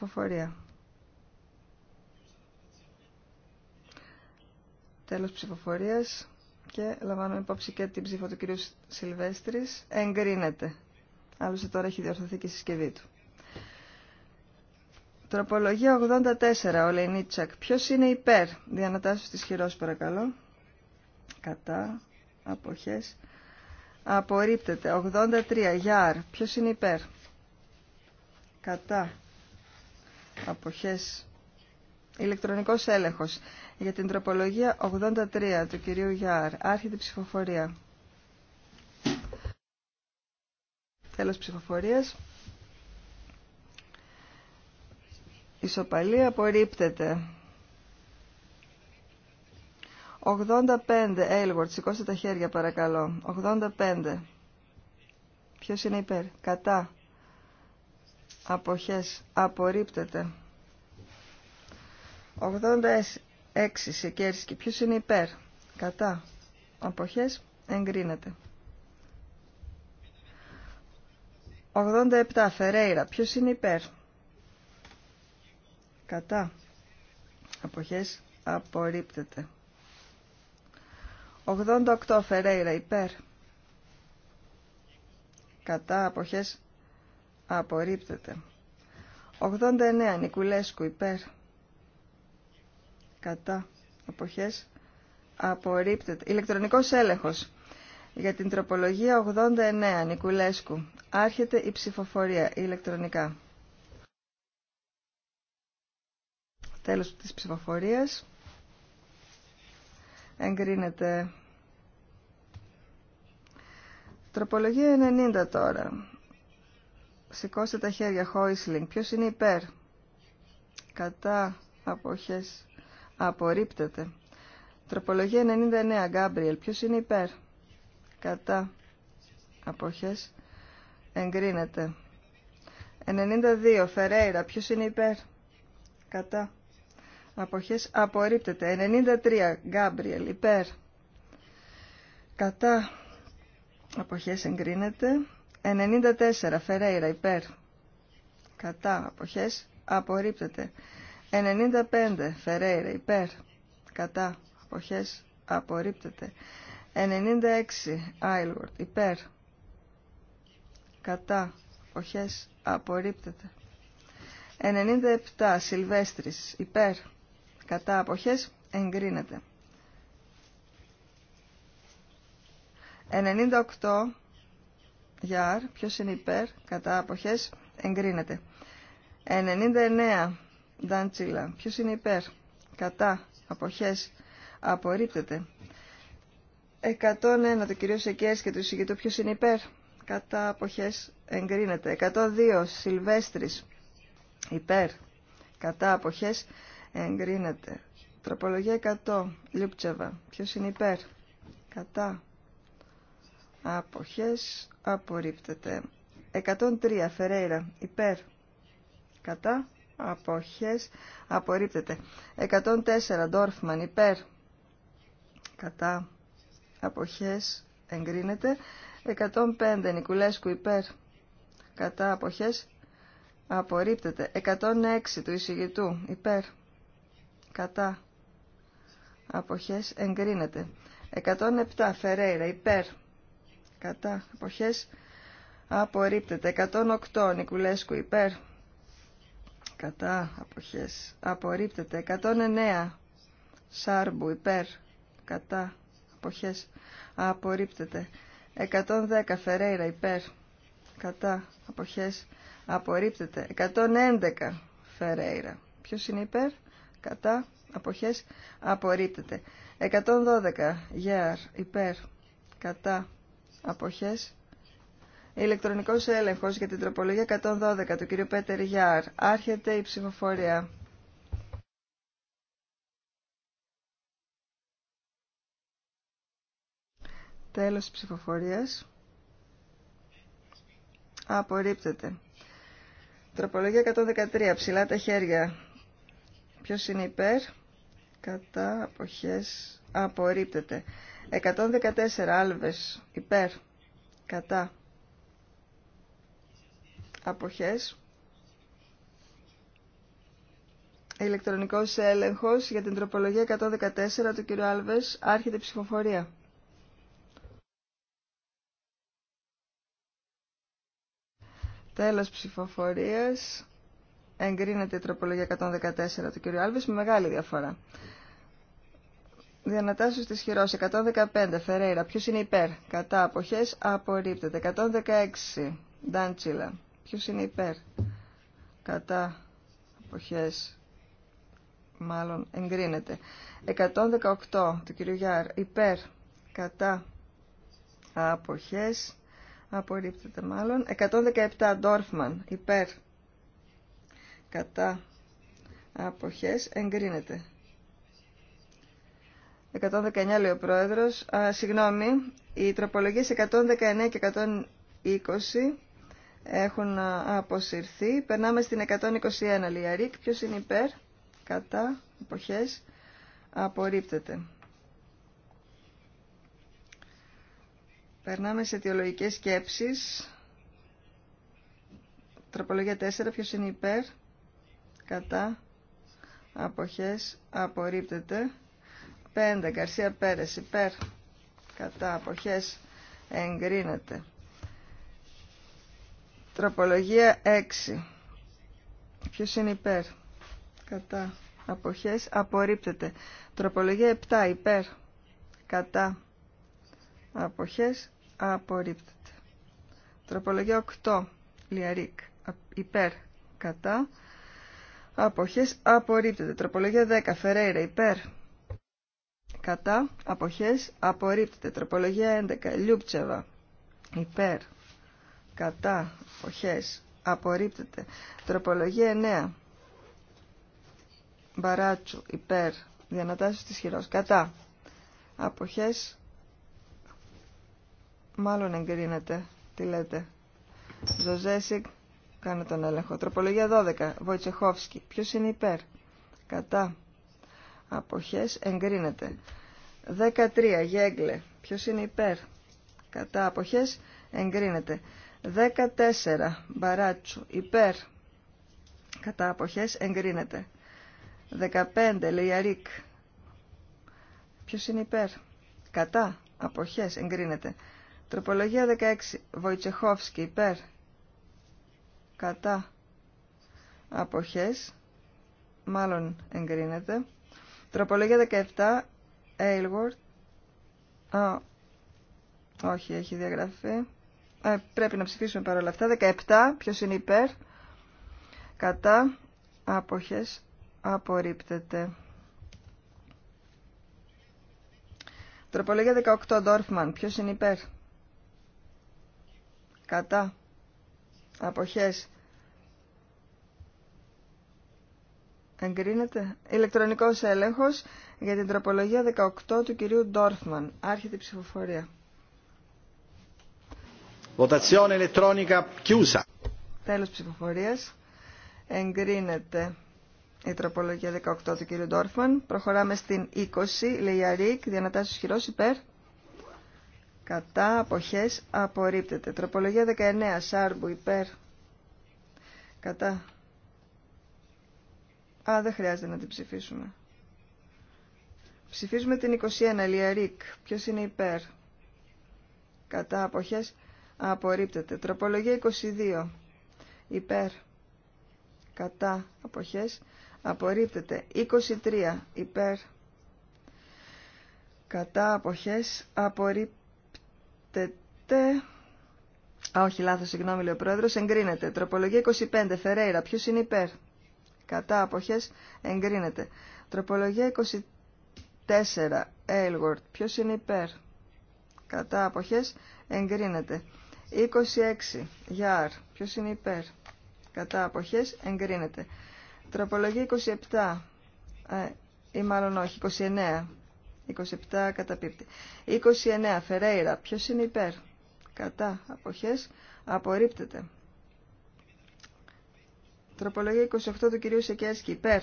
ψηφοφορία. Τέλος ψηφοφορίας και λαμβάνω υπόψη και την ψήφο του κυρίου Σιλβέστρης. Εγκρίνεται. Άλλωστε τώρα έχει διορθωθεί και η συσκευή του. Τροπολογία 84, ο Λενίτσακ. Ποιος είναι υπέρ, διανατάσσου της χειρός παρακαλώ. Κατά, αποχές. Απορρίπτεται. 83, Γιάρ. Ποιος είναι υπέρ. Κατά, αποχές ηλεκτρονικός έλεγχος για την τροπολογία 83 του κυρίου Γιάρ άρχεται ψηφοφορία τέλος ψηφοφορίας ισοπαλία απορρίπτεται 85 Έλγορτ σηκώστε τα χέρια παρακαλώ 85 ποιος είναι υπέρ κατά αποχές απορρίπτεται 86 σε και ποιος είναι υπέρ κατά αποχές εγκρίνεται 87 Φερέιρα ποιος είναι υπέρ κατά αποχές απορρίπτεται 88 Φερέιρα υπέρ κατά αποχές Απορρίπτεται. 89. Νικουλέσκου υπέρ. Κατά. Αποχές. Απορρίπτεται. Ηλεκτρονικός έλεγχος. Για την τροπολογία 89. Νικουλέσκου. Άρχεται η ψηφοφορία ηλεκτρονικά. Τέλος της ψηφοφορίας. Εγκρίνεται. Τροπολογία 90 τώρα. Σηκώστε τα χέρια, Χόισλινγκ. Ποιος είναι υπέρ. Κατά αποχές. Απορρίπτεται. Τροπολογία 99, Γκάμπριελ. Ποιος είναι υπέρ. Κατά αποχές. Εγκρίνεται. 92, Φερέιρα. Ποιος είναι υπέρ. Κατά αποχές. Απορρίπτεται. 93, Γκάμπριελ. Υπέρ. Κατά αποχές εγκρίνεται. 94 Φερέιρα υπέρ κατά αποχές απορρίπτεται 95 Φερέιρα υπέρ κατά αποχές απορρίπτεται 96 Άιλουρτ, υπέρ κατά αποχές απορρίπτεται 97 Σιλβέστρης υπέρ κατά αποχές εγκρίνεται 98 Γιάρ. Ποιος είναι υπέρ. Κατά αποχές εγκρίνεται. 99. δαντσίλα, Ποιος είναι υπέρ. Κατά αποχές απορρίπτεται. 101 το κυρίου Σεκέρς και του εισηγητού ποιος είναι υπέρ. Κατά αποχές εγκρίνεται. 102 Σιλβέστρης υπέρ. Κατά αποχές εγκρίνεται. Τροπολογία 100 Λιούπτσεβα. Ποιος είναι υπέρ. Κατά Αποχές απορρίπτεται. 103 Φερέιρα υπέρ. Κατά. Αποχές απορρίπτεται. 104 Ντόρφμαν υπέρ. Κατά. Αποχές εγκρίνεται. 105 Νικουλέσκου υπέρ. Κατά. Αποχές απορρίπτεται. 106 του εισηγητού υπέρ. Κατά. Αποχές εγκρίνεται. 107 Φερέιρα υπέρ κατά αποχές απορρίπτεται 108 Νικουλέσκου υπέρ κατά αποχές απορρίπτεται 109 Σάρμπου υπέρ κατά αποχές απορρίπτεται 110 Φερέιρα υπέρ κατά αποχές απορρίπτεται 111 Φερέιρα ποιος είναι υπέρ κατά αποχές απορρίπτεται 112 Γέαρ υπέρ κατά αποχές. Ηλεκτρονικός έλεγχος για την τροπολογία 112 του κ. Πέτερ Γιάρ. Άρχεται η ψηφοφορία. Τέλος της ψηφοφορίας. Απορρίπτεται. Τροπολογία 113. Ψηλά τα χέρια. Ποιος είναι υπέρ. Κατά αποχές. Απορρίπτεται. 114 άλβες υπέρ κατά αποχές ηλεκτρονικός έλεγχος για την τροπολογία 114 του κ. Άλβες άρχεται ψηφοφορία τέλος ψηφοφορίας εγκρίνεται η τροπολογία 114 του κ. Άλβες με μεγάλη διαφορά Διανατάσσεως της χειρός. 115. Φερέιρα. Ποιος είναι υπέρ. Κατά. Αποχές. Απορρίπτεται. 116. Ντάντσιλα. Ποιος είναι υπέρ. Κατά. Αποχές. Μάλλον εγκρίνεται. 118. Του κυρίου Γιάρ. Υπέρ. Κατά. Αποχές. Απορρίπτεται μάλλον. 117. Ντόρφμαν. Υπέρ. Κατά. Αποχές. Εγκρίνεται. 119 λέει ο πρόεδρος. συγγνώμη, οι τροπολογίες 119 και 120 έχουν αποσυρθεί. Περνάμε στην 121 λέει Αρίκ. Ποιος είναι υπέρ, κατά, εποχές, απορρίπτεται. Περνάμε σε αιτιολογικές σκέψεις. Τροπολογία 4, ποιος είναι υπέρ, κατά, αποχές, απορρίπτεται. 5. Γκαρσία Πέρες υπέρ κατά αποχές εγκρίνεται. Τροπολογία 6. Ποιος είναι υπέρ κατά αποχές απορρίπτεται. Τροπολογία 7 υπέρ κατά αποχές απορρίπτεται. Τροπολογία 8 Λιαρίκ υπέρ κατά αποχές απορρίπτεται. Τροπολογία 10 Φερέιρα υπέρ κατά, αποχές, απορρίπτεται. Τροπολογία 11, Λιούπτσεβα, υπέρ, κατά, αποχές, απορρίπτεται. Τροπολογία 9, Μπαράτσου, υπέρ, διανατάσεις της χειρός, κατά, αποχές, μάλλον εγκρίνεται, τι λέτε. Ζωζέσικ, κάνε τον έλεγχο. Τροπολογία 12, Βοητσεχόφσκι, ποιος είναι υπέρ, κατά, αποχές, εγκρίνεται. 13. Γέγκλε. Ποιο είναι υπέρ. Κατά απόχέ, εγκρίνεται. 14. Μπαράτσου. Υπέρ. Κατά απόχέ εγκρίνεται. 15. Λεϊαρίκ. Ποιο είναι υπέρ. Κατά αποχές εγκρίνεται. Τροπολογία 16. Βοητσεχόφσκι. Υπέρ. Κατά Αποχέ, Μάλλον εγκρίνεται. Τροπολογία 17. Aylward. Α, όχι, έχει διαγραφεί. Ε, πρέπει να ψηφίσουμε παρόλα αυτά. 17. Ποιος είναι υπέρ. Κατά. Άποχες. Απορρίπτεται. Τροπολογία 18. Ντόρφμαν. Ποιος είναι υπέρ. Κατά. Αποχές. Εγκρίνεται. Ηλεκτρονικός έλεγχος για την τροπολογία 18 του κυρίου Ντόρφμαν. Άρχεται η ψηφοφορία. Votazione ηλεκτρονικά κιούσα. Τέλος ψηφοφορίας. Εγκρίνεται η τροπολογία 18 του κυρίου Ντόρφμαν. Προχωράμε στην 20. Λεϊαρίκ. Διανατάσεις χειρός υπέρ. Κατά αποχές απορρίπτεται. Τροπολογία 19. Σάρμπου υπέρ. Κατά δεν χρειάζεται να την ψηφίσουμε. Ψηφίζουμε την 21, Λιαρίκ. Ποιος είναι υπέρ. Κατά αποχές απορρίπτεται. Τροπολογία 22. Υπέρ. Κατά αποχές απορρίπτεται. 23. Υπέρ. Κατά αποχές απορρίπτεται. Α, όχι, λάθος, συγγνώμη, λέει ο πρόεδρος. Εγκρίνεται. Τροπολογία 25. Φερέιρα. Ποιος είναι υπέρ κατά αποχές εγκρίνεται. Τροπολογία 24, Aylward, ποιος είναι υπέρ, κατά αποχές εγκρίνεται. 26, Γιάρ. ποιος είναι υπέρ, κατά αποχές εγκρίνεται. Τροπολογία 27, ε, ή μάλλον όχι, 29, 27 καταπίπτει. 29, Φερέιρα, ποιος είναι υπέρ, κατά αποχές απορρίπτεται. Τροπολογία 28 του κυρίου Σεκέσκη. Υπέρ.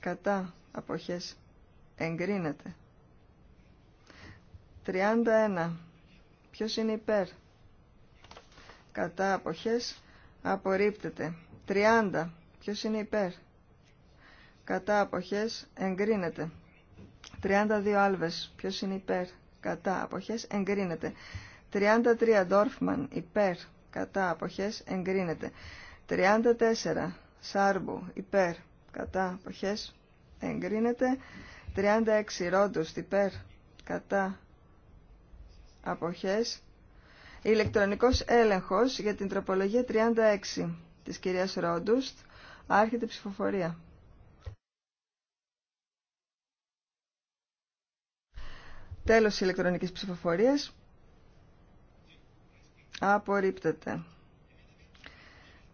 Κατά. Αποχές. Εγκρίνεται. 31. Ποιος είναι υπέρ. Κατά. Αποχές. Απορρίπτεται. 30. Ποιος είναι υπέρ. Κατά. Αποχές. Εγκρίνεται. 32 άλβες. Ποιος είναι υπέρ. Κατά. Αποχές. Εγκρίνεται. 33 Ντόρφμαν. Υπέρ. Κατά. Αποχές. Εγκρίνεται. 34. Σάρμπου. Υπέρ. Κατά. Αποχές. Εγκρίνεται. 36. Ρόντουστ Υπέρ. Κατά. Αποχές. Ηλεκτρονικός έλεγχος για την τροπολογία 36 της κυρίας Ρόντουστ. Άρχεται ψηφοφορία. Τέλος ηλεκτρονικής ψηφοφορίας. Απορρίπτεται.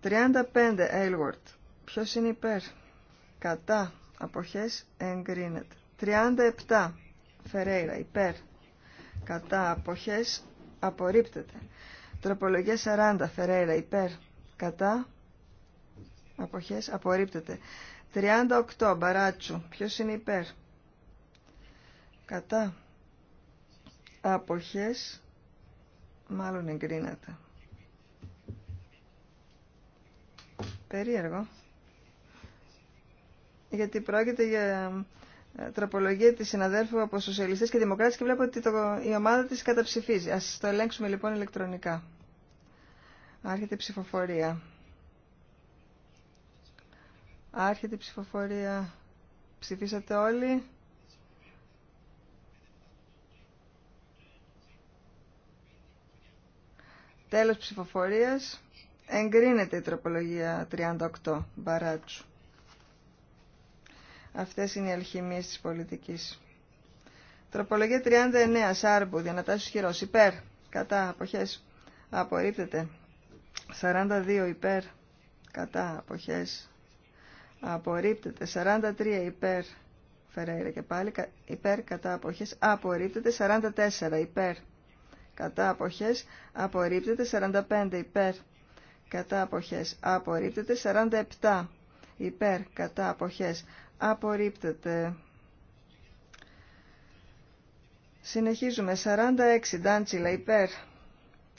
35 Aylward. Ποιο είναι υπέρ. Κατά. Αποχές εγκρίνεται. 37 Φερέιρα. Υπέρ. Κατά. Αποχές απορρίπτεται. Τροπολογία 40 Φερέιρα. Υπέρ. Κατά. Αποχές απορρίπτεται. 38 Μπαράτσου. ποιο είναι υπέρ. Κατά. Αποχές μάλλον εγκρίνεται. περίεργο. Γιατί πρόκειται για ε, τροπολογία της συναδέλφου από σοσιαλιστές και δημοκράτες και βλέπω ότι το, η ομάδα της καταψηφίζει. Ας το ελέγξουμε λοιπόν ηλεκτρονικά. Άρχεται η ψηφοφορία. Άρχεται η ψηφοφορία. Ψηφίσατε όλοι. Τέλος ψηφοφορίας. Εγκρίνεται η τροπολογία 38 Μπαράτσου. Αυτές είναι οι αλχημίες της πολιτικής. Τροπολογία 39 Σάρμπου, διανατάσεις χειρός. Υπέρ, κατά, αποχές, απορρίπτεται. 42 υπέρ, κατά, αποχές, απορρίπτεται. 43 υπέρ, Φεραίρα και πάλι, υπέρ, κατά, αποχές, απορρίπτεται. 44 υπέρ, κατά, αποχές, απορρίπτεται. 45 υπέρ, κατά αποχές απορρίπτεται 47 υπέρ κατά αποχές απορρίπτεται συνεχίζουμε 46 ντάντσιλα υπέρ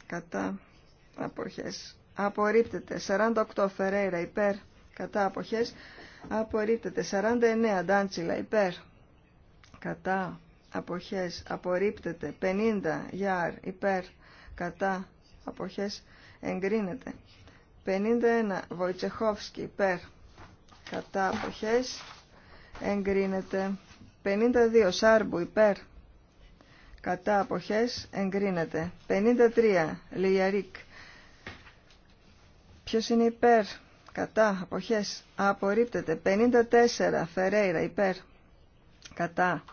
κατά αποχές απορρίπτεται 48 φερέιρα υπέρ κατά αποχές απορρίπτεται 49 ντάντσιλα υπέρ κατά αποχές απορρίπτεται 50 γιάρ υπέρ κατά αποχές εγκρίνεται. 51 Βοητσεχόφσκι υπέρ κατά αποχές εγκρίνεται. 52 Σάρμπου υπέρ κατά αποχές εγκρίνεται. 53 Λιαρίκ ποιος είναι υπέρ κατά αποχές απορρίπτεται. 54 Φερέιρα υπέρ κατά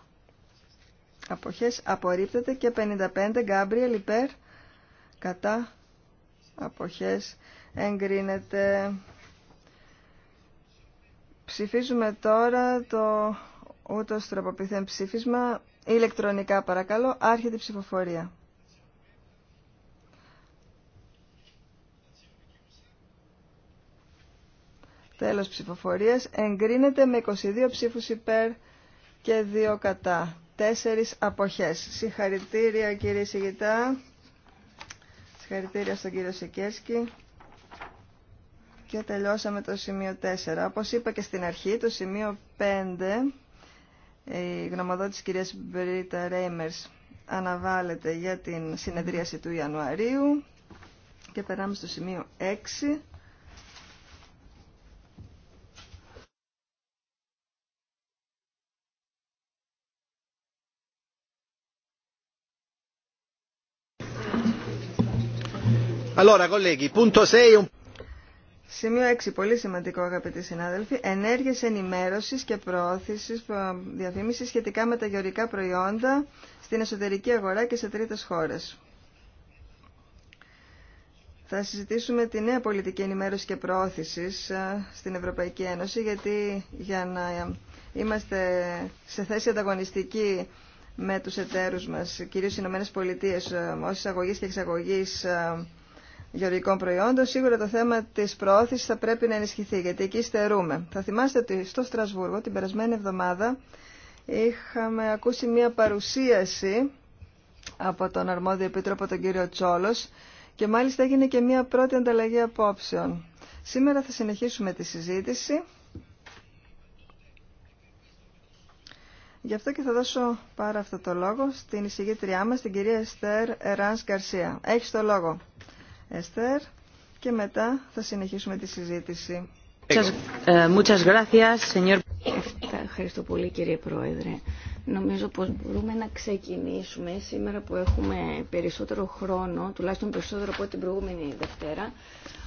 αποχές απορρίπτεται και 55 Γκάμπριελ υπέρ κατά αποχές εγκρίνεται. Ψηφίζουμε τώρα το ούτω τροποποιηθέν ψήφισμα ηλεκτρονικά παρακαλώ. Άρχεται η ψηφοφορία. Τέλος ψηφοφορίας εγκρίνεται με 22 ψήφους υπέρ και 2 κατά. Τέσσερις αποχές. Συγχαρητήρια κύριε Σιγητά. Συγχαρητήρια στον κύριο Σεκέσκι. Και τελειώσαμε το σημείο 4. Όπω είπα και στην αρχή, το σημείο 5, η γνωμοδότηση τη κυρίας Μπρίτα Ρέιμερς αναβάλλεται για την συνεδρίαση του Ιανουαρίου. Και περάμε στο σημείο 6 Σημείο 6, πολύ σημαντικό αγαπητοί συνάδελφοι, ενέργειες ενημέρωσης και προώθησης ε, διαφήμισης σχετικά με τα γεωρικά προϊόντα στην εσωτερική αγορά και σε τρίτες χώρες. Θα συζητήσουμε τη νέα πολιτική ενημέρωση και προώθησης ε, στην Ευρωπαϊκή Ένωση, γιατί για να είμαστε σε θέση ανταγωνιστική με τους εταίρους μας, κυρίως οι Ηνωμένες Πολιτείες, ε, ως εισαγωγής και εξαγωγής γεωργικών προϊόντων, σίγουρα το θέμα της προώθησης θα πρέπει να ενισχυθεί, γιατί εκεί στερούμε. Θα θυμάστε ότι στο Στρασβούργο την περασμένη εβδομάδα είχαμε ακούσει μία παρουσίαση από τον αρμόδιο επίτροπο τον κύριο Τσόλο και μάλιστα έγινε και μία πρώτη ανταλλαγή απόψεων. Σήμερα θα συνεχίσουμε τη συζήτηση. Γι' αυτό και θα δώσω πάρα αυτό το λόγο στην εισηγήτριά μας, την κυρία Εστέρ Εράνς Γκαρσία. Έχεις το λόγο. Εστέρ και μετά θα συνεχίσουμε τη συζήτηση. Ε, ευχαριστώ πολύ κύριε Πρόεδρε. Νομίζω πως μπορούμε να ξεκινήσουμε σήμερα που έχουμε περισσότερο χρόνο, τουλάχιστον περισσότερο από την προηγούμενη Δευτέρα,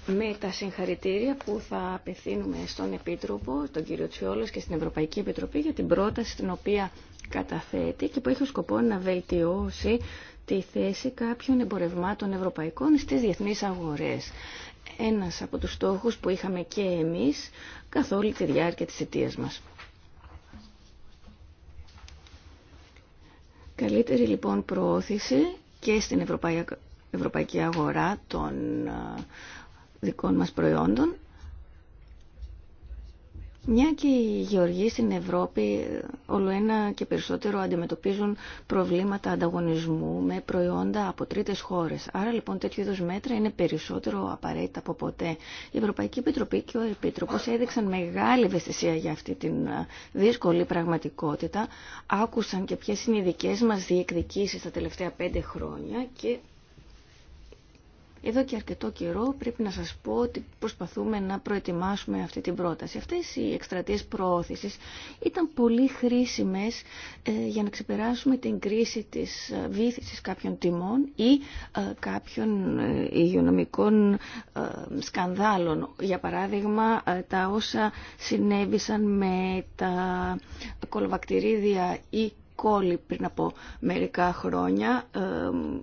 με τα συγχαρητήρια που θα απευθύνουμε στον Επίτροπο, τον κύριο Τσιόλος και στην Ευρωπαϊκή Επιτροπή για την πρόταση την οποία καταθέτει και που έχει σκοπό να βελτιώσει τη θέση κάποιων εμπορευμάτων ευρωπαϊκών στις διεθνείς αγορές. Ένας από τους στόχους που είχαμε και εμείς καθ' όλη τη διάρκεια της αιτίας μας. Καλύτερη λοιπόν προώθηση και στην ευρωπαϊκή αγορά των δικών μας προϊόντων μια και οι γεωργοί στην Ευρώπη όλο ένα και περισσότερο αντιμετωπίζουν προβλήματα ανταγωνισμού με προϊόντα από τρίτες χώρες. Άρα λοιπόν τέτοιου είδους μέτρα είναι περισσότερο απαραίτητα από ποτέ. Η Ευρωπαϊκή Επιτροπή και ο Επίτροπος έδειξαν μεγάλη ευαισθησία για αυτή την δύσκολη πραγματικότητα. Άκουσαν και ποιες είναι οι δικές μας διεκδικήσεις τα τελευταία πέντε χρόνια και εδώ και αρκετό καιρό πρέπει να σας πω ότι προσπαθούμε να προετοιμάσουμε αυτή την πρόταση. Αυτές οι εκστρατείες προώθησης ήταν πολύ χρήσιμες ε, για να ξεπεράσουμε την κρίση της ε, βήθησης κάποιων τιμών ή ε, κάποιων υγειονομικών σκανδάλων. Για παράδειγμα, τα όσα συνέβησαν με τα κολοβακτηρίδια ή κόλλη πριν από μερικά χρόνια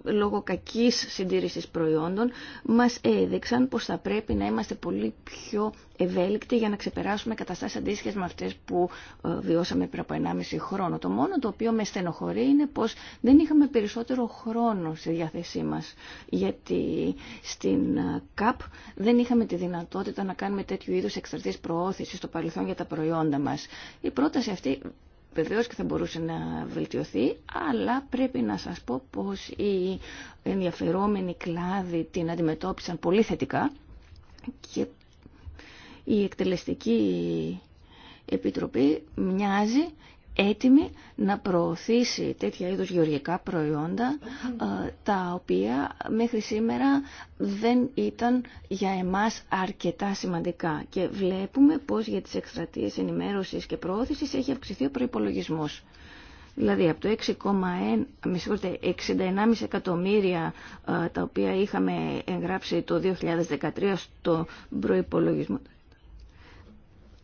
λόγω κακής συντήρησης προϊόντων μας έδειξαν πως θα πρέπει να είμαστε πολύ πιο ευέλικτοι για να ξεπεράσουμε καταστάσεις αντίστοιχες με αυτές που ε, βιώσαμε πριν από 1,5 χρόνο. Το μόνο το οποίο με στενοχωρεί είναι πως δεν είχαμε περισσότερο χρόνο στη διάθεσή μας γιατί στην ε, ΚΑΠ δεν είχαμε τη δυνατότητα να κάνουμε τέτοιου είδους εξαρτής προώθηση στο παρελθόν για τα προϊόντα μας. Η πρόταση αυτή βεβαίως και θα μπορούσε να βελτιωθεί, αλλά πρέπει να σας πω πως οι ενδιαφερόμενοι κλάδοι την αντιμετώπισαν πολύ θετικά και η εκτελεστική επιτροπή μοιάζει έτοιμη να προωθήσει τέτοια είδους γεωργικά προϊόντα ε, τα οποία μέχρι σήμερα δεν ήταν για εμάς αρκετά σημαντικά και βλέπουμε πως για τις εκστρατείες ενημέρωσης και προώθησης έχει αυξηθεί ο προϋπολογισμός. Δηλαδή από το 6,1, 61,5 εκατομμύρια ε, τα οποία είχαμε εγγράψει το 2013 στο προϋπολογισμό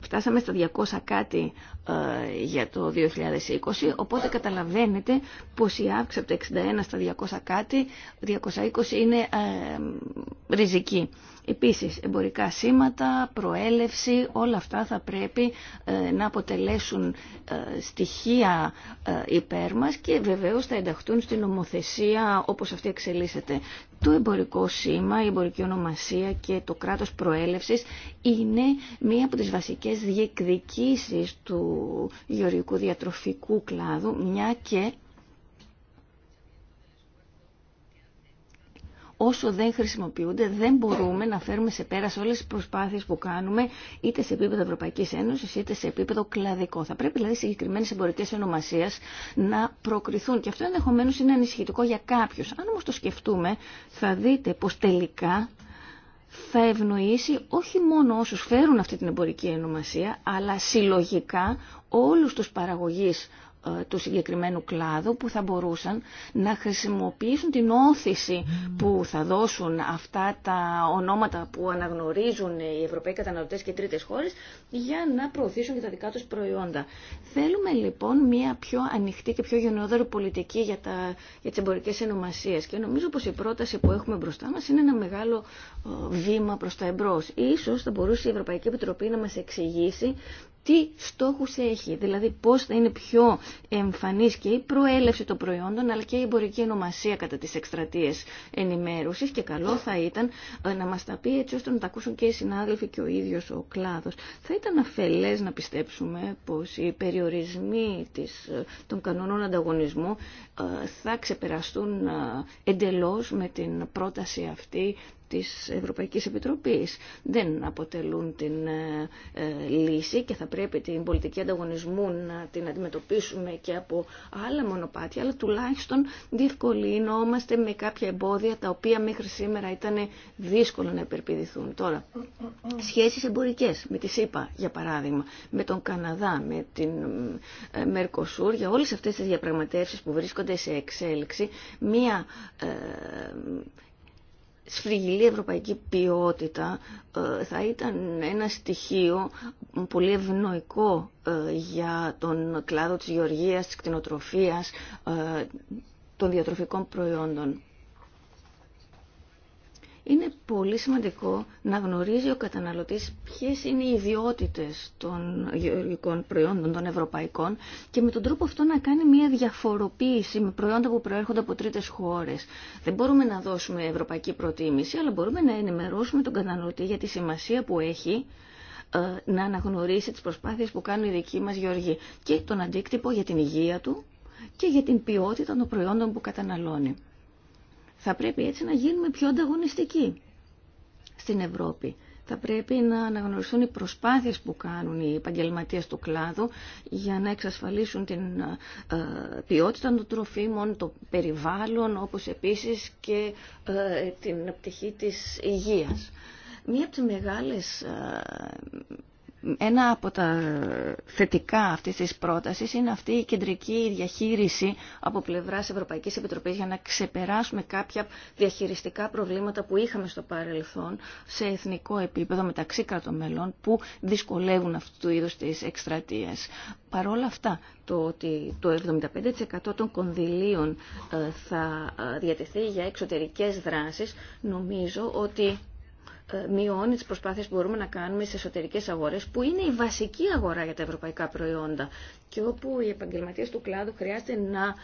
Φτάσαμε στα 200 κάτι ε, για το 2020, οπότε καταλαβαίνετε πως η αύξηση από τα 61 στα 200 κάτι, 220 είναι ε, ριζική. Επίσης, εμπορικά σήματα, προέλευση, όλα αυτά θα πρέπει ε, να αποτελέσουν ε, στοιχεία ε, υπέρ μας και βεβαίως θα ενταχθούν στην νομοθεσία όπως αυτή εξελίσσεται. Το εμπορικό σήμα, η εμπορική ονομασία και το κράτος προέλευσης είναι μία από τις βασικές διεκδικήσεις του γεωργικού διατροφικού κλάδου, μια και όσο δεν χρησιμοποιούνται δεν μπορούμε να φέρουμε σε πέρα σε όλες τις προσπάθειες που κάνουμε είτε σε επίπεδο Ευρωπαϊκή Ένωση, είτε σε επίπεδο κλαδικό. Θα πρέπει δηλαδή συγκεκριμένε εμπορικέ ονομασίε να προκριθούν και αυτό ενδεχομένω είναι ανησυχητικό για κάποιου. Αν όμω το σκεφτούμε θα δείτε πω τελικά θα ευνοήσει όχι μόνο όσους φέρουν αυτή την εμπορική ονομασία, αλλά συλλογικά όλους τους παραγωγείς ε, του συγκεκριμένου κλάδου που θα μπορούσαν να χρησιμοποιήσουν την όθηση που θα δώσουν αυτά τα ονόματα που αναγνωρίζουν οι Ευρωπαίοι καταναλωτές και τρίτες χώρες για να προωθήσουν και τα δικά τους προϊόντα. Θέλουμε λοιπόν μια πιο ανοιχτή και πιο γενναιόδορη πολιτική για, τα, για τις εμπορικές ενομασίες και νομίζω πως η πρόταση που έχουμε μπροστά μας είναι ένα μεγάλο ε, βήμα προς τα εμπρός. Ίσως θα μπορούσε η Ευρωπαϊκή Επιτροπή να μας εξηγήσει τι στόχους έχει, δηλαδή πώς θα είναι πιο εμφανής και η προέλευση των προϊόντων αλλά και η εμπορική ονομασία κατά τις εκστρατείες ενημέρωσης και καλό θα ήταν ε, να μας τα πει έτσι ώστε να τα ακούσουν και οι συνάδελφοι και ο ίδιος ο κλάδος. Θα ήταν αφελές να πιστέψουμε πως οι περιορισμοί της, ε, των κανόνων ανταγωνισμού ε, θα ξεπεραστούν εντελώς με την πρόταση αυτή της Ευρωπαϊκής Επιτροπής. Δεν αποτελούν την ε, ε, λύση και θα πρέπει την πολιτική ανταγωνισμού να την αντιμετωπίσουμε και από άλλα μονοπάτια, αλλά τουλάχιστον διευκολύνομαστε με κάποια εμπόδια τα οποία μέχρι σήμερα ήταν δύσκολο να υπερπηδηθούν. Τώρα, σχέσεις εμπορικές με τη ΣΥΠΑ, για παράδειγμα, με τον Καναδά, με την ε, Μερκοσούρ, για όλες αυτές τις διαπραγματεύσεις που βρίσκονται σε εξέλιξη, μία σφριγγυλή ευρωπαϊκή ποιότητα ε, θα ήταν ένα στοιχείο πολύ ευνοϊκό ε, για τον κλάδο της γεωργίας, της κτηνοτροφίας, ε, των διατροφικών προϊόντων. Είναι πολύ σημαντικό να γνωρίζει ο καταναλωτής ποιες είναι οι ιδιότητες των γεωργικών προϊόντων, των ευρωπαϊκών και με τον τρόπο αυτό να κάνει μια διαφοροποίηση με προϊόντα που προέρχονται από τρίτες χώρες. Δεν μπορούμε να δώσουμε ευρωπαϊκή προτίμηση, αλλά μπορούμε να ενημερώσουμε τον καταναλωτή για τη σημασία που έχει ε, να αναγνωρίσει τις προσπάθειες που κάνουν οι δικοί μας γεωργοί και τον αντίκτυπο για την υγεία του και για την ποιότητα των προϊόντων που καταναλώνει. Θα πρέπει έτσι να γίνουμε πιο ανταγωνιστικοί στην Ευρώπη. Θα πρέπει να αναγνωριστούν οι προσπάθειες που κάνουν οι επαγγελματίες του κλάδου για να εξασφαλίσουν την ε, ποιότητα των τροφίμων, το περιβάλλον, όπως επίσης και ε, την πτυχή της υγείας. Μία από τις μεγάλες ε, ένα από τα θετικά αυτής της πρότασης είναι αυτή η κεντρική διαχείριση από πλευράς Ευρωπαϊκής Επιτροπής για να ξεπεράσουμε κάποια διαχειριστικά προβλήματα που είχαμε στο παρελθόν σε εθνικό επίπεδο μεταξύ κρατομελών που δυσκολεύουν αυτού του είδους τις εκστρατείες. Παρ' όλα αυτά, το ότι το 75% των κονδυλίων ε, θα ε, διατεθεί για εξωτερικές δράσεις, νομίζω ότι μειώνει τις προσπάθειες που μπορούμε να κάνουμε στις εσωτερικές αγορές, που είναι η βασική αγορά για τα ευρωπαϊκά προϊόντα και όπου οι επαγγελματίες του κλάδου χρειάζεται να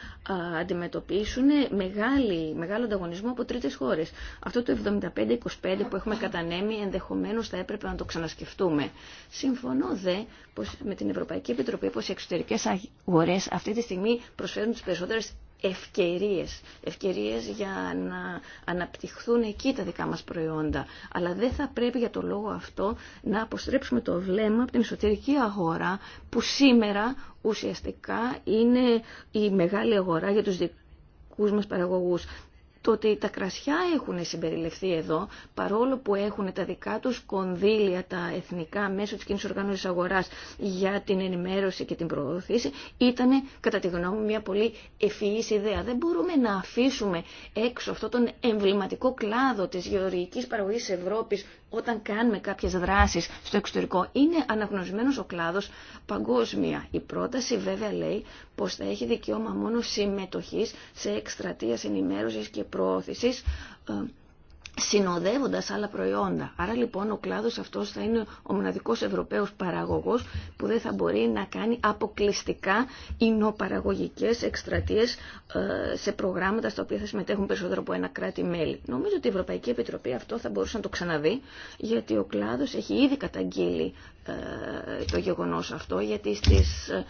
αντιμετωπίσουν μεγάλη, μεγάλο ανταγωνισμό από τρίτες χώρες. Αυτό το 75-25 που έχουμε κατανέμει ενδεχομένως θα έπρεπε να το ξανασκεφτούμε. Συμφωνώ δε πως με την Ευρωπαϊκή Επιτροπή πως οι εξωτερικές αγορές αυτή τη στιγμή προσφέρουν τις περισσότερες ευκαιρίες. Ευκαιρίες για να αναπτυχθούν εκεί τα δικά μας προϊόντα. Αλλά δεν θα πρέπει για το λόγο αυτό να αποστρέψουμε το βλέμμα από την εσωτερική αγορά που σήμερα ουσιαστικά είναι η μεγάλη αγορά για τους δικούς μας παραγωγούς το ότι τα κρασιά έχουν συμπεριληφθεί εδώ, παρόλο που έχουν τα δικά τους κονδύλια τα εθνικά μέσω της κοινή οργάνωσης αγοράς για την ενημέρωση και την προωθήση, ήταν κατά τη γνώμη μου μια πολύ ευφυής ιδέα. Δεν μπορούμε να αφήσουμε έξω αυτόν τον εμβληματικό κλάδο της γεωργικής παραγωγής Ευρώπη όταν κάνουμε κάποιε δράσεις στο εξωτερικό. Είναι αναγνωρισμένο ο κλάδος παγκόσμια. Η πρόταση βέβαια λέει πως θα έχει δικαίωμα μόνο συμμετοχής σε εκστρατεία, ενημέρωση και προώθησης ε, συνοδεύοντας άλλα προϊόντα. Άρα λοιπόν ο κλάδος αυτός θα είναι ο μοναδικός ευρωπαίος παραγωγός που δεν θα μπορεί να κάνει αποκλειστικά εινοπαραγωγικές εκστρατείες ε, σε προγράμματα στα οποία θα συμμετέχουν περισσότερο από ένα κράτη-μέλη. Νομίζω ότι η Ευρωπαϊκή Επιτροπή αυτό θα μπορούσε να το ξαναδεί γιατί ο κλάδος έχει ήδη καταγγείλει ε, το γεγονός αυτό γιατί στις ε,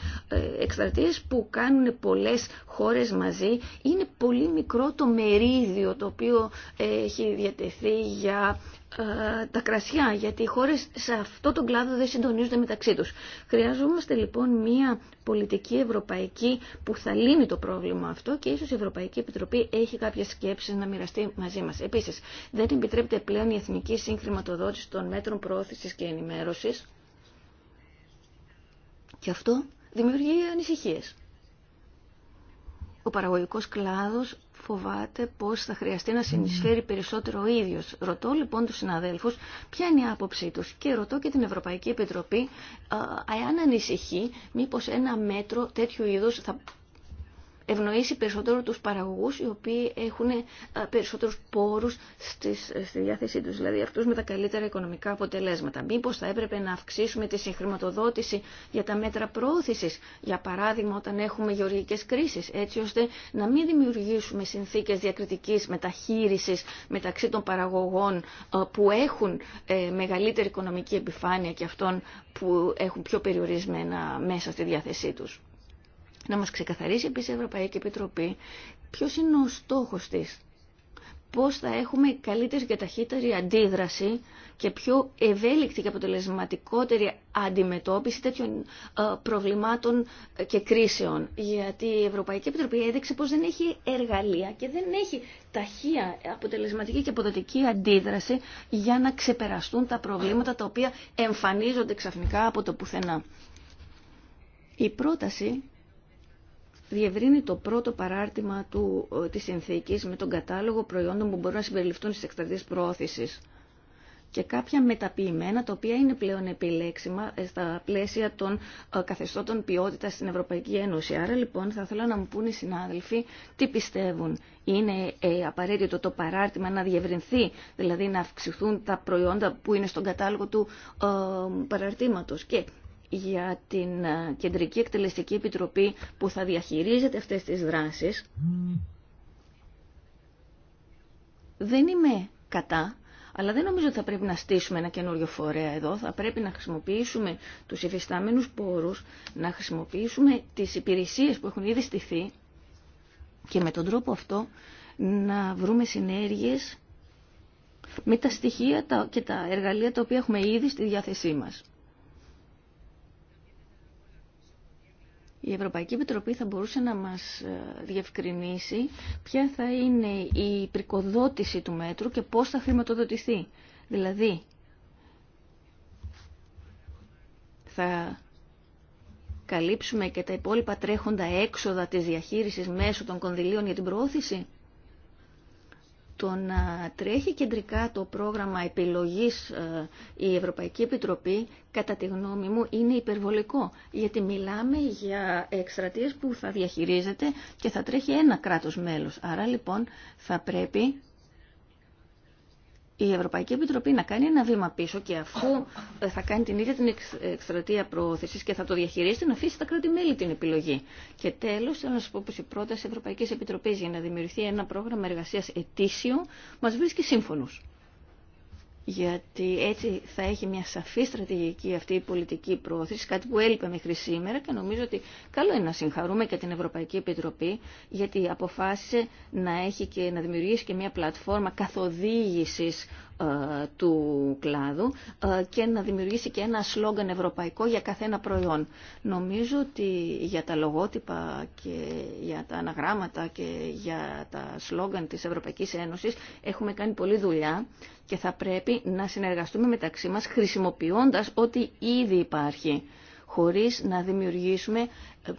εκστρατείες που κάνουν πολλές χώρες μαζί είναι πολύ μικρό το μερίδιο το οποίο έχει διατεθεί για ε, τα κρασιά γιατί οι χώρες σε αυτό τον κλάδο δεν συντονίζονται μεταξύ τους. Χρειαζόμαστε λοιπόν μια πολιτική ευρωπαϊκή που θα λύνει το πρόβλημα αυτό και ίσως η Ευρωπαϊκή Επιτροπή έχει κάποιες σκέψεις να μοιραστεί μαζί μας. Επίσης δεν επιτρέπεται πλέον η εθνική συγχρηματοδότηση των μέτρων πρόθεσης και ενημέρωσης και αυτό δημιουργεί ανησυχίες. Ο παραγωγικός κλάδος φοβάται πως θα χρειαστεί να συνεισφέρει περισσότερο ο ίδιος. Ρωτώ λοιπόν τους συναδέλφους ποια είναι η άποψή τους και ρωτώ και την Ευρωπαϊκή Επιτροπή εάν ανησυχεί μήπως ένα μέτρο τέτοιου είδους θα ευνοήσει περισσότερο τους παραγωγούς οι οποίοι έχουν ε, περισσότερους πόρους στις, ε, στη διάθεσή τους, δηλαδή αυτούς με τα καλύτερα οικονομικά αποτελέσματα. Μήπως θα έπρεπε να αυξήσουμε τη συγχρηματοδότηση για τα μέτρα προώθησης, για παράδειγμα όταν έχουμε γεωργικές κρίσεις, έτσι ώστε να μην δημιουργήσουμε συνθήκες διακριτικής μεταχείρισης μεταξύ των παραγωγών ε, που έχουν μεγαλύτερη οικονομική επιφάνεια και αυτών που έχουν πιο περιορισμένα μέσα στη διάθεσή τους. Να μας ξεκαθαρίσει επίσης η Ευρωπαϊκή Επιτροπή ποιος είναι ο στόχος της. Πώς θα έχουμε καλύτερη και ταχύτερη αντίδραση και πιο ευέλικτη και αποτελεσματικότερη αντιμετώπιση τέτοιων ε, προβλημάτων και κρίσεων. Γιατί η Ευρωπαϊκή Επιτροπή έδειξε πως δεν έχει εργαλεία και δεν έχει ταχεία αποτελεσματική και αποδοτική αντίδραση για να ξεπεραστούν τα προβλήματα τα οποία εμφανίζονται ξαφνικά από το πουθενά. Η πρόταση διευρύνει το πρώτο παράρτημα του, ε, της συνθήκης με τον κατάλογο προϊόντων που μπορούν να συμπεριληφθούν στις εκστρατείες προώθησης και κάποια μεταποιημένα τα οποία είναι πλέον επιλέξιμα ε, στα πλαίσια των ε, καθεστώτων ποιότητας στην Ευρωπαϊκή Ένωση. Άρα λοιπόν θα ήθελα να μου πούν οι συνάδελφοι τι πιστεύουν. Είναι ε, απαραίτητο το παράρτημα να διευρυνθεί, δηλαδή να αυξηθούν τα προϊόντα που είναι στον κατάλογο του ε, παραρτήματος για την ε, Κεντρική Εκτελεστική Επιτροπή που θα διαχειρίζεται αυτές τις δράσεις. Δεν είμαι κατά, αλλά δεν νομίζω ότι θα πρέπει να στήσουμε ένα καινούριο φορέα εδώ. Θα πρέπει να χρησιμοποιήσουμε τους υφιστάμενους πόρους, να χρησιμοποιήσουμε τις υπηρεσίες που έχουν ήδη στηθεί και με τον τρόπο αυτό να βρούμε συνέργειες με τα στοιχεία και τα εργαλεία τα οποία έχουμε ήδη στη διάθεσή μας. η Ευρωπαϊκή Επιτροπή θα μπορούσε να μας ε, διευκρινίσει ποια θα είναι η πρικοδότηση του μέτρου και πώς θα χρηματοδοτηθεί. Δηλαδή, θα καλύψουμε και τα υπόλοιπα τρέχοντα έξοδα της διαχείρισης μέσω των κονδυλίων για την προώθηση το να τρέχει κεντρικά το πρόγραμμα επιλογής ε, η Ευρωπαϊκή Επιτροπή, κατά τη γνώμη μου, είναι υπερβολικό. Γιατί μιλάμε για εκστρατείες που θα διαχειρίζεται και θα τρέχει ένα κράτος μέλος. Άρα λοιπόν θα πρέπει η Ευρωπαϊκή Επιτροπή να κάνει ένα βήμα πίσω και αφού ε, θα κάνει την ίδια την εκστρατεία προώθηση και θα το διαχειρίσει, να αφήσει τα κράτη-μέλη την επιλογή. Και τέλο, θέλω να σα πω πω η πρόταση Ευρωπαϊκή Επιτροπή για να δημιουργηθεί ένα πρόγραμμα εργασία ετήσιο μα βρίσκει σύμφωνος γιατί έτσι θα έχει μια σαφή στρατηγική αυτή η πολιτική πρόθεση, κάτι που έλειπε μέχρι σήμερα και νομίζω ότι καλό είναι να συγχαρούμε και την Ευρωπαϊκή Επιτροπή, γιατί αποφάσισε να έχει και να δημιουργήσει και μια πλατφόρμα καθοδήγησης ε, του κλάδου ε, και να δημιουργήσει και ένα σλόγγαν ευρωπαϊκό για καθένα προϊόν. Νομίζω ότι για τα λογότυπα και για τα αναγράμματα και για τα σλόγγαν της Ευρωπαϊκής Ένωσης έχουμε κάνει πολλή δουλειά και θα πρέπει να συνεργαστούμε μεταξύ μας χρησιμοποιώντας ό,τι ήδη υπάρχει χωρίς να δημιουργήσουμε ε,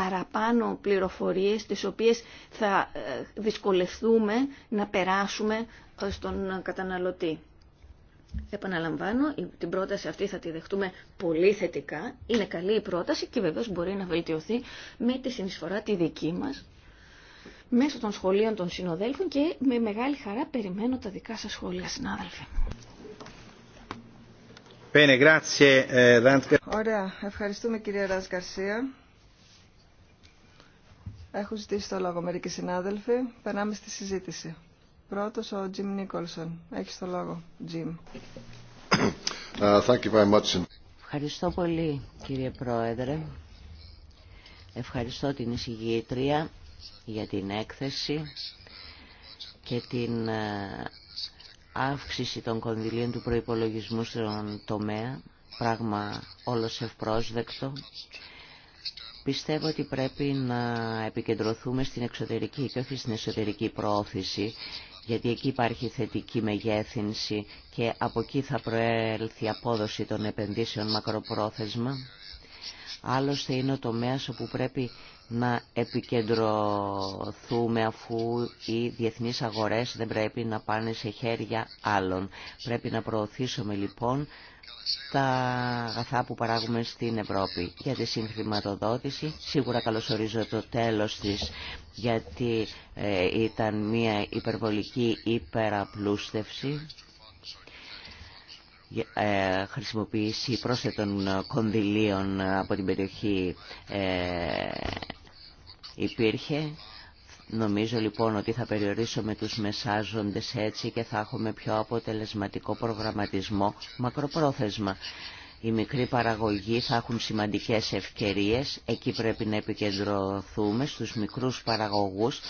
παραπάνω πληροφορίες τις οποίες θα ε, δυσκολευτούμε να περάσουμε ε, στον καταναλωτή. Επαναλαμβάνω, την πρόταση αυτή θα τη δεχτούμε πολύ θετικά. Είναι καλή η πρόταση και βεβαίως μπορεί να βελτιωθεί με τη συνεισφορά τη δική μας μέσω των σχολείων των συνοδέλφων και με μεγάλη χαρά περιμένω τα δικά σας σχόλια, συνάδελφοι. Ε, Ωραία, ευχαριστούμε κυρία Ρας έχουν ζητήσει το λόγο μερικοί συνάδελφοι. Περνάμε στη συζήτηση. Πρώτος ο Τζιμ Νίκολσον. Έχεις το λόγο, Τζιμ. Uh, Ευχαριστώ πολύ, κύριε Πρόεδρε. Ευχαριστώ την εισηγήτρια για την έκθεση και την uh, αύξηση των κονδυλίων του προϋπολογισμού στον τομέα, πράγμα όλος ευπρόσδεκτο. Πιστεύω ότι πρέπει να επικεντρωθούμε στην εξωτερική και όχι στην εσωτερική πρόθεση γιατί εκεί υπάρχει θετική μεγέθυνση και από εκεί θα προέλθει η απόδοση των επενδύσεων μακροπρόθεσμα. Άλλωστε είναι ο τομέας όπου πρέπει να επικεντρωθούμε αφού οι διεθνείς αγορές δεν πρέπει να πάνε σε χέρια άλλων. Πρέπει να προωθήσουμε λοιπόν τα αγαθά που παράγουμε στην Ευρώπη. Για τη συγχρηματοδότηση, σίγουρα καλωσορίζω το τέλος της, γιατί ε, ήταν μια υπερβολική υπεραπλούστευση ε, χρησιμοποίηση πρόσθετων κονδυλίων από την περιοχή ε, υπήρχε. Νομίζω λοιπόν ότι θα περιορίσουμε τους μεσάζοντες έτσι και θα έχουμε πιο αποτελεσματικό προγραμματισμό μακροπρόθεσμα. Οι μικροί παραγωγοί θα έχουν σημαντικές ευκαιρίες, εκεί πρέπει να επικεντρωθούμε στους μικρούς παραγωγούς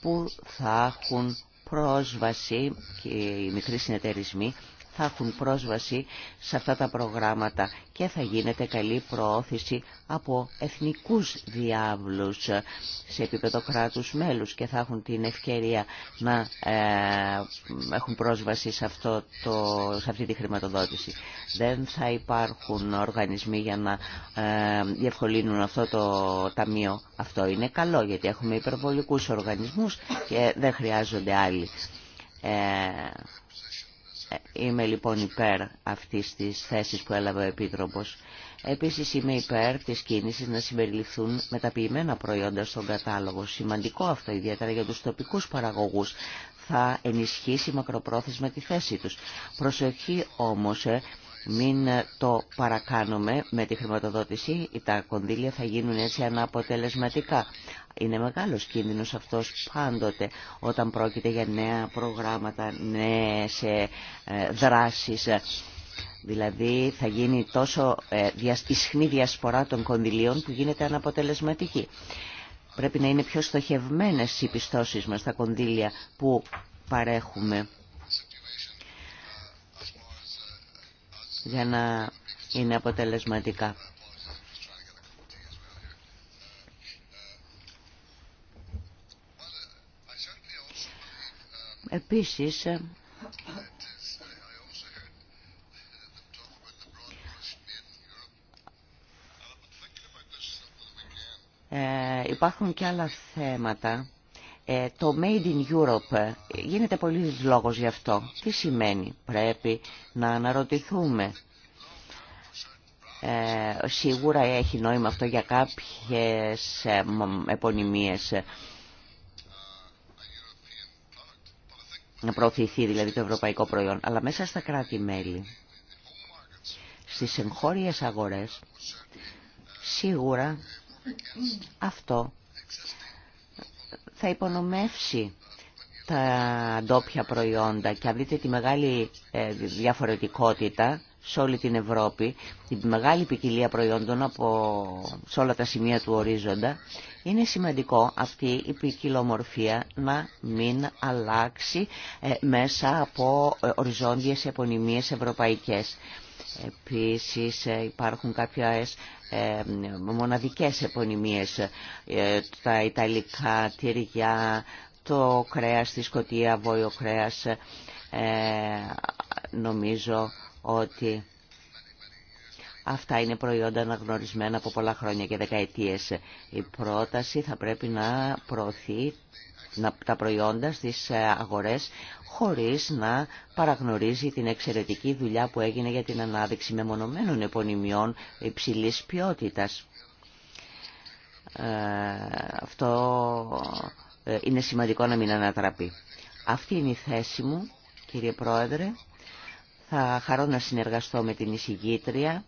που θα έχουν πρόσβαση και οι μικροί συνεταιρισμοί θα έχουν πρόσβαση σε αυτά τα προγράμματα και θα γίνεται καλή προώθηση από εθνικούς διάβλους σε επίπεδο κράτους μέλους και θα έχουν την ευκαιρία να ε, έχουν πρόσβαση σε, αυτό το, σε αυτή τη χρηματοδότηση. Δεν θα υπάρχουν οργανισμοί για να ε, διευκολύνουν αυτό το ταμείο. Αυτό είναι καλό γιατί έχουμε υπερβολικούς οργανισμούς και δεν χρειάζονται άλλοι. Ε, Είμαι λοιπόν υπέρ αυτής της θέσης που έλαβε ο Επίτροπος. Επίσης είμαι υπέρ της κίνησης να συμπεριληφθούν μεταποιημένα προϊόντα στον κατάλογο. Σημαντικό αυτό ιδιαίτερα για τους τοπικούς παραγωγούς. Θα ενισχύσει μακροπρόθεσμα τη θέση τους. Προσοχή όμως ε, μην ε, το παρακάνουμε με τη χρηματοδότηση, τα κονδύλια θα γίνουν έτσι αναποτελεσματικά. Είναι μεγάλος κίνδυνος αυτός πάντοτε όταν πρόκειται για νέα προγράμματα, νέες ε, ε, δράσεις. Δηλαδή θα γίνει τόσο ισχνή διασπορά των κονδυλίων που γίνεται αναποτελεσματική. Πρέπει να είναι πιο στοχευμένες οι πιστώσεις μας, τα κονδύλια που παρέχουμε. για να είναι αποτελεσματικά. Επίσης, ε, υπάρχουν και άλλα θέματα ε, το Made in Europe ε, γίνεται πολύ λόγος γι' αυτό. Τι σημαίνει, πρέπει να αναρωτηθούμε. Ε, σίγουρα έχει νόημα αυτό για κάποιες επωνυμίες. Να προωθηθεί δηλαδή το ευρωπαϊκό προϊόν. Αλλά μέσα στα κράτη-μέλη, στις εγχώριες αγορές, σίγουρα αυτό θα υπονομεύσει τα ντόπια προϊόντα και αν δείτε τη μεγάλη ε, διαφορετικότητα σε όλη την Ευρώπη, τη μεγάλη ποικιλία προϊόντων από, σε όλα τα σημεία του ορίζοντα, είναι σημαντικό αυτή η ποικιλομορφία να μην αλλάξει ε, μέσα από ε, οριζόντιες επωνυμίες ευρωπαϊκές. Επίσης υπάρχουν κάποιες ε, μοναδικές επωνυμίες, ε, τα Ιταλικά, τυριά, το κρέας στη Σκοτία, βόλιο κρέας, ε, νομίζω ότι αυτά είναι προϊόντα αναγνωρισμένα από πολλά χρόνια και δεκαετίες. Η πρόταση θα πρέπει να προωθεί τα προϊόντα στις αγορές χωρίς να παραγνωρίζει την εξαιρετική δουλειά που έγινε για την ανάδειξη μεμονωμένων επωνυμιών υψηλής ποιότητας. Ε, αυτό ε, είναι σημαντικό να μην ανατραπεί. Αυτή είναι η θέση μου, κύριε Πρόεδρε. Θα χαρώ να συνεργαστώ με την εισηγήτρια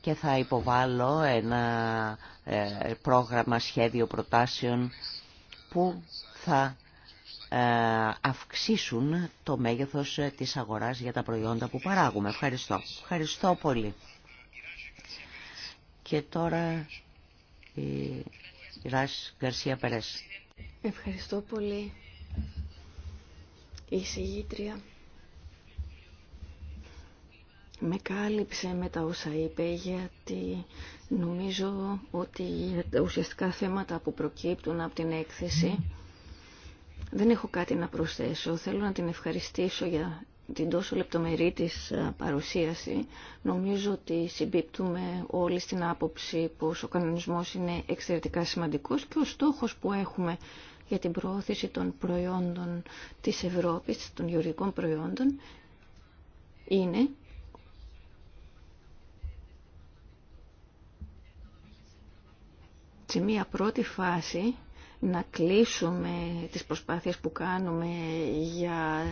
και θα υποβάλω ένα ε, πρόγραμμα σχέδιο προτάσεων που θα ε, αυξήσουν το μέγεθος ε, της αγοράς για τα προϊόντα που παράγουμε. Ευχαριστώ. Ευχαριστώ πολύ. Και τώρα η Ράς Γκαρσία Περές. Ευχαριστώ πολύ. Η συγγήτρια με κάλυψε με τα όσα είπε γιατί νομίζω ότι ουσιαστικά θέματα που προκύπτουν από την έκθεση δεν έχω κάτι να προσθέσω. Θέλω να την ευχαριστήσω για την τόσο λεπτομερή της ε, παρουσίαση. Νομίζω ότι συμπίπτουμε όλοι στην άποψη πως ο κανονισμός είναι εξαιρετικά σημαντικός και ο στόχος που έχουμε για την προώθηση των προϊόντων της Ευρώπης, των γεωργικών προϊόντων, είναι σε μία πρώτη φάση να κλείσουμε τις προσπάθειες που κάνουμε για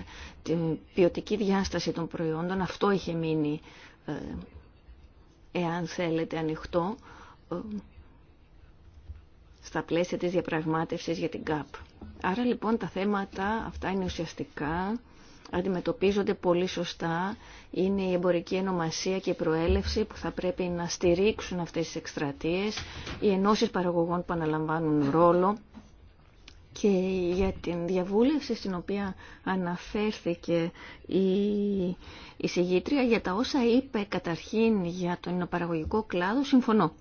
την ποιοτική διάσταση των προϊόντων. Αυτό είχε μείνει, ε, εάν θέλετε, ανοιχτό ε, στα πλαίσια της διαπραγμάτευσης για την ΚΑΠ. Άρα λοιπόν τα θέματα αυτά είναι ουσιαστικά, αντιμετωπίζονται πολύ σωστά, είναι η εμπορική ενομασία και η προέλευση που θα πρέπει να στηρίξουν αυτές τις εκστρατείες, οι ενώσεις παραγωγών που αναλαμβάνουν ρόλο, και για την διαβούλευση στην οποία αναφέρθηκε η συγγήτρια για τα όσα είπε καταρχήν για τον εινοπαραγωγικό κλάδο, συμφωνώ.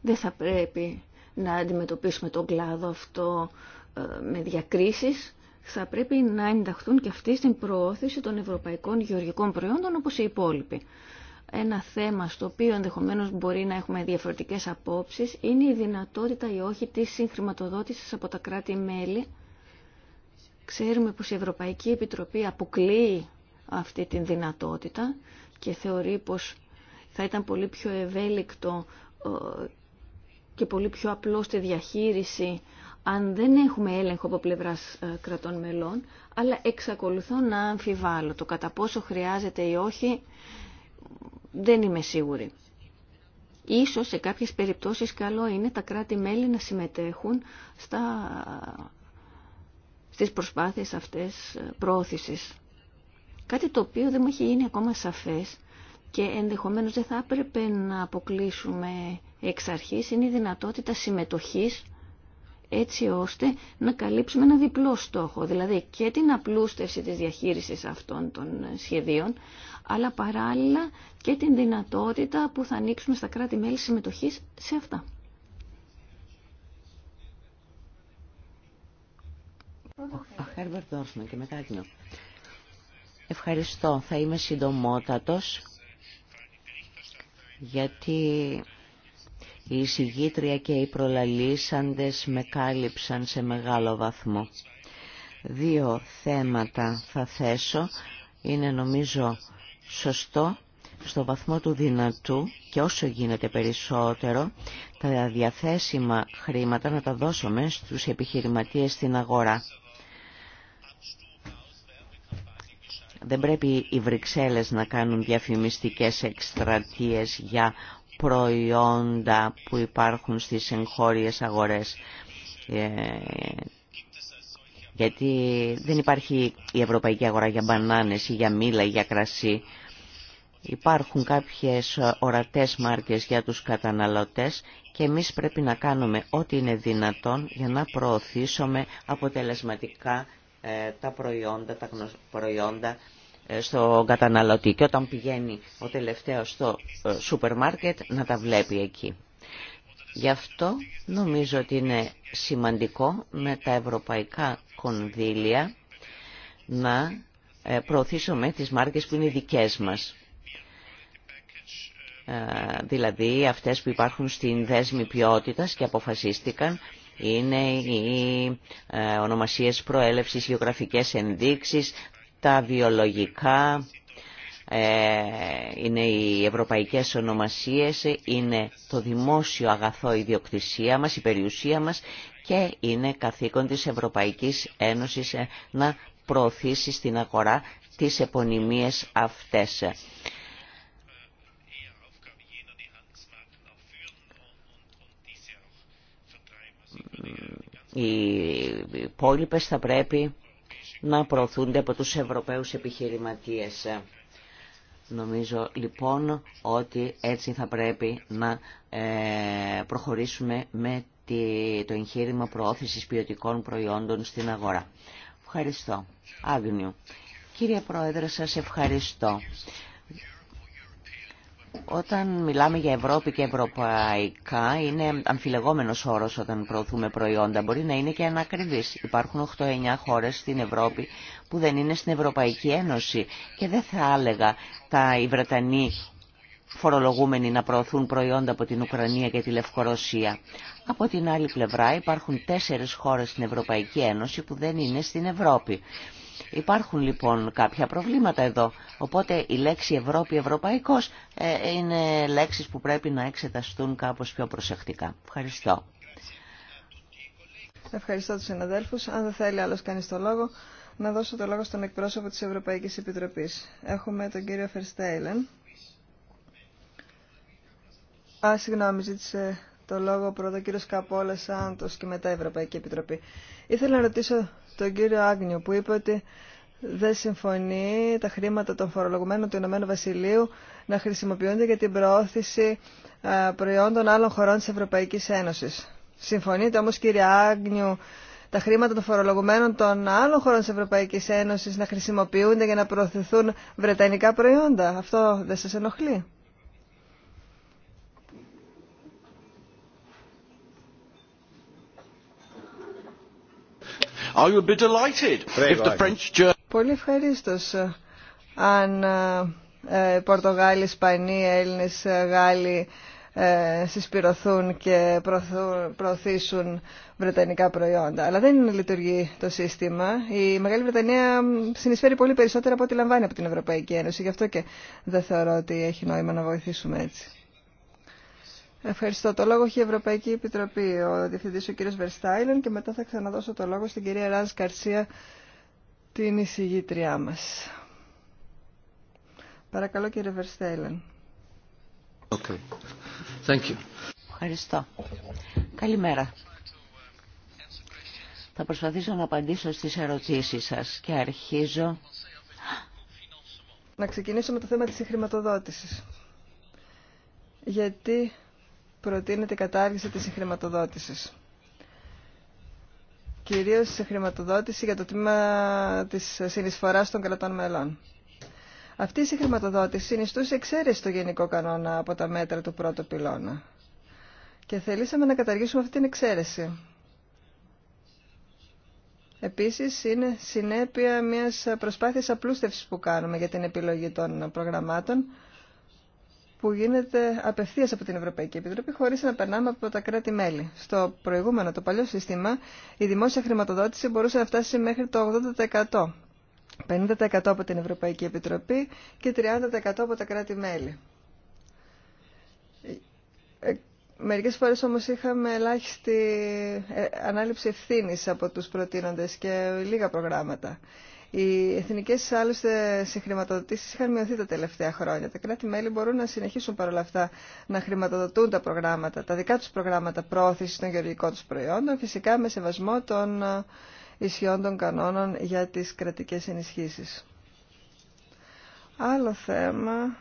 Δεν θα πρέπει να αντιμετωπίσουμε τον κλάδο αυτό ε, με διακρίσεις. Θα πρέπει να ενταχθούν και αυτοί στην προώθηση των ευρωπαϊκών γεωργικών προϊόντων όπως οι υπόλοιποι ένα θέμα στο οποίο ενδεχομένως μπορεί να έχουμε διαφορετικές απόψεις είναι η δυνατότητα ή όχι της συγχρηματοδότησης από τα κράτη-μέλη. Ξέρουμε πως η Ευρωπαϊκή Επιτροπή αποκλείει αυτή την δυνατότητα και θεωρεί πως θα ήταν πολύ πιο ευέλικτο ε, και πολύ πιο απλό στη διαχείριση αν δεν έχουμε έλεγχο από πλευράς ε, κρατών μελών, αλλά εξακολουθώ να αμφιβάλλω το κατά πόσο χρειάζεται ή όχι δεν είμαι σίγουρη. Ίσως σε κάποιες περιπτώσεις καλό είναι τα κράτη-μέλη να συμμετέχουν στα, στις προσπάθειες αυτές προώθησης. Κάτι το οποίο δεν μου έχει γίνει ακόμα σαφές και ενδεχομένως δεν θα έπρεπε να αποκλείσουμε εξ αρχής είναι η δυνατότητα συμμετοχής έτσι ώστε να καλύψουμε ένα διπλό στόχο, δηλαδή και την απλούστευση της διαχείρισης αυτών των σχεδίων, αλλά παράλληλα και την δυνατότητα που θα ανοίξουμε στα κράτη-μέλη συμμετοχής σε αυτά. Ευχαριστώ. Θα είμαι συντομότατος γιατί οι εισηγήτρια και οι προλαλήσαντες με κάλυψαν σε μεγάλο βαθμό. Δύο θέματα θα θέσω. Είναι νομίζω σωστό στο βαθμό του δυνατού και όσο γίνεται περισσότερο τα διαθέσιμα χρήματα να τα δώσουμε στους επιχειρηματίες στην αγορά. Δεν πρέπει οι Βρυξέλλες να κάνουν διαφημιστικές εκστρατείες για προϊόντα που υπάρχουν στις εγχώριες αγορές. Ε, γιατί δεν υπάρχει η ευρωπαϊκή αγορά για μπανάνες ή για μήλα ή για κρασί. Υπάρχουν κάποιες ορατές μάρκες για τους καταναλωτές και εμείς πρέπει να κάνουμε ό,τι είναι δυνατόν για να προωθήσουμε αποτελεσματικά ε, τα προϊόντα, τα προϊόντα στον καταναλωτή και όταν πηγαίνει ο τελευταίος στο ε, σούπερ μάρκετ να τα βλέπει εκεί. Γι' αυτό νομίζω ότι είναι σημαντικό με τα ευρωπαϊκά κονδύλια να ε, προωθήσουμε τις μάρκες που είναι δικές μας. Ε, δηλαδή αυτές που υπάρχουν στην δέσμη ποιότητας και αποφασίστηκαν είναι οι ονομασίες προέλευσης, γεωγραφικές ενδείξεις, τα βιολογικά, ε, είναι οι ευρωπαϊκές ονομασίες, είναι το δημόσιο αγαθό ιδιοκτησία μας, η περιουσία μας και είναι καθήκον της Ευρωπαϊκής Ένωσης ε, να προωθήσει στην αγορά τις επωνυμίες αυτές. Οι υπόλοιπε θα πρέπει να προωθούνται από τους Ευρωπαίους επιχειρηματίες. Νομίζω λοιπόν ότι έτσι θα πρέπει να ε, προχωρήσουμε με το εγχείρημα προώθησης ποιοτικών προϊόντων στην αγορά. Ευχαριστώ. Άγνιου. Κύριε Πρόεδρε, σας ευχαριστώ. Όταν μιλάμε για Ευρώπη και ευρωπαϊκά, είναι αμφιλεγόμενος όρος όταν προωθούμε προϊόντα. Μπορεί να είναι και ανακριβής. Υπάρχουν 8-9 χώρες στην Ευρώπη που δεν είναι στην Ευρωπαϊκή Ένωση και δεν θα έλεγα τα οι Βρετανοί φορολογούμενοι να προωθούν προϊόντα από την Ουκρανία και τη Λευκορωσία. Από την άλλη πλευρά υπάρχουν 4 χώρες στην Ευρωπαϊκή Ένωση που δεν είναι στην Ευρώπη. Υπάρχουν λοιπόν κάποια προβλήματα εδώ. Οπότε η λέξη Ευρώπη-Ευρωπαϊκός ε, είναι λέξεις που πρέπει να εξεταστούν κάπως πιο προσεκτικά. Ευχαριστώ. Ευχαριστώ τους συναδέλφους. Αν δεν θέλει άλλος κανείς το λόγο, να δώσω το λόγο στον εκπρόσωπο της Ευρωπαϊκής Επιτροπής. Έχουμε τον κύριο Φερστέιλεν. Α, συγγνώμη, ζήτησε το λόγο πρώτα ο κύριος Καπόλας Άντος και μετά η Ευρωπαϊκή Επιτροπή. Ήθελα να ρωτήσω τον κύριο Άγνιο που είπε ότι δεν συμφωνεί τα χρήματα των φορολογουμένων του Ηνωμένου Βασιλείου να χρησιμοποιούνται για την προώθηση προϊόντων άλλων χωρών της Ευρωπαϊκής Ένωσης. Συμφωνείτε όμως κύριε Άγνιου τα χρήματα των φορολογουμένων των άλλων χωρών της Ευρωπαϊκής Ένωσης να χρησιμοποιούνται για να προωθηθούν βρετανικά προϊόντα. Αυτό δεν σας ενοχλεί. I would Πολύ ευχαρίστω ε, αν ε, ε, Πορτογάλοι, Ισπανοί, Έλληνες, Γάλλοι συσπηρωθούν και προωθήσουν βρετανικά προϊόντα. Αλλά δεν λειτουργεί το σύστημα. Η Μεγάλη Βρετανία συνεισφέρει πολύ περισσότερα από ό,τι λαμβάνει από την Ευρωπαϊκή Ένωση. Γι' αυτό και δεν θεωρώ ότι έχει νόημα να βοηθήσουμε έτσι. Ευχαριστώ. Το λόγο έχει η Ευρωπαϊκή Επιτροπή, ο διευθυντή ο κ. Βερστάιλεν και μετά θα ξαναδώσω το λόγο στην κυρία Ράζ Καρσία, την εισηγήτριά μας. Παρακαλώ κύριε Βερστάιλεν. Okay. Ευχαριστώ. Καλημέρα. Θα προσπαθήσω να απαντήσω στις ερωτήσεις σας και αρχίζω... Να ξεκινήσω με το θέμα της χρηματοδότησης. Γιατί προτείνεται η κατάργηση της χρηματοδότησης. Κυρίως η χρηματοδότηση για το τμήμα της συνεισφοράς των κρατών μελών. Αυτή η χρηματοδότηση συνιστούσε εξαίρεση στο γενικό κανόνα από τα μέτρα του πρώτου πυλώνα. Και θελήσαμε να καταργήσουμε αυτή την εξαίρεση. Επίσης, είναι συνέπεια μιας προσπάθειας απλούστευσης που κάνουμε για την επιλογή των προγραμμάτων, που γίνεται απευθείας από την Ευρωπαϊκή Επιτροπή χωρίς να περνάμε από τα κράτη-μέλη. Στο προηγούμενο, το παλιό σύστημα, η δημόσια χρηματοδότηση μπορούσε να φτάσει μέχρι το 80%. 50% από την Ευρωπαϊκή Επιτροπή και 30% από τα κράτη-μέλη. Ε, μερικές φορές όμως είχαμε ελάχιστη ε, ανάληψη ευθύνης από τους προτείνοντες και λίγα προγράμματα. Οι εθνικές άλλωστε συγχρηματοδοτήσεις είχαν μειωθεί τα τελευταία χρόνια. Τα κράτη-μέλη μπορούν να συνεχίσουν παρόλα αυτά να χρηματοδοτούν τα προγράμματα, τα δικά του προγράμματα πρόθεση των γεωργικών του προϊόντων, φυσικά με σεβασμό των ε, ισχυών των κανόνων για τις κρατικές ενισχύσει. Άλλο θέμα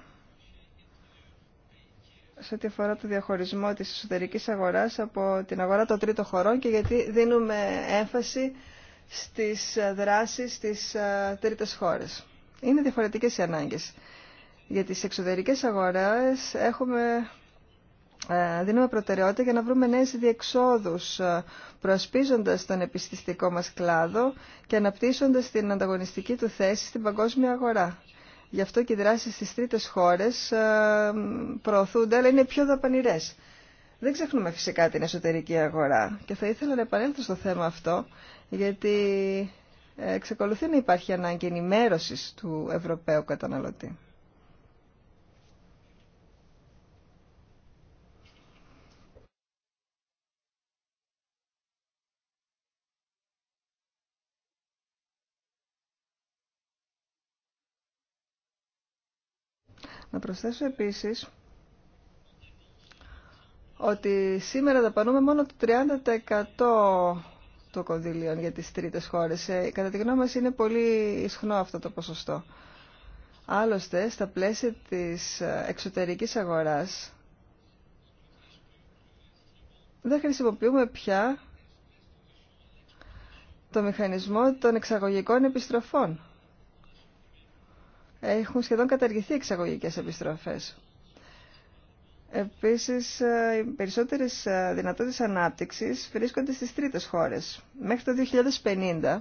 σε ό,τι αφορά το διαχωρισμό της εσωτερικής αγοράς από την αγορά των τρίτων χωρών και γιατί δίνουμε έμφαση στις ε, δράσεις της ε, τρίτες χώρες. Είναι διαφορετικές οι ανάγκες. Για τις εξωτερικές αγορές έχουμε, ε, δίνουμε προτεραιότητα για να βρούμε νέες διεξόδους, προασπίζοντας τον επιστηστικό μας κλάδο και αναπτύσσοντας την ανταγωνιστική του θέση στην παγκόσμια αγορά. Γι' αυτό και οι δράσεις στις τρίτες χώρες προωθούνται, αλλά είναι πιο δαπανηρές. Δεν ξεχνούμε φυσικά την εσωτερική αγορά και θα ήθελα να επανέλθω στο θέμα αυτό, γιατί εξακολουθεί να υπάρχει ανάγκη ενημέρωσης του Ευρωπαίου καταναλωτή. Να προσθέσω επίσης ότι σήμερα δαπανούμε μόνο το 30% το κονδυλίων για τις τρίτες χώρες. Ε, κατά τη γνώμη μας είναι πολύ ισχνό αυτό το ποσοστό. Άλλωστε, στα πλαίσια της ε, εξωτερικής αγοράς δεν χρησιμοποιούμε πια το μηχανισμό των εξαγωγικών επιστροφών. Έχουν σχεδόν καταργηθεί εξαγωγικές επιστροφές. Επίσης, ε, οι περισσότερες ε, δυνατότητες ανάπτυξης βρίσκονται στις τρίτες χώρες. Μέχρι το 2050,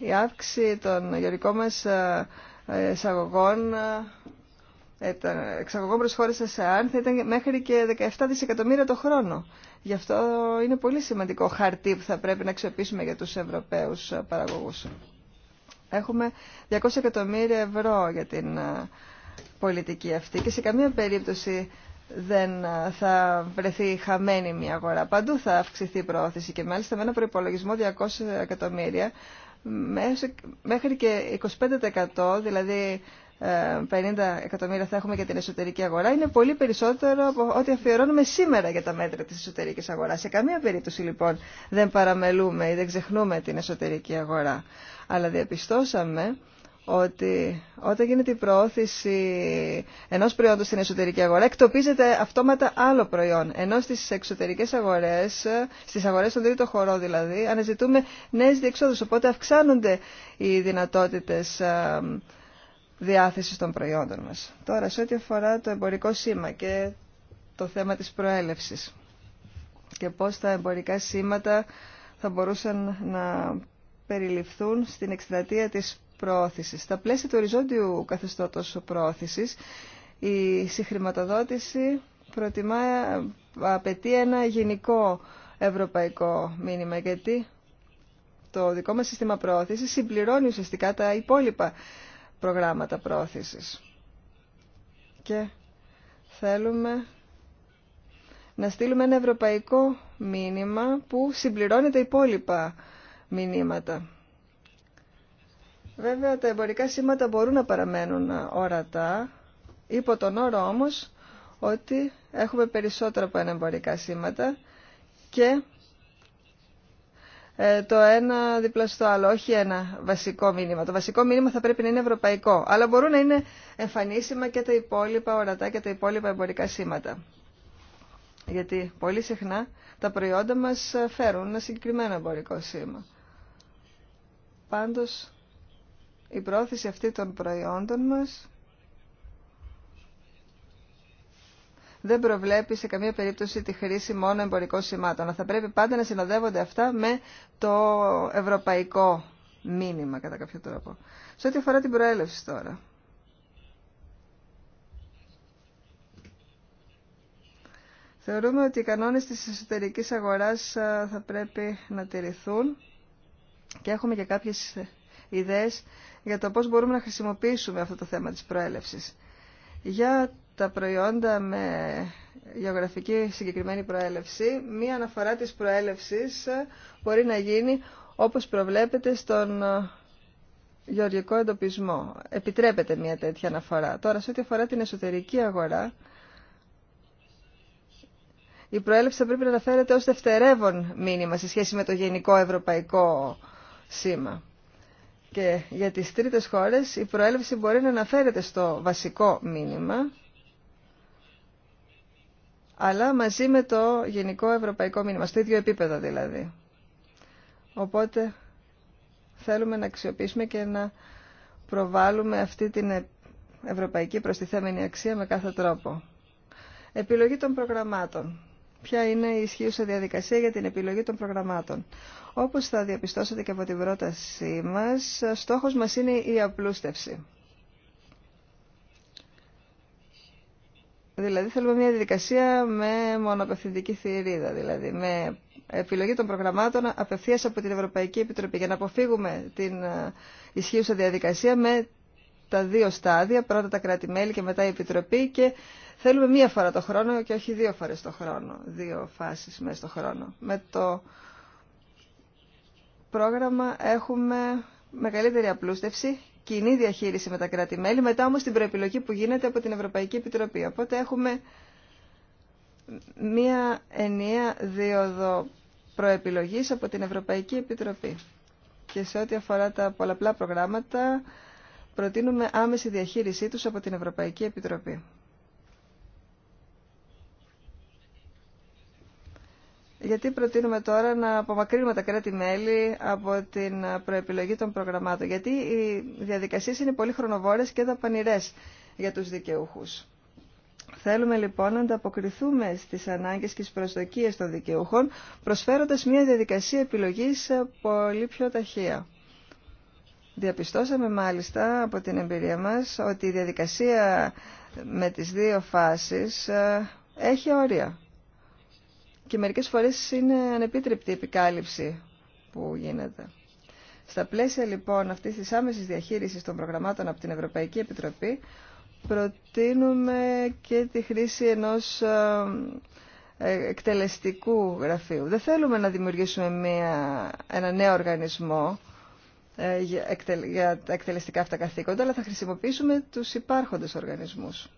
η, αύξηση των γεωρικών μας ε, εισαγωγών, εξαγωγών προς χώρες ΑΣΑΝ θα ήταν μέχρι και 17 δισεκατομμύρια το χρόνο. Γι' αυτό είναι πολύ σημαντικό χαρτί που θα πρέπει να αξιοποιήσουμε για τους Ευρωπαίους παραγωγούς. Έχουμε 200 εκατομμύρια ευρώ για την πολιτική αυτή και σε καμία περίπτωση δεν θα βρεθεί χαμένη μια αγορά. Παντού θα αυξηθεί η προώθηση και μάλιστα με ένα προπολογισμό 200 εκατομμύρια μέχρι και 25% δηλαδή 50 ε, εκατομμύρια θα έχουμε για την εσωτερική αγορά είναι πολύ περισσότερο από ό,τι αφιερώνουμε σήμερα για τα μέτρα της εσωτερικής αγοράς. Σε καμία περίπτωση λοιπόν δεν παραμελούμε ή δεν ξεχνούμε την εσωτερική αγορά. Αλλά διαπιστώσαμε ότι όταν γίνεται η προώθηση ενός προϊόντος στην εσωτερική αγορά εκτοπίζεται αυτόματα άλλο προϊόν. Ενώ στις εξωτερικές αγορές, στις αγορές των τρίτο χωρών δηλαδή, αναζητούμε νέες διεξόδους. Οπότε αυξάνονται οι δυνατότητες διάθεσης των προϊόντων μας. Τώρα, σε ό,τι αφορά το εμπορικό σήμα και το θέμα της προέλευσης και πώς τα εμπορικά σήματα θα μπορούσαν να περιληφθούν στην εκστρατεία της προώθησης. Στα πλαίσια του οριζόντιου καθεστώτος προώθησης, η συγχρηματοδότηση προτιμά, απαιτεί ένα γενικό ευρωπαϊκό μήνυμα, γιατί το δικό μας σύστημα προώθησης συμπληρώνει ουσιαστικά τα υπόλοιπα προγράμματα προώθησης. Και θέλουμε να στείλουμε ένα ευρωπαϊκό μήνυμα που συμπληρώνει τα υπόλοιπα μηνύματα. Βέβαια τα εμπορικά σήματα μπορούν να παραμένουν ορατά, υπό τον όρο όμως ότι έχουμε περισσότερα από ένα εμπορικά σήματα και ε, το ένα δίπλα στο άλλο, όχι ένα βασικό μήνυμα. Το βασικό μήνυμα θα πρέπει να είναι ευρωπαϊκό, αλλά μπορούν να είναι εμφανίσιμα και τα υπόλοιπα ορατά και τα υπόλοιπα εμπορικά σήματα. Γιατί πολύ συχνά τα προϊόντα μας φέρουν ένα συγκεκριμένο εμπορικό σήμα. Πάντως η πρόθεση αυτή των προϊόντων μας δεν προβλέπει σε καμία περίπτωση τη χρήση μόνο εμπορικών σημάτων. Θα πρέπει πάντα να συνοδεύονται αυτά με το ευρωπαϊκό μήνυμα κατά κάποιο τρόπο. Σε ό,τι αφορά την προέλευση τώρα. Θεωρούμε ότι οι κανόνες της εσωτερικής αγοράς θα πρέπει να τηρηθούν και έχουμε και κάποιες ιδέες για το πώς μπορούμε να χρησιμοποιήσουμε αυτό το θέμα της προέλευσης. Για τα προϊόντα με γεωγραφική συγκεκριμένη προέλευση, μία αναφορά της προέλευσης μπορεί να γίνει όπως προβλέπεται στον γεωργικό εντοπισμό. Επιτρέπεται μία τέτοια αναφορά. Τώρα, σε ό,τι αφορά την εσωτερική αγορά, η προέλευση θα πρέπει να αναφέρεται ως δευτερεύον μήνυμα σε σχέση με το γενικό ευρωπαϊκό σήμα. Και για τις τρίτες χώρες η προέλευση μπορεί να αναφέρεται στο βασικό μήνυμα, αλλά μαζί με το γενικό ευρωπαϊκό μήνυμα, στο ίδιο επίπεδο δηλαδή. Οπότε θέλουμε να αξιοποιήσουμε και να προβάλλουμε αυτή την ε, ευρωπαϊκή προστιθέμενη αξία με κάθε τρόπο. Επιλογή των προγραμμάτων ποια είναι η ισχύουσα διαδικασία για την επιλογή των προγραμμάτων. Όπως θα διαπιστώσετε και από την πρότασή μας, στόχος μας είναι η απλούστευση. Δηλαδή θέλουμε μια διαδικασία με μονοπευθυντική θηρίδα, δηλαδή με επιλογή των προγραμμάτων απευθείας από την Ευρωπαϊκή Επιτροπή για να αποφύγουμε την ε, ισχύουσα διαδικασία με τα δύο στάδια, πρώτα τα κράτη-μέλη και μετά η Επιτροπή και θέλουμε μία φορά το χρόνο και όχι δύο φορές το χρόνο, δύο φάσεις μέσα στο χρόνο. Με το πρόγραμμα έχουμε μεγαλύτερη απλούστευση, κοινή διαχείριση με τα κράτη-μέλη, μετά όμως την προεπιλογή που γίνεται από την Ευρωπαϊκή Επιτροπή. Οπότε έχουμε μία ενιαία δίωδο προεπιλογής από την Ευρωπαϊκή Επιτροπή. Και σε ό,τι αφορά τα πολλαπλά προγράμματα, προτείνουμε άμεση διαχείρισή τους από την Ευρωπαϊκή Επιτροπή. Γιατί προτείνουμε τώρα να απομακρύνουμε τα κράτη-μέλη από την προεπιλογή των προγραμμάτων. Γιατί οι διαδικασίες είναι πολύ χρονοβόρες και δαπανηρές για τους δικαιούχους. Θέλουμε λοιπόν να ανταποκριθούμε στις ανάγκες και στις προσδοκίες των δικαιούχων, προσφέροντας μια διαδικασία επιλογής ε, πολύ πιο ταχεία. Διαπιστώσαμε μάλιστα από την εμπειρία μας ότι η διαδικασία με τις δύο φάσεις ε, έχει όρια. Και μερικές φορές είναι ανεπίτρεπτη η επικάλυψη που γίνεται. Στα πλαίσια λοιπόν αυτής της άμεσης διαχείρισης των προγραμμάτων από την Ευρωπαϊκή Επιτροπή προτείνουμε και τη χρήση ενός ε, ε, εκτελεστικού γραφείου. Δεν θέλουμε να δημιουργήσουμε μια, ένα νέο οργανισμό ε, για τα εκτελεστικά αυτά καθήκοντα, αλλά θα χρησιμοποιήσουμε τους υπάρχοντες οργανισμούς.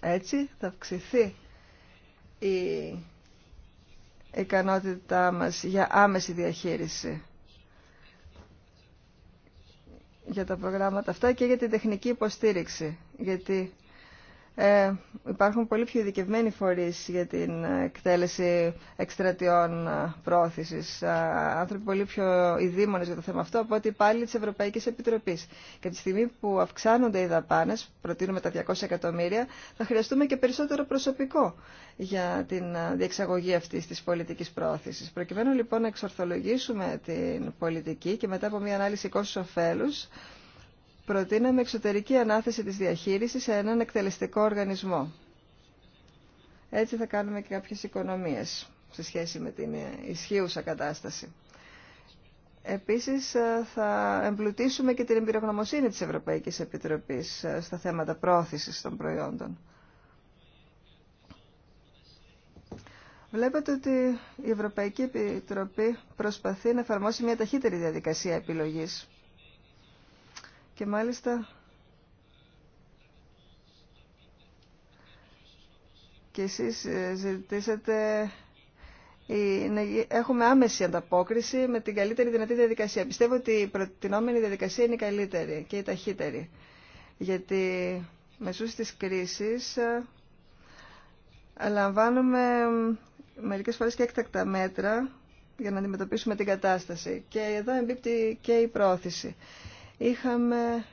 Έτσι θα αυξηθεί η ικανότητά μας για άμεση διαχείριση για τα προγράμματα αυτά και για την τεχνική υποστήριξη, γιατί ε, υπάρχουν πολύ πιο ειδικευμένοι φορείς για την ε, εκτέλεση εκστρατιών ε, πρόθεσης. Ε, άνθρωποι πολύ πιο ειδήμονες για το θέμα αυτό από ότι πάλι της Ευρωπαϊκής Επιτροπής. Και τη στιγμή που αυξάνονται οι δαπάνες, προτείνουμε τα 200 εκατομμύρια, θα χρειαστούμε και περισσότερο προσωπικό για την διεξαγωγή αυτής της πολιτικής πρόθεσης. Προκειμένου λοιπόν να εξορθολογήσουμε την πολιτική και μετά από μια ανάλυση κόστους ωφέλους, προτείναμε εξωτερική ανάθεση της διαχείρισης σε έναν εκτελεστικό οργανισμό. Έτσι θα κάνουμε και κάποιες οικονομίες σε σχέση με την ισχύουσα κατάσταση. Επίσης ε, θα εμπλουτίσουμε και την εμπειρογνωμοσύνη της Ευρωπαϊκής Επιτροπής ε, στα θέματα πρόθεσης των προϊόντων. Βλέπετε ότι η Ευρωπαϊκή Επιτροπή προσπαθεί να εφαρμόσει μια ταχύτερη διαδικασία επιλογής και μάλιστα και εσείς ε, ζητήσατε έχουμε άμεση ανταπόκριση με την καλύτερη δυνατή διαδικασία. Πιστεύω ότι η προτινόμενη διαδικασία είναι η καλύτερη και η ταχύτερη. Γιατί μεσούς της κρίσης ε, λαμβάνουμε μερικές φορές και έκτακτα μέτρα για να αντιμετωπίσουμε την κατάσταση. Και εδώ εμπίπτει και η πρόθεση είχαμε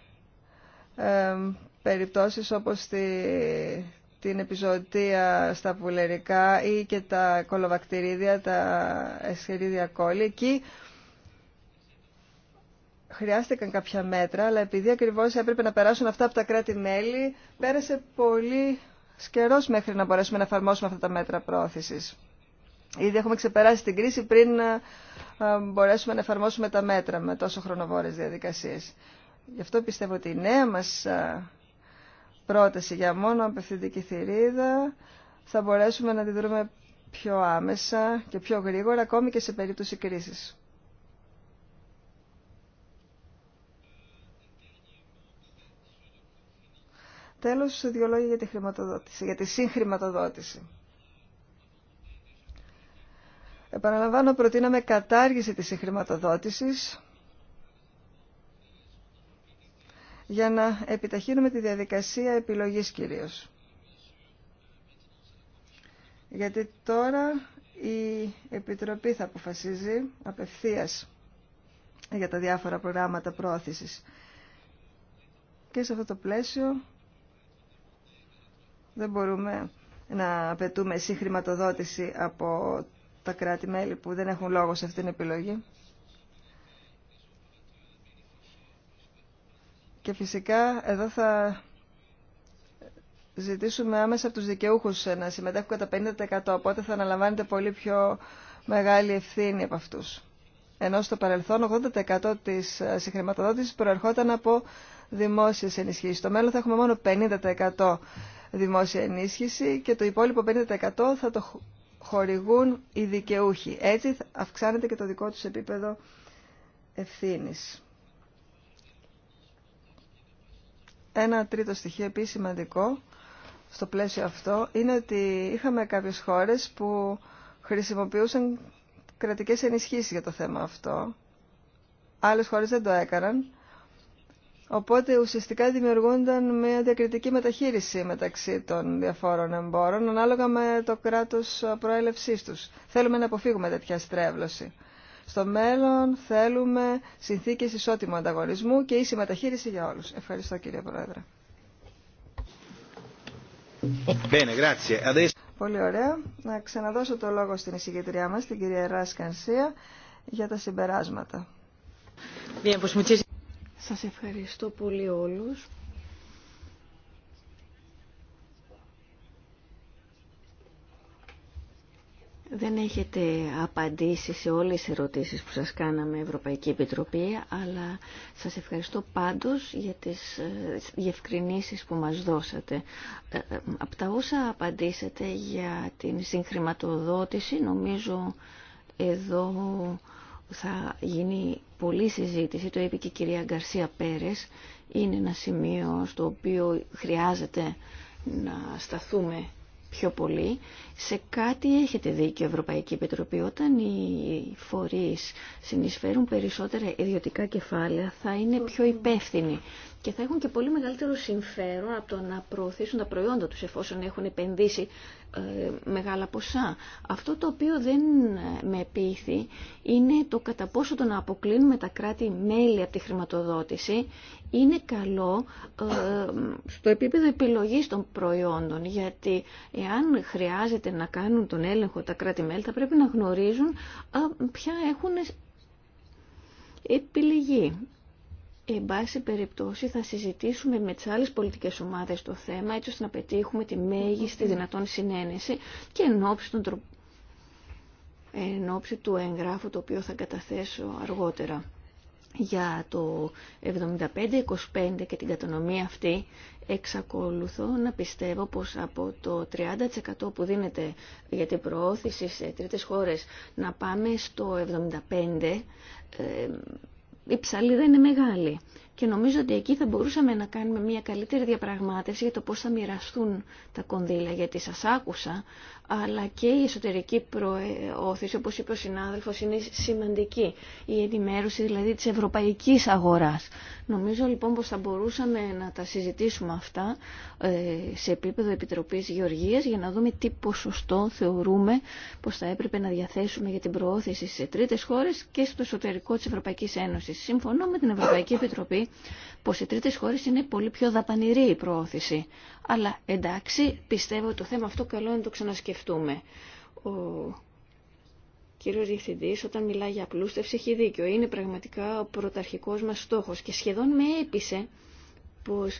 ε, περιπτώσεις όπως τη, την επιζωτία στα πουλερικά ή και τα κολοβακτηρίδια, τα εσχερίδια κόλλη. Εκεί χρειάστηκαν κάποια μέτρα, αλλά επειδή ακριβώς έπρεπε να περάσουν αυτά από τα κράτη-μέλη, πέρασε πολύ σκερός μέχρι να μπορέσουμε να εφαρμόσουμε αυτά τα μέτρα πρόθεσης. Ήδη έχουμε ξεπεράσει την κρίση πριν μπορέσουμε να εφαρμόσουμε τα μέτρα με τόσο χρονοβόρες διαδικασίες. Γι' αυτό πιστεύω ότι η νέα μας πρόταση για μόνο απευθυντική θηρίδα θα μπορέσουμε να τη δούμε πιο άμεσα και πιο γρήγορα ακόμη και σε περίπτωση κρίσης. Τέλος, δύο λόγια για τη, χρηματοδότηση, για τη συγχρηματοδότηση. Επαναλαμβάνω, προτείναμε κατάργηση της συγχρηματοδότησης για να επιταχύνουμε τη διαδικασία επιλογής κυρίως. Γιατί τώρα η Επιτροπή θα αποφασίζει απευθείας για τα διάφορα προγράμματα πρόθεσης. Και σε αυτό το πλαίσιο δεν μπορούμε να απαιτούμε συγχρηματοδότηση από τα κράτη-μέλη που δεν έχουν λόγο σε αυτήν την επιλογή. Και φυσικά εδώ θα ζητήσουμε άμεσα από τους δικαιούχους να συμμετέχουν κατά 50% οπότε θα αναλαμβάνετε πολύ πιο μεγάλη ευθύνη από αυτούς. Ενώ στο παρελθόν 80% της συγχρηματοδότησης προερχόταν από δημόσιες ενισχύσεις. Στο μέλλον θα έχουμε μόνο 50% δημόσια ενίσχυση και το υπόλοιπο 50% θα το χορηγούν οι δικαιούχοι. Έτσι αυξάνεται και το δικό τους επίπεδο ευθύνης. Ένα τρίτο στοιχείο επίσης σημαντικό στο πλαίσιο αυτό είναι ότι είχαμε κάποιες χώρες που χρησιμοποιούσαν κρατικές ενισχύσεις για το θέμα αυτό. Άλλες χώρες δεν το έκαναν Οπότε ουσιαστικά δημιουργούνταν μια διακριτική μεταχείριση μεταξύ των διαφόρων εμπόρων ανάλογα με το κράτος προέλευσής τους. Θέλουμε να αποφύγουμε τέτοια στρέβλωση. Στο μέλλον θέλουμε συνθήκες ισότιμου ανταγωνισμού και ίση μεταχείριση για όλους. Ευχαριστώ κύριε Πρόεδρε. Πολύ ωραία. Να ξαναδώσω το λόγο στην εισηγητριά μας, την κυρία Ράσκανσία, για τα συμπεράσματα. Σας ευχαριστώ πολύ όλους. Δεν έχετε απαντήσει σε όλες τις ερωτήσεις που σας κάναμε Ευρωπαϊκή Επιτροπή, αλλά σας ευχαριστώ πάντως για τις ε, διευκρινήσεις που μας δώσατε. Ε, ε, από τα όσα απαντήσατε για την συγχρηματοδότηση, νομίζω εδώ θα γίνει πολλή συζήτηση, το είπε και η κυρία Γκαρσία Πέρες, είναι ένα σημείο στο οποίο χρειάζεται να σταθούμε πιο πολύ. Σε κάτι έχετε δίκιο, Ευρωπαϊκή Επιτροπή, όταν οι φορείς συνεισφέρουν περισσότερα ιδιωτικά κεφάλαια θα είναι πιο υπεύθυνοι και θα έχουν και πολύ μεγαλύτερο συμφέρον από το να προωθήσουν τα προϊόντα τους εφόσον έχουν επενδύσει ε, μεγάλα ποσά. Αυτό το οποίο δεν ε, με επίθει είναι το κατά πόσο το να αποκλίνουμε τα κράτη-μέλη από τη χρηματοδότηση είναι καλό ε, στο επίπεδο επιλογής των προϊόντων, γιατί εάν χρειάζεται να κάνουν τον έλεγχο τα κράτη-μέλη θα πρέπει να γνωρίζουν ποια έχουν επιλογή εν πάση περιπτώσει θα συζητήσουμε με τις άλλες πολιτικές ομάδες το θέμα έτσι ώστε να πετύχουμε τη μέγιστη δυνατόν συνένεση και εν ώψη, του εγγράφου το οποίο θα καταθέσω αργότερα για το 75-25 και την κατανομή αυτή εξακολουθώ να πιστεύω πως από το 30% που δίνεται για την προώθηση σε τρίτες χώρες να πάμε στο 75% η ψαλίδα είναι μεγάλη και νομίζω ότι εκεί θα μπορούσαμε να κάνουμε μια καλύτερη διαπραγμάτευση για το πώς θα μοιραστούν τα κονδύλα, γιατί σας άκουσα, αλλά και η εσωτερική προώθηση, όπως είπε ο συνάδελφος, είναι σημαντική. Η ενημέρωση δηλαδή της ευρωπαϊκής αγοράς. Νομίζω λοιπόν πως θα μπορούσαμε να τα συζητήσουμε αυτά ε, σε επίπεδο Επιτροπής Γεωργίας για να δούμε τι ποσοστό θεωρούμε πως θα έπρεπε να διαθέσουμε για την προώθηση σε τρίτες χώρες και στο εσωτερικό της Ευρωπαϊκής Ένωσης. Συμφωνώ με την Ευρωπαϊκή Επιτροπή Πω πως οι τρίτες χώρες είναι πολύ πιο δαπανηρή η προώθηση. Αλλά εντάξει, πιστεύω ότι το θέμα αυτό καλό είναι να το ξανασκεφτούμε. Ο κύριος Διευθυντής όταν μιλάει για απλούστευση έχει δίκιο. Είναι πραγματικά ο πρωταρχικός μας στόχος και σχεδόν με έπεισε πως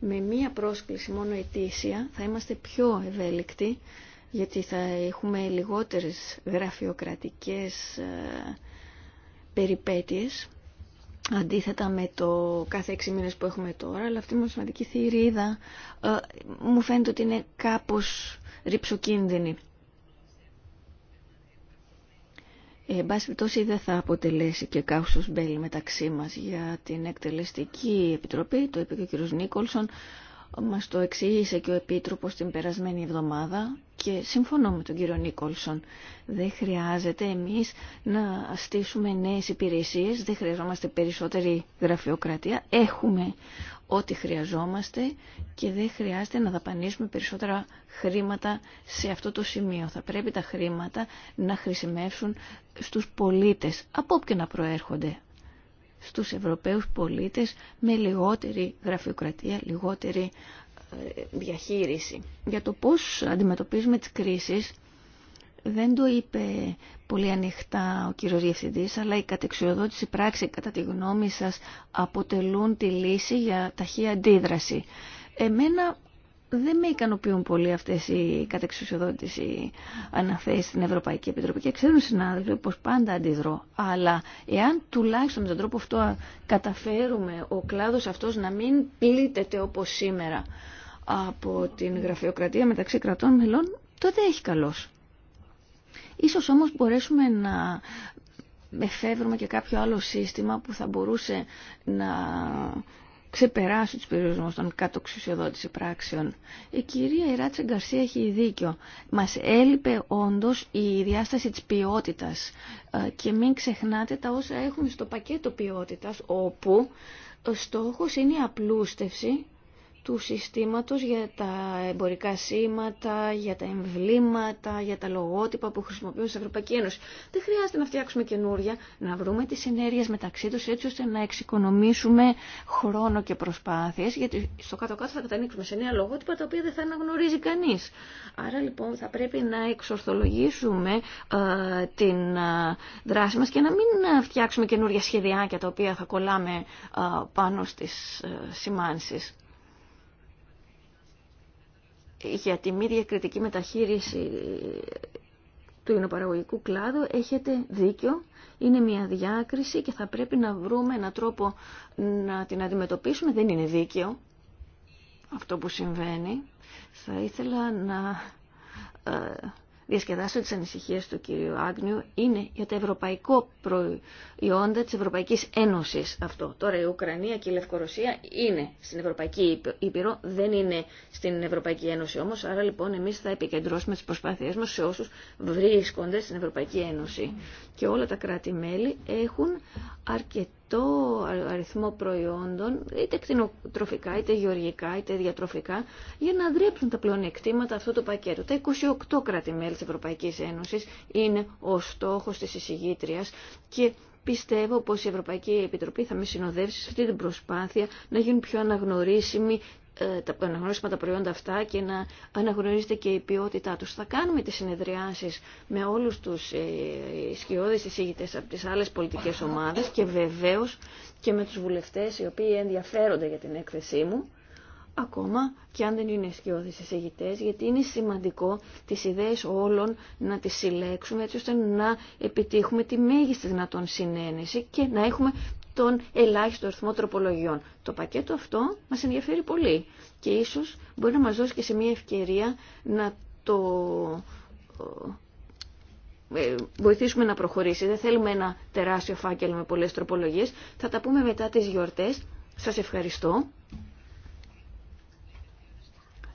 με μία πρόσκληση μόνο ετήσια θα είμαστε πιο ευέλικτοι γιατί θα έχουμε λιγότερες γραφειοκρατικές ε, περιπέτειες αντίθετα με το κάθε έξι μήνες που έχουμε τώρα, αλλά αυτή η σημαντική θηρίδα ε, μου φαίνεται ότι είναι κάπως ρηψοκίνδυνη. Ε, εν πάση δεν θα αποτελέσει και κάουσος μπέλη μεταξύ μας για την εκτελεστική επιτροπή, το είπε και ο κ. Νίκολσον, μας το εξήγησε και ο Επίτροπος την περασμένη εβδομάδα και συμφωνώ με τον κύριο Νίκολσον. Δεν χρειάζεται εμείς να στήσουμε νέες υπηρεσίες, δεν χρειαζόμαστε περισσότερη γραφειοκρατία. Έχουμε ό,τι χρειαζόμαστε και δεν χρειάζεται να δαπανίσουμε περισσότερα χρήματα σε αυτό το σημείο. Θα πρέπει τα χρήματα να χρησιμεύσουν στους πολίτες, από όπου και να προέρχονται στους Ευρωπαίους πολίτες με λιγότερη γραφειοκρατία, λιγότερη ε, διαχείριση. Για το πώς αντιμετωπίζουμε τις κρίσεις δεν το είπε πολύ ανοιχτά ο κύριος Διευθυντής, αλλά η κατεξιοδότηση πράξη κατά τη γνώμη σας αποτελούν τη λύση για ταχεία αντίδραση. Εμένα δεν με ικανοποιούν πολύ αυτές οι κατεξουσιοδότηση οι αναθέσεις στην Ευρωπαϊκή Επιτροπή και ξέρουν συνάδελφοι πως πάντα αντιδρώ. Αλλά εάν τουλάχιστον με τον τρόπο αυτό καταφέρουμε ο κλάδος αυτός να μην πλήττεται όπως σήμερα από την γραφειοκρατία μεταξύ κρατών μελών, τότε έχει καλός. Ίσως όμως μπορέσουμε να εφεύρουμε και κάποιο άλλο σύστημα που θα μπορούσε να ξεπεράσει τους περιορισμούς των κατοξουσιοδότηση πράξεων. Η κυρία Ιράτσα Γκαρσία έχει δίκιο. Μας έλειπε όντως η διάσταση της ποιότητας ε, και μην ξεχνάτε τα όσα έχουμε στο πακέτο ποιότητας όπου ο στόχος είναι η απλούστευση του συστήματος για τα εμπορικά σήματα, για τα εμβλήματα, για τα λογότυπα που χρησιμοποιούν στην Ευρωπαϊκή Ένωση. Δεν χρειάζεται να φτιάξουμε καινούρια, να βρούμε τις ενέργειες μεταξύ τους έτσι ώστε να εξοικονομήσουμε χρόνο και προσπάθειες, γιατί στο κάτω-κάτω θα κατανοίξουμε σε νέα λογότυπα τα οποία δεν θα αναγνωρίζει κανείς. Άρα λοιπόν θα πρέπει να εξορθολογήσουμε ε, την ε, δράση μας και να μην φτιάξουμε καινούρια σχεδιάκια τα οποία θα κολλάμε ε, πάνω στις σημάνσεις για τη μη διακριτική μεταχείριση του υνοπαραγωγικού κλάδου έχετε δίκιο. Είναι μια διάκριση και θα πρέπει να βρούμε έναν τρόπο να την αντιμετωπίσουμε. Δεν είναι δίκαιο αυτό που συμβαίνει. Θα ήθελα να ε, διασκεδάσω τις ανησυχίες του κυρίου Άγνιου είναι για τα ευρωπαϊκό προϊόντα της Ευρωπαϊκής Ένωσης αυτό. Τώρα η Ουκρανία και η Λευκορωσία είναι στην Ευρωπαϊκή Ήπειρο, δεν είναι στην Ευρωπαϊκή Ένωση όμως, άρα λοιπόν εμείς θα επικεντρώσουμε τις προσπάθειές μας σε όσους βρίσκονται στην Ευρωπαϊκή Ένωση. Και όλα τα κράτη-μέλη έχουν αρκετά το αριθμό προϊόντων, είτε κτηνοτροφικά, είτε γεωργικά, είτε διατροφικά, για να δρέψουν τα πλεονεκτήματα αυτού του πακέτου. Τα 28 κράτη-μέλη της Ευρωπαϊκής Ένωσης είναι ο στόχος της εισηγήτριας και πιστεύω πως η Ευρωπαϊκή Επιτροπή θα με συνοδεύσει σε αυτή την προσπάθεια να γίνουν πιο αναγνωρίσιμοι ε, τα αναγνωρίσουμε τα προϊόντα αυτά και να αναγνωρίζεται και η ποιότητά τους. Θα κάνουμε τις συνεδριάσεις με όλους τους ε, σκιώδες εισηγητές από τις άλλες πολιτικές ομάδες και βεβαίως και με τους βουλευτές οι οποίοι ενδιαφέρονται για την έκθεσή μου ακόμα και αν δεν είναι σκιώδες εισηγητές, γιατί είναι σημαντικό τις ιδέες όλων να τις συλλέξουμε έτσι ώστε να επιτύχουμε τη μέγιστη δυνατόν συνένεση και να έχουμε τον ελάχιστο αριθμό τροπολογιών. Το πακέτο αυτό μας ενδιαφέρει πολύ και ίσως μπορεί να μας δώσει και σε μια ευκαιρία να το ε, βοηθήσουμε να προχωρήσει. Δεν θέλουμε ένα τεράστιο φάκελο με πολλές τροπολογίες. Θα τα πούμε μετά τις γιορτές. Σας ευχαριστώ.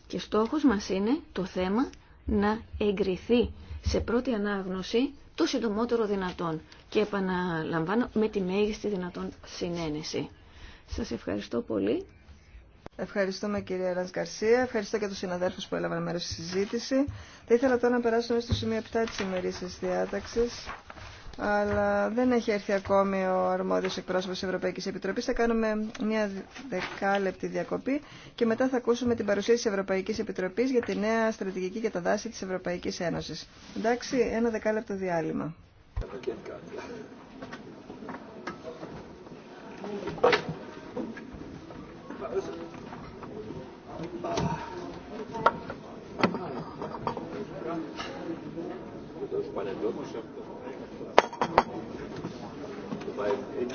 Και στόχος μας είναι το θέμα να εγκριθεί σε πρώτη ανάγνωση το συντομότερο δυνατόν και επαναλαμβάνω με τη μέγιστη δυνατόν συνένεση. Σας ευχαριστώ πολύ. Ευχαριστούμε κυρία Ραντ Καρσία. Ευχαριστώ και του συναδέλφου που έλαβαν μέρο στη συζήτηση. Θα ήθελα τώρα να περάσουμε στο σημείο 7 τη της διάταξη αλλά δεν έχει έρθει ακόμη ο αρμόδιος εκπρόσωπος της Ευρωπαϊκής Επιτροπής. Θα κάνουμε μια δεκάλεπτη διακοπή και μετά θα ακούσουμε την παρουσία της Ευρωπαϊκής Επιτροπής για τη νέα στρατηγική για τα δάση της Ευρωπαϊκής Ένωσης. Εντάξει, ένα δεκάλεπτο διάλειμμα weil in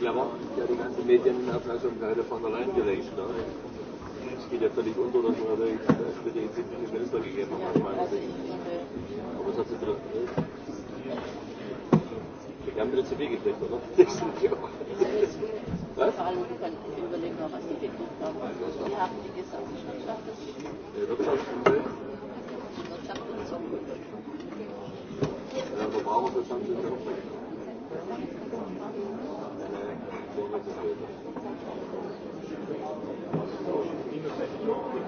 Klamotten ja die ganze Medienaufmerksamkeit von allein gelegt. Ne? Es geht ja völlig unter, dass man der SPD den Minister gegeben hat, meine Aber es hat sich Wir haben wieder zu viel gekriegt, oder? was die haben. Thank you.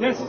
Yes.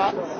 pas.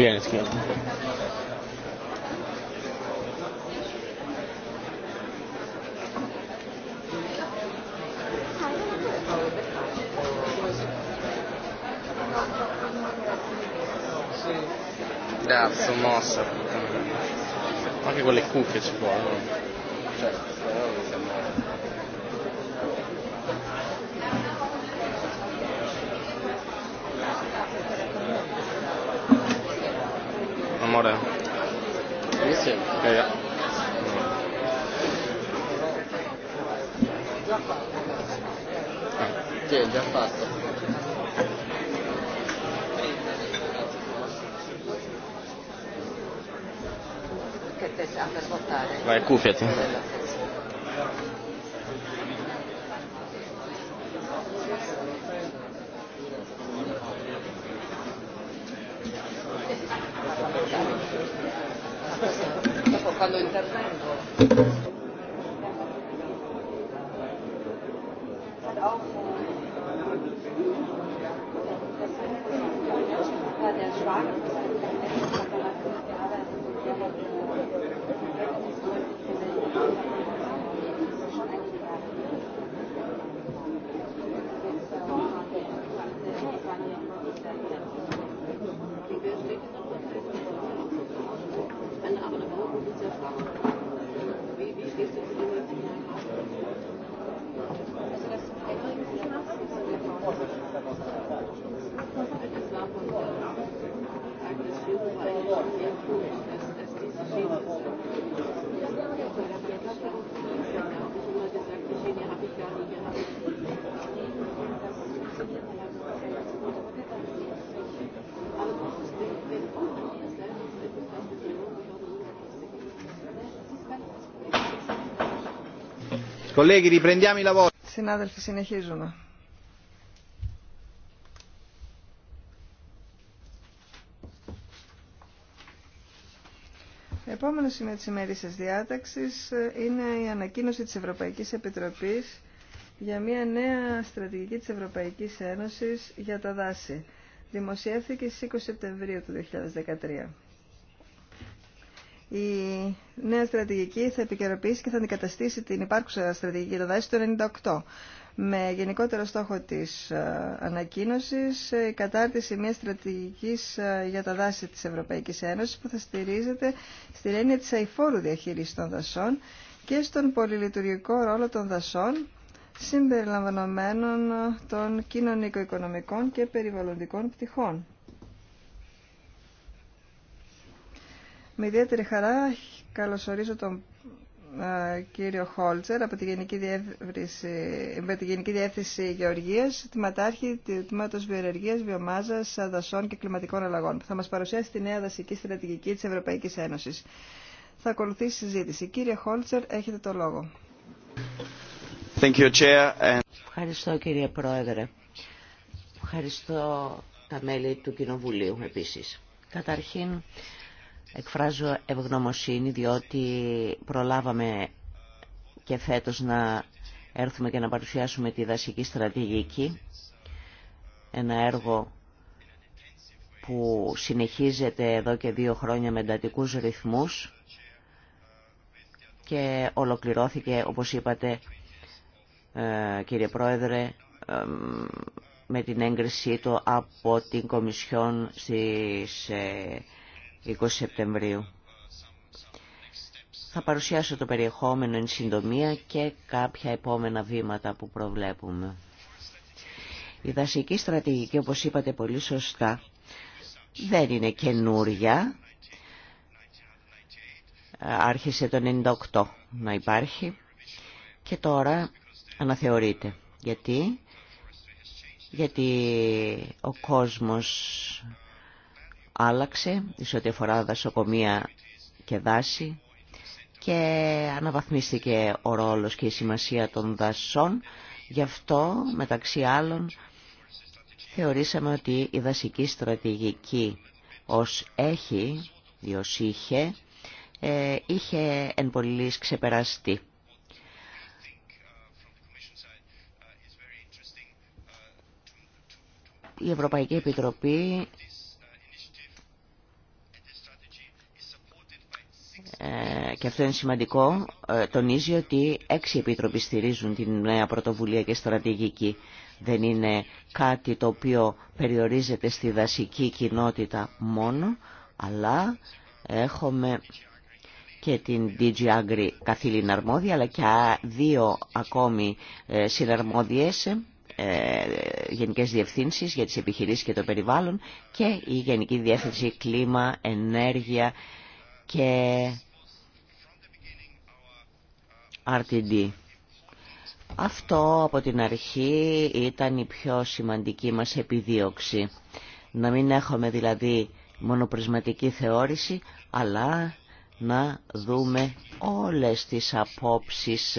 Bien, Cazzo, mossa. Anche cuffie può. Κούφετ. Συνάδελφοι, συνεχίζουμε. Επόμενο σημείο της ημέρησης διάταξης ε, είναι η ανακοίνωση της Ευρωπαϊκής Επιτροπής για μια νέα στρατηγική της Ευρωπαϊκής Ένωσης για τα δάση. Δημοσιεύθηκε στις 20 Σεπτεμβρίου του 2013. Η νέα στρατηγική θα επικαιροποιήσει και θα αντικαταστήσει την υπάρχουσα στρατηγική τα δάση του 1998 με γενικότερο στόχο της ε, ανακοίνωσης ε, η κατάρτιση μιας στρατηγικής ε, για τα δάση της Ευρωπαϊκής Ένωσης που θα στηρίζεται στη έννοια της αϊφόρου διαχείρισης των δασών και στον πολυλειτουργικό ρόλο των δασών συμπεριλαμβανομένων των κοινωνικο-οικονομικών και περιβαλλοντικών πτυχών. Με ιδιαίτερη χαρά καλωσορίζω τον ε, κύριο Χόλτσερ από τη Γενική Διεύθυνση, με τη Γενική Διεύθυνση Γεωργίας, τμήματάρχη του Τμήματος Βιοεργίας, Βιομάζας, Δασών και Κλιματικών Αλλαγών, που θα μας παρουσιάσει τη νέα δασική στρατηγική της Ευρωπαϊκής Ένωσης. Θα ακολουθήσει συζήτηση. Κύριε Χόλτσερ, έχετε το λόγο. Thank you, Chair. Ευχαριστώ κύριε Πρόεδρε. Ευχαριστώ τα μέλη του Κοινοβουλίου επίσης. Καταρχήν, Εκφράζω ευγνωμοσύνη διότι προλάβαμε και φέτος να έρθουμε και να παρουσιάσουμε τη δασική στρατηγική, ένα έργο που συνεχίζεται εδώ και δύο χρόνια με εντατικού ρυθμούς και ολοκληρώθηκε, όπως είπατε, ε, κύριε Πρόεδρε, ε, με την έγκρισή του από την Κομισιόν στις ε, 20 Σεπτεμβρίου. Θα παρουσιάσω το περιεχόμενο εν συντομία και κάποια επόμενα βήματα που προβλέπουμε. Η δασική στρατηγική, όπως είπατε πολύ σωστά, δεν είναι καινούρια. Άρχισε το 98 να υπάρχει και τώρα αναθεωρείται. Γιατί, Γιατί ο κόσμος άλλαξε σε ό,τι αφορά δασοκομεία και δάση και αναβαθμίστηκε ο ρόλος και η σημασία των δασών. Γι' αυτό, μεταξύ άλλων, θεωρήσαμε ότι η δασική στρατηγική ως έχει ή ως είχε, ε, είχε εν πολλής ξεπεραστεί. Η Ευρωπαϊκή Επιτροπή Ε, και αυτό είναι σημαντικό, ε, τονίζει ότι έξι επιτροποί στηρίζουν την νέα πρωτοβουλία και στρατηγική. Δεν είναι κάτι το οποίο περιορίζεται στη δασική κοινότητα μόνο, αλλά έχουμε και την DG Agri καθήλυνα αρμόδια, αλλά και δύο ακόμη ε, συναρμόδιες γενικές διευθύνσεις για τις επιχειρήσεις και το περιβάλλον και η Γενική Διεύθυνση Κλίμα, Ενέργεια και RTD. Αυτό από την αρχή ήταν η πιο σημαντική μας επιδίωξη. Να μην έχουμε δηλαδή μονοπρισματική θεώρηση, αλλά να δούμε όλες τις απόψεις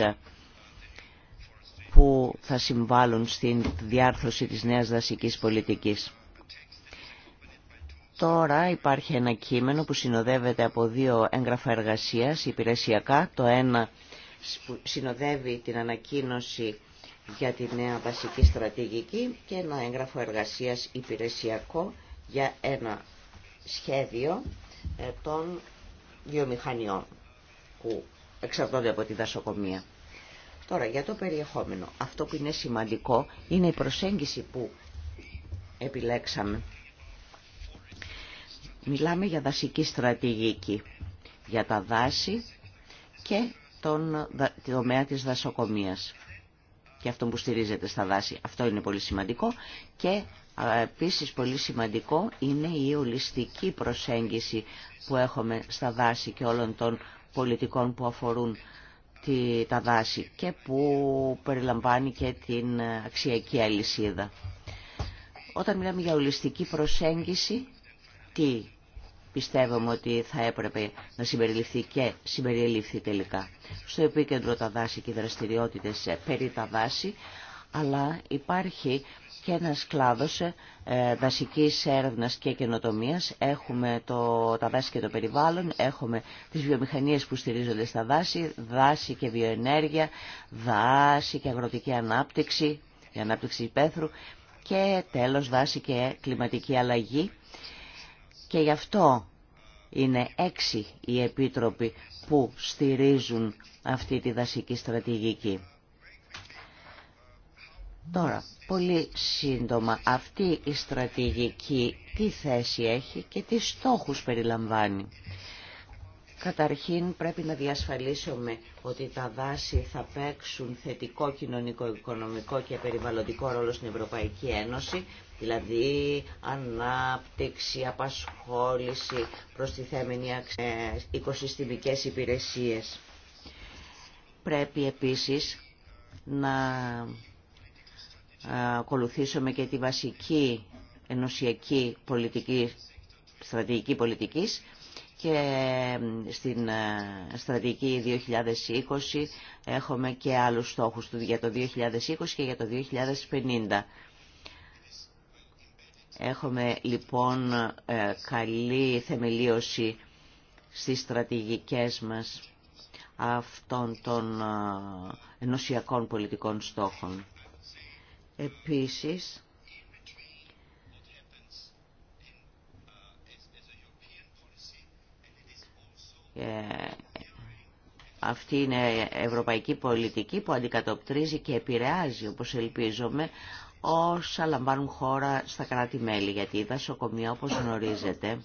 που θα συμβάλλουν στην διάρθρωση της νέας δασικής πολιτικής. Τώρα υπάρχει ένα κείμενο που συνοδεύεται από δύο έγγραφα εργασίας υπηρεσιακά. Το ένα που συνοδεύει την ανακοίνωση για τη νέα βασική στρατηγική και ένα έγγραφο εργασίας υπηρεσιακό για ένα σχέδιο ε, των βιομηχανιών που εξαρτώνται από τη δασοκομεία. Τώρα για το περιεχόμενο. Αυτό που είναι σημαντικό είναι η προσέγγιση που επιλέξαμε. Μιλάμε για δασική στρατηγική, για τα δάση και τον τομέα της δασοκομείας και αυτό που στηρίζεται στα δάση. Αυτό είναι πολύ σημαντικό και επίσης πολύ σημαντικό είναι η ολιστική προσέγγιση που έχουμε στα δάση και όλων των πολιτικών που αφορούν τη, τα δάση και που περιλαμβάνει και την αξιακή αλυσίδα. Όταν μιλάμε για ολιστική προσέγγιση, τι πιστεύουμε ότι θα έπρεπε να συμπεριληφθεί και συμπεριληφθεί τελικά. Στο επίκεντρο τα δάση και οι δραστηριότητες ε, περί τα δάση, αλλά υπάρχει και ένας κλάδος ε, δασικής έρευνας και καινοτομίας. Έχουμε το, τα δάση και το περιβάλλον, έχουμε τις βιομηχανίες που στηρίζονται στα δάση, δάση και βιοενέργεια, δάση και αγροτική ανάπτυξη, η ανάπτυξη υπαίθρου και τέλος δάση και κλιματική αλλαγή και γι' αυτό είναι έξι οι επίτροποι που στηρίζουν αυτή τη δασική στρατηγική. Τώρα, πολύ σύντομα, αυτή η στρατηγική τι θέση έχει και τι στόχους περιλαμβάνει. Καταρχήν πρέπει να διασφαλίσουμε ότι τα δάση θα παίξουν θετικό κοινωνικό, οικονομικό και περιβαλλοντικό ρόλο στην Ευρωπαϊκή Ένωση, δηλαδή ανάπτυξη, απασχόληση, προστιθέμενη αξία, οικοσυστημικές υπηρεσίες. Πρέπει επίσης να ε, ακολουθήσουμε και τη βασική ενωσιακή πολιτική, στρατηγική πολιτικής, και στην ε, στρατηγική 2020 έχουμε και άλλους στόχους για το 2020 και για το 2050. Έχουμε λοιπόν ε, καλή θεμελίωση στις στρατηγικές μας αυτών των ε, ενωσιακών πολιτικών στόχων. Επίσης, Ε, αυτή είναι ευρωπαϊκή πολιτική που αντικατοπτρίζει και επηρεάζει, όπως ελπίζομαι, όσα λαμβάνουν χώρα στα κράτη-μέλη, γιατί η δασοκομεία, όπως γνωρίζετε,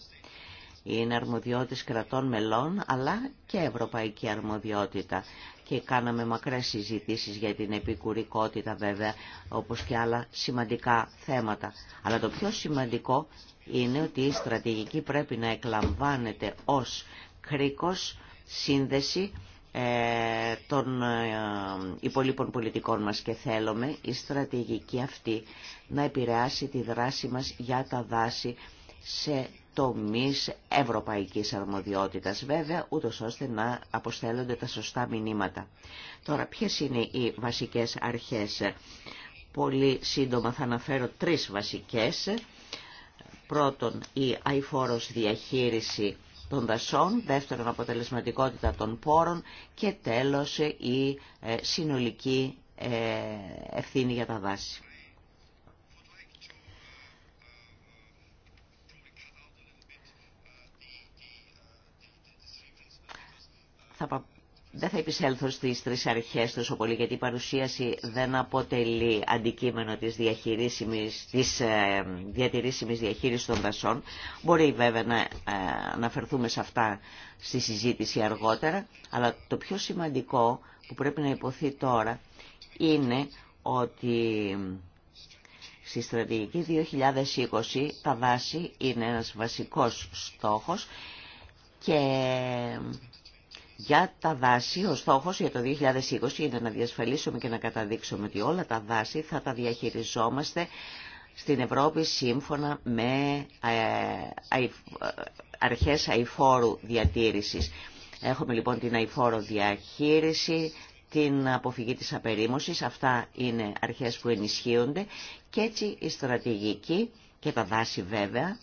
είναι αρμοδιότητες κρατών μελών, αλλά και ευρωπαϊκή αρμοδιότητα. Και κάναμε μακρές συζητήσεις για την επικουρικότητα, βέβαια, όπως και άλλα σημαντικά θέματα. Αλλά το πιο σημαντικό είναι ότι η στρατηγική πρέπει να εκλαμβάνεται ως κρίκος σύνδεση ε, των ε, υπολείπων πολιτικών μας και θέλουμε η στρατηγική αυτή να επηρεάσει τη δράση μας για τα δάση σε τομείς ευρωπαϊκής αρμοδιότητας βέβαια, ούτω ώστε να αποστέλλονται τα σωστά μηνύματα. Τώρα, ποιες είναι οι βασικές αρχές. Πολύ σύντομα θα αναφέρω τρεις βασικές. Πρώτον, η αηφόρος διαχείριση των δασών, δεύτερον αποτελεσματικότητα των πόρων και τέλος η ε, συνολική ε, ευθύνη για τα δάση. Θα δεν θα επισέλθω στις τρεις αρχές τόσο πολύ, γιατί η παρουσίαση δεν αποτελεί αντικείμενο της, διαχειρίσιμης, της ε, διατηρήσιμης διαχείρισης των δασών. Μπορεί βέβαια να ε, αναφερθούμε σε αυτά στη συζήτηση αργότερα, αλλά το πιο σημαντικό που πρέπει να υποθεί τώρα είναι ότι στη στρατηγική 2020 τα δάση είναι ένας βασικός στόχος και για τα δάση, ο στόχος για το 2020 είναι να διασφαλίσουμε και να καταδείξουμε ότι όλα τα δάση θα τα διαχειριζόμαστε στην Ευρώπη σύμφωνα με ε, ε, αρχές αηφόρου διατήρησης. Έχουμε λοιπόν την αηφόρο διαχείριση, την αποφυγή της απερίμωσης, αυτά είναι αρχές που ενισχύονται και έτσι η στρατηγική και τα δάση βέβαια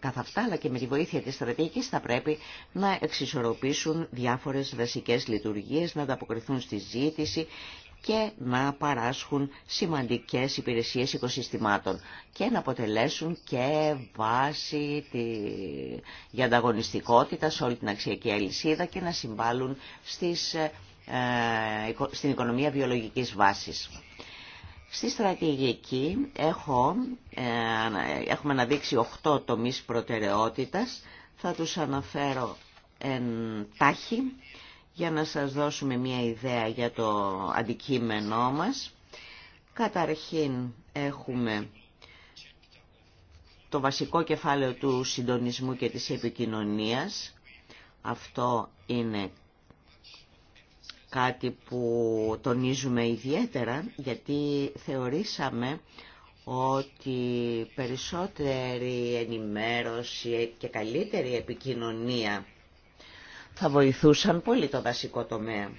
καθ' αυτά, αλλά και με τη βοήθεια της στρατηγικής θα πρέπει να εξισορροπήσουν διάφορες βασικές λειτουργίες, να ανταποκριθούν στη ζήτηση και να παράσχουν σημαντικές υπηρεσίες οικοσυστημάτων και να αποτελέσουν και βάση τη... για ανταγωνιστικότητα σε όλη την αξιακή αλυσίδα και να συμβάλλουν στις... Ε, ε, στην οικονομία βιολογικής βάσης. Στη στρατηγική έχω, ε, έχουμε αναδείξει 8 τομείς προτεραιότητας. Θα τους αναφέρω εν τάχη για να σας δώσουμε μια ιδέα για το αντικείμενό μας. Καταρχήν έχουμε το βασικό κεφάλαιο του συντονισμού και της επικοινωνίας. Αυτό είναι κάτι που τονίζουμε ιδιαίτερα γιατί θεωρήσαμε ότι περισσότερη ενημέρωση και καλύτερη επικοινωνία θα βοηθούσαν πολύ το βασικό τομέα.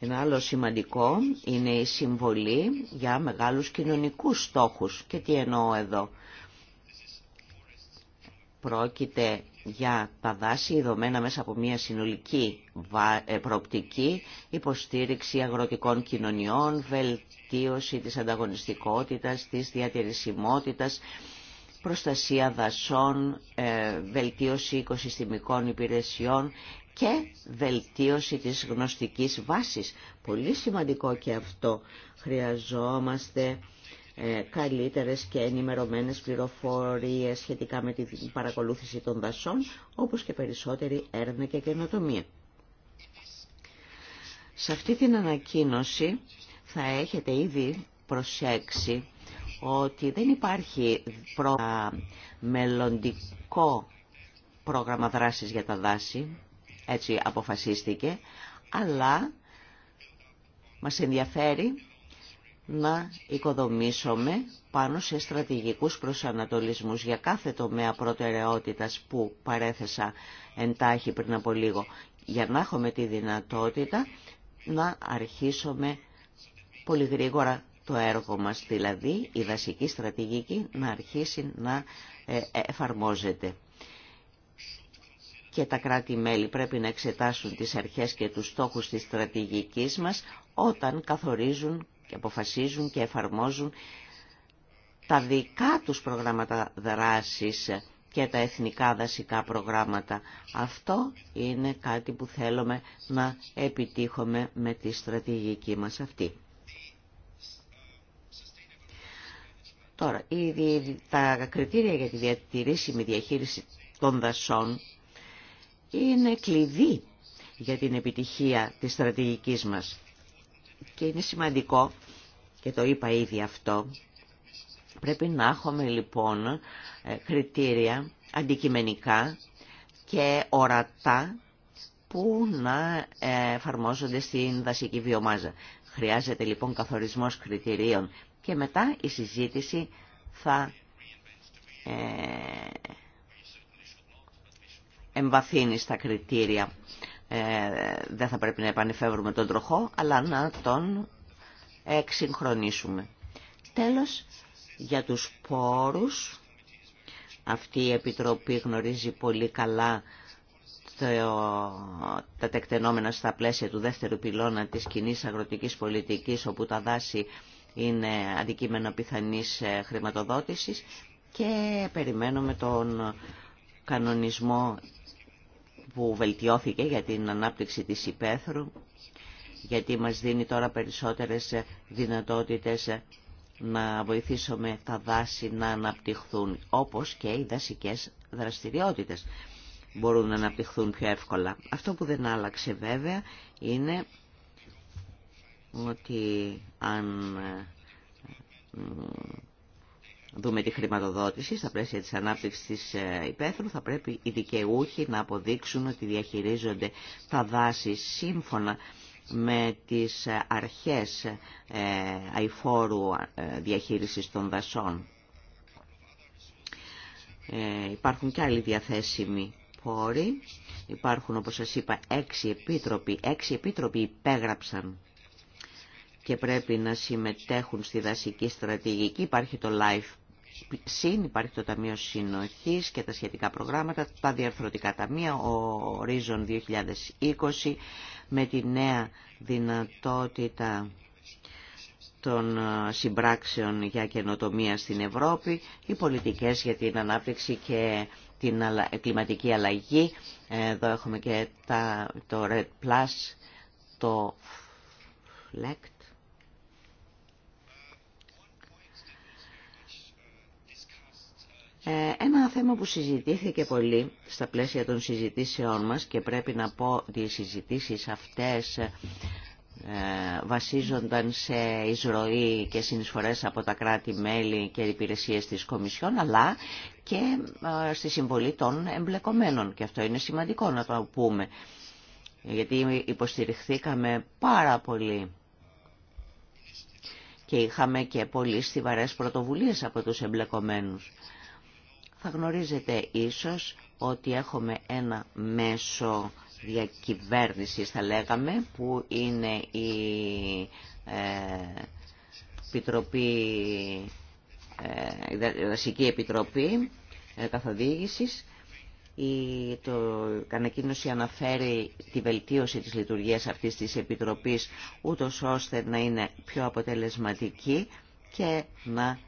Ένα άλλο σημαντικό είναι η συμβολή για μεγάλους κοινωνικούς στόχους. Και τι εννοώ εδώ. Πρόκειται για τα δάση ειδωμένα μέσα από μια συνολική ε, προοπτική, υποστήριξη αγροτικών κοινωνιών, βελτίωση της ανταγωνιστικότητας, της διατηρησιμότητας, προστασία δασών, ε, βελτίωση οικοσυστημικών υπηρεσιών και βελτίωση της γνωστικής βάσης. Πολύ σημαντικό και αυτό. Χρειαζόμαστε ε, καλύτερες και ενημερωμένες πληροφορίες σχετικά με την παρακολούθηση των δασών, όπως και περισσότερη έρευνα και καινοτομία. Σε αυτή την ανακοίνωση θα έχετε ήδη προσέξει ότι δεν υπάρχει προ... μελλοντικό πρόγραμμα δράσης για τα δάση, έτσι αποφασίστηκε, αλλά μας ενδιαφέρει να οικοδομήσουμε πάνω σε στρατηγικούς προσανατολισμούς για κάθε τομέα προτεραιότητας που παρέθεσα εντάχει πριν από λίγο, για να έχουμε τη δυνατότητα να αρχίσουμε πολύ γρήγορα το έργο μας, δηλαδή η δασική στρατηγική να αρχίσει να ε, ε, εφαρμόζεται. Και τα κράτη-μέλη πρέπει να εξετάσουν τις αρχές και τους στόχους της στρατηγικής μας όταν καθορίζουν και αποφασίζουν και εφαρμόζουν τα δικά τους προγράμματα δράσης και τα εθνικά δασικά προγράμματα. Αυτό είναι κάτι που θέλουμε να επιτύχουμε με τη στρατηγική μας αυτή. Τώρα, τα κριτήρια για τη διατηρήσιμη διαχείριση των δασών είναι κλειδί για την επιτυχία της στρατηγικής μας. Και είναι σημαντικό, και το είπα ήδη αυτό, πρέπει να έχουμε λοιπόν ε, κριτήρια αντικειμενικά και ορατά που να ε, εφαρμόζονται στην δασική βιομάζα. Χρειάζεται λοιπόν καθορισμός κριτηρίων και μετά η συζήτηση θα ε, εμβαθύνει στα κριτήρια ε, δεν θα πρέπει να επανεφεύρουμε τον τροχό, αλλά να τον εξυγχρονίσουμε. Τέλος, για τους πόρους, αυτή η Επιτροπή γνωρίζει πολύ καλά τα τεκτενόμενα στα πλαίσια του δεύτερου πυλώνα της κοινή αγροτικής πολιτικής, όπου τα δάση είναι αντικείμενα πιθανής ε, χρηματοδότησης και περιμένουμε τον κανονισμό που βελτιώθηκε για την ανάπτυξη της υπαίθρου, γιατί μας δίνει τώρα περισσότερες δυνατότητες να βοηθήσουμε τα δάση να αναπτυχθούν, όπως και οι δασικές δραστηριότητες μπορούν να αναπτυχθούν πιο εύκολα. Αυτό που δεν άλλαξε βέβαια είναι ότι αν ε, δούμε τη χρηματοδότηση στα πλαίσια της ανάπτυξης της ε, υπαίθρου θα πρέπει οι δικαιούχοι να αποδείξουν ότι διαχειρίζονται τα δάση σύμφωνα με τις ε, αρχές ε, αηφόρου διαχείρισης των δασών. Υπάρχουν και άλλοι διαθέσιμοι πόροι. Υπάρχουν, όπως σας είπα, έξι επίτροποι. Έξι επίτροποι υπέγραψαν και πρέπει να συμμετέχουν στη δασική στρατηγική. Υπάρχει το Life Συν, υπάρχει το Ταμείο Συνοχής και τα σχετικά προγράμματα, τα διαρθρωτικά ταμεία, ο Horizon 2020 με τη νέα δυνατότητα των συμπράξεων για καινοτομία στην Ευρώπη, οι πολιτικές για την ανάπτυξη και την κλιματική αλλαγή. Εδώ έχουμε και τα, το Red Plus, το FLECT Ε, ένα θέμα που συζητήθηκε πολύ στα πλαίσια των συζητήσεών μας και πρέπει να πω ότι οι συζητήσεις αυτές ε, βασίζονταν σε εισρωή και συνεισφορές από τα κράτη-μέλη και υπηρεσίες της Κομισιόν, αλλά και ε, στη συμβολή των εμπλεκομένων. Και αυτό είναι σημαντικό να το πούμε, γιατί υποστηριχθήκαμε πάρα πολύ και είχαμε και πολύ στιβαρές πρωτοβουλίες από τους εμπλεκομένους. Θα γνωρίζετε ίσως ότι έχουμε ένα μέσο διακυβέρνησης θα λέγαμε που είναι η ε, επιτροπή, ε, Δασική Επιτροπή ε, Καθοδήγησης. Η, το ανακοίνωση αναφέρει τη βελτίωση της λειτουργίας αυτής της Επιτροπής ούτως ώστε να είναι πιο αποτελεσματική και να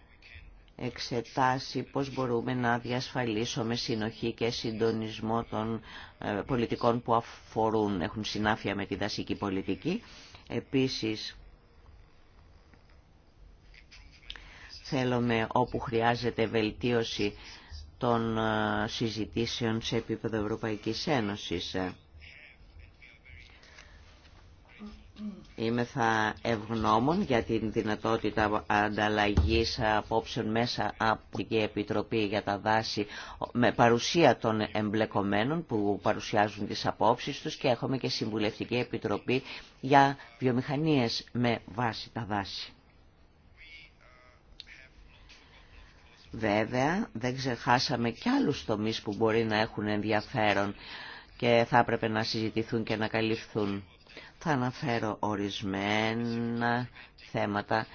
εξετάσει πώς μπορούμε να διασφαλίσουμε συνοχή και συντονισμό των ε, πολιτικών που αφορούν, έχουν συνάφεια με τη δασική πολιτική. Επίσης, θέλουμε όπου χρειάζεται βελτίωση των ε, συζητήσεων σε επίπεδο Ευρωπαϊκής Ένωσης. Είμαι θα ευγνώμων για την δυνατότητα ανταλλαγής απόψεων μέσα από την Επιτροπή για τα δάση με παρουσία των εμπλεκομένων που παρουσιάζουν τις απόψεις τους και έχουμε και Συμβουλευτική Επιτροπή για βιομηχανίες με βάση τα δάση. Βέβαια, δεν ξεχάσαμε κι άλλους τομείς που μπορεί να έχουν ενδιαφέρον και θα έπρεπε να συζητηθούν και να καλυφθούν. Θα αναφέρω ορισμένα θέματα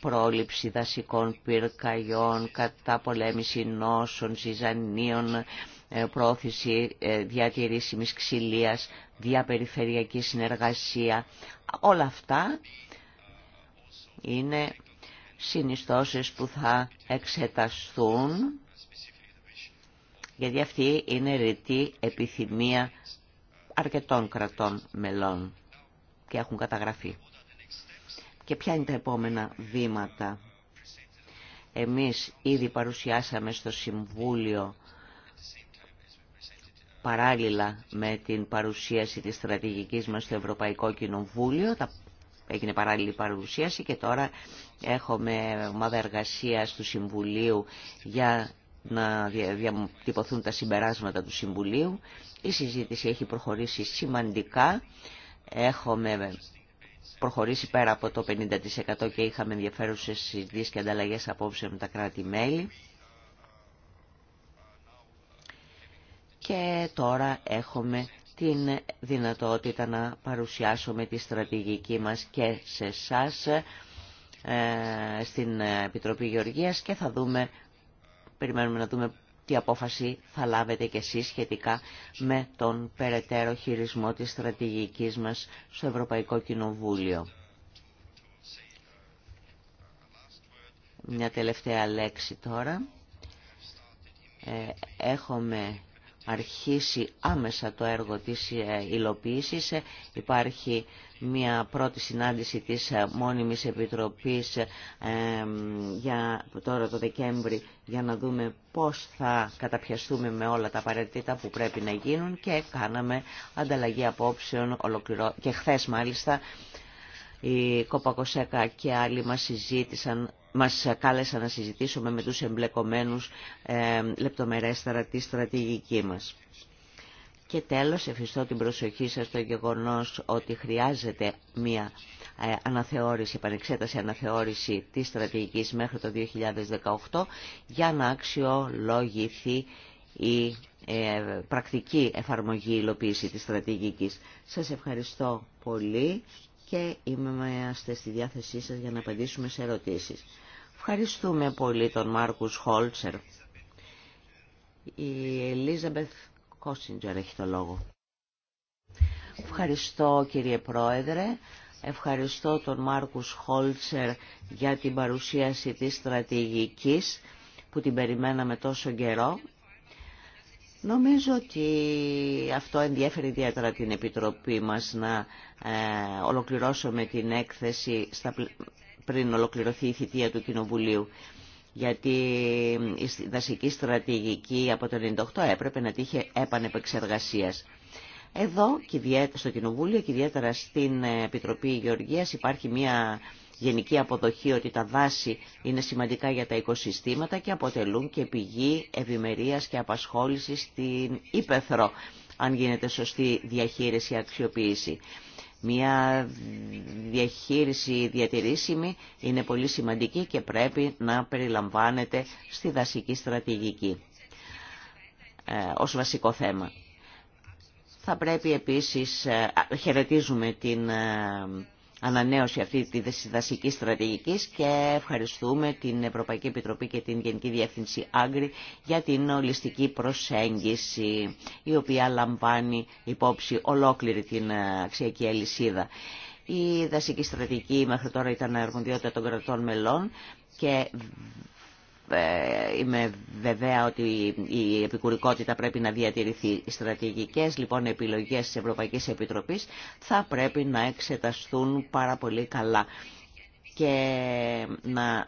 πρόληψη δασικών πυρκαγιών, καταπολέμηση νόσων, ζυζανίων, ε, πρόθεση ε, διατηρήσιμης ξυλίας, διαπεριφερειακή συνεργασία. Όλα αυτά είναι συνιστώσεις που θα εξεταστούν, γιατί αυτή είναι ρητή επιθυμία αρκετών κρατών μελών και έχουν καταγραφεί. Και ποια είναι τα επόμενα βήματα. Εμείς ήδη παρουσιάσαμε στο Συμβούλιο παράλληλα με την παρουσίαση της στρατηγικής μας στο Ευρωπαϊκό Κοινοβούλιο. Έγινε παράλληλη παρουσίαση και τώρα έχουμε ομάδα εργασία του Συμβουλίου για να διατυπωθούν τα συμπεράσματα του Συμβουλίου. Η συζήτηση έχει προχωρήσει σημαντικά. Έχουμε προχωρήσει πέρα από το 50% και είχαμε ενδιαφέρουσες συζητήσεις και ανταλλαγές απόψε με τα κράτη-μέλη. Και τώρα έχουμε την δυνατότητα να παρουσιάσουμε τη στρατηγική μας και σε εσά ε, στην Επιτροπή Γεωργίας και θα δούμε, περιμένουμε να δούμε τι απόφαση θα λάβετε και εσείς σχετικά με τον περαιτέρω χειρισμό της στρατηγικής μας στο Ευρωπαϊκό Κοινοβούλιο. Μια τελευταία λέξη τώρα. Ε, έχουμε αρχίσει άμεσα το έργο της ε, υλοποίησης. Ε, υπάρχει μια πρώτη συνάντηση της ε, μόνιμης επιτροπής για τώρα το Δεκέμβρη για να δούμε πώς θα καταπιαστούμε με όλα τα απαραίτητα που πρέπει να γίνουν και κάναμε ανταλλαγή απόψεων ολοκληρω... και χθες μάλιστα η Κοπακοσέκα και άλλοι μας, συζήτησαν, μας κάλεσαν να συζητήσουμε με τους εμπλεκομένους ε, λεπτομερέστερα τη στρατηγική μας. Και τέλος, ευχηστώ την προσοχή σας στο γεγονός ότι χρειάζεται μια ε, αναθεώρηση, επανεξέταση αναθεώρηση της στρατηγικής μέχρι το 2018 για να αξιολογηθεί η ε, πρακτική εφαρμογή υλοποίηση της στρατηγικής. Σας ευχαριστώ πολύ και είμαστε στη διάθεσή σας για να απαντήσουμε σε ερωτήσεις. Ευχαριστούμε πολύ τον Μάρκους Χόλτσερ. Η Ελίζαμπεθ Κόσιντζερ έχει το λόγο. Ευχαριστώ κύριε Πρόεδρε. Ευχαριστώ τον Μάρκους Χόλτσερ για την παρουσίαση της στρατηγικής που την περιμέναμε τόσο καιρό. Νομίζω ότι αυτό ενδιαφέρει ιδιαίτερα την Επιτροπή μας να ε, ολοκληρώσουμε την έκθεση στα, πριν ολοκληρωθεί η θητεία του Κοινοβουλίου. Γιατί η δασική στρατηγική από το 1998 έπρεπε να τύχει επανεπεξεργασίας. Εδώ στο Κοινοβούλιο και ιδιαίτερα στην Επιτροπή Γεωργίας υπάρχει μια γενική αποδοχή ότι τα δάση είναι σημαντικά για τα οικοσυστήματα και αποτελούν και πηγή ευημερίας και απασχόληση στην Ήπεθρο, αν γίνεται σωστή διαχείριση αξιοποίηση. Μια διαχείριση διατηρήσιμη είναι πολύ σημαντική και πρέπει να περιλαμβάνεται στη δασική στρατηγική ε, ως βασικό θέμα. Θα πρέπει επίσης, ε, χαιρετίζουμε την ε, ανανέωση αυτή της δασικής στρατηγικής και ευχαριστούμε την Ευρωπαϊκή Επιτροπή και την Γενική Διεύθυνση Άγκρη για την ολιστική προσέγγιση η οποία λαμβάνει υπόψη ολόκληρη την αξιακή αλυσίδα. Η δασική στρατηγική μέχρι τώρα ήταν αρμοδιότητα των κρατών μελών και ε, είμαι βεβαία ότι η επικουρικότητα πρέπει να διατηρηθεί. Οι στρατηγικές λοιπόν επιλογές της Ευρωπαϊκής Επιτροπής θα πρέπει να εξεταστούν πάρα πολύ καλά και να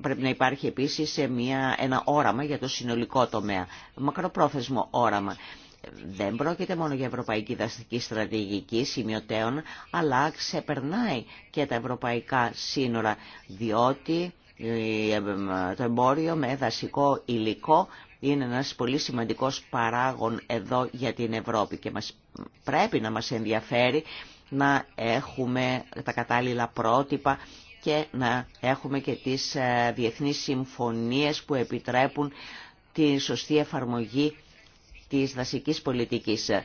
πρέπει να υπάρχει επίσης μια, ένα όραμα για το συνολικό τομέα, μακροπρόθεσμο όραμα. Δεν πρόκειται μόνο για ευρωπαϊκή δαστική στρατηγική σημειωτέων, αλλά ξεπερνάει και τα ευρωπαϊκά σύνορα, διότι ε, το εμπόριο με δασικό υλικό είναι ένας πολύ σημαντικός παράγων εδώ για την Ευρώπη και μας, πρέπει να μας ενδιαφέρει να έχουμε τα κατάλληλα πρότυπα και να έχουμε και τις ε, διεθνείς συμφωνίες που επιτρέπουν τη σωστή εφαρμογή της δασικής πολιτικής. Ε,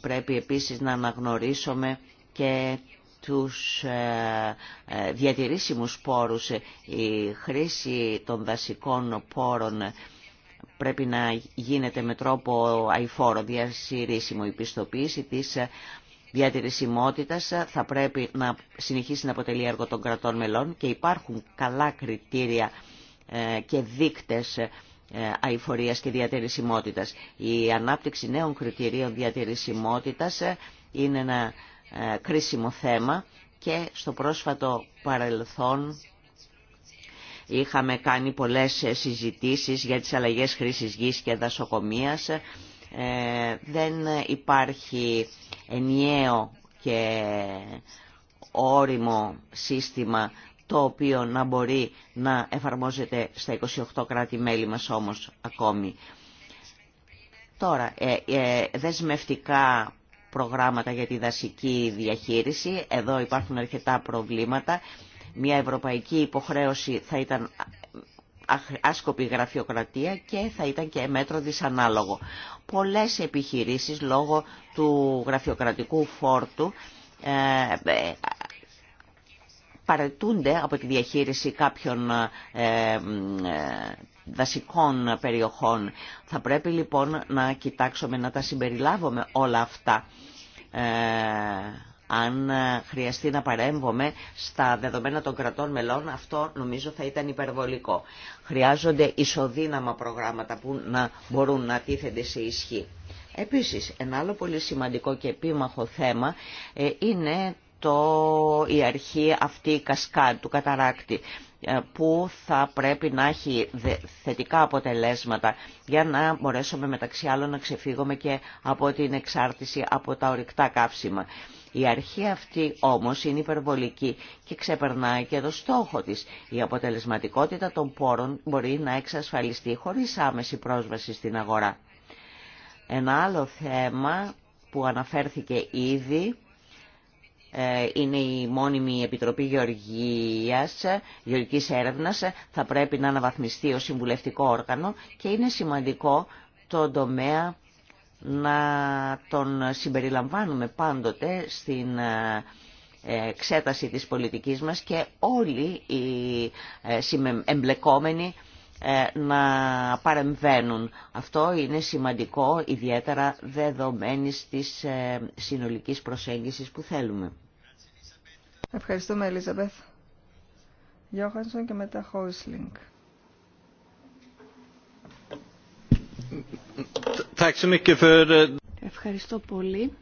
πρέπει επίσης να αναγνωρίσουμε και τους ε, ε, διατηρήσιμους πόρους. Η χρήση των δασικών πόρων πρέπει να γίνεται με τρόπο αηφόρο, διασυρίσιμο. Η πιστοποίηση της διατηρησιμότητας θα πρέπει να συνεχίσει να αποτελεί έργο των κρατών μελών και υπάρχουν καλά κριτήρια ε, και δείκτες αηφορίας και διατηρησιμότητας. Η ανάπτυξη νέων κριτηρίων διατηρησιμότητας είναι ένα ε, κρίσιμο θέμα και στο πρόσφατο παρελθόν είχαμε κάνει πολλές συζητήσεις για τις αλλαγές χρήσης γης και δασοκομείας. Ε, δεν υπάρχει ενιαίο και όριμο σύστημα το οποίο να μπορεί να εφαρμόζεται στα 28 κράτη-μέλη μας όμως ακόμη. Τώρα, ε, δεσμευτικά προγράμματα για τη δασική διαχείριση. Εδώ υπάρχουν αρκετά προβλήματα. Μια ευρωπαϊκή υποχρέωση θα ήταν άσκοπη γραφειοκρατία και θα ήταν και μέτρο δυσανάλογο. Πολλές επιχειρήσεις λόγω του γραφειοκρατικού φόρτου ε, ε, παρετούνται από τη διαχείριση κάποιων ε, δασικών περιοχών. Θα πρέπει λοιπόν να κοιτάξουμε να τα συμπεριλάβουμε όλα αυτά. Ε, αν χρειαστεί να παρέμβουμε στα δεδομένα των κρατών μελών, αυτό νομίζω θα ήταν υπερβολικό. Χρειάζονται ισοδύναμα προγράμματα που να μπορούν να τίθενται σε ισχύ. Επίσης, ένα άλλο πολύ σημαντικό και επίμαχο θέμα ε, είναι το, η αρχή αυτή η κασκά του καταράκτη. Ε, που θα πρέπει να έχει θετικά αποτελέσματα για να μπορέσουμε μεταξύ άλλων να ξεφύγουμε και από την εξάρτηση από τα ορυκτά καύσιμα. Η αρχή αυτή όμως είναι υπερβολική και ξεπερνάει και το στόχο της. Η αποτελεσματικότητα των πόρων μπορεί να εξασφαλιστεί χωρίς άμεση πρόσβαση στην αγορά. Ένα άλλο θέμα που αναφέρθηκε ήδη ε, είναι η μόνιμη Επιτροπή Γεωργίας, Γεωργικής Έρευνας, θα πρέπει να αναβαθμιστεί ως συμβουλευτικό όργανο και είναι σημαντικό το τομέα να τον συμπεριλαμβάνουμε πάντοτε στην ε, ε, εξέταση της πολιτικής μας και όλοι οι εμπλεκόμενοι ε, να παρεμβαίνουν. Αυτό είναι σημαντικό, ιδιαίτερα δεδομένης της ε, συνολικής προσέγγισης που θέλουμε. Ευχαριστούμε, Ελίζαμπεθ. Γιώχανσον και μετά Χόισλινγκ. Uh, Ευχαριστώ πολύ.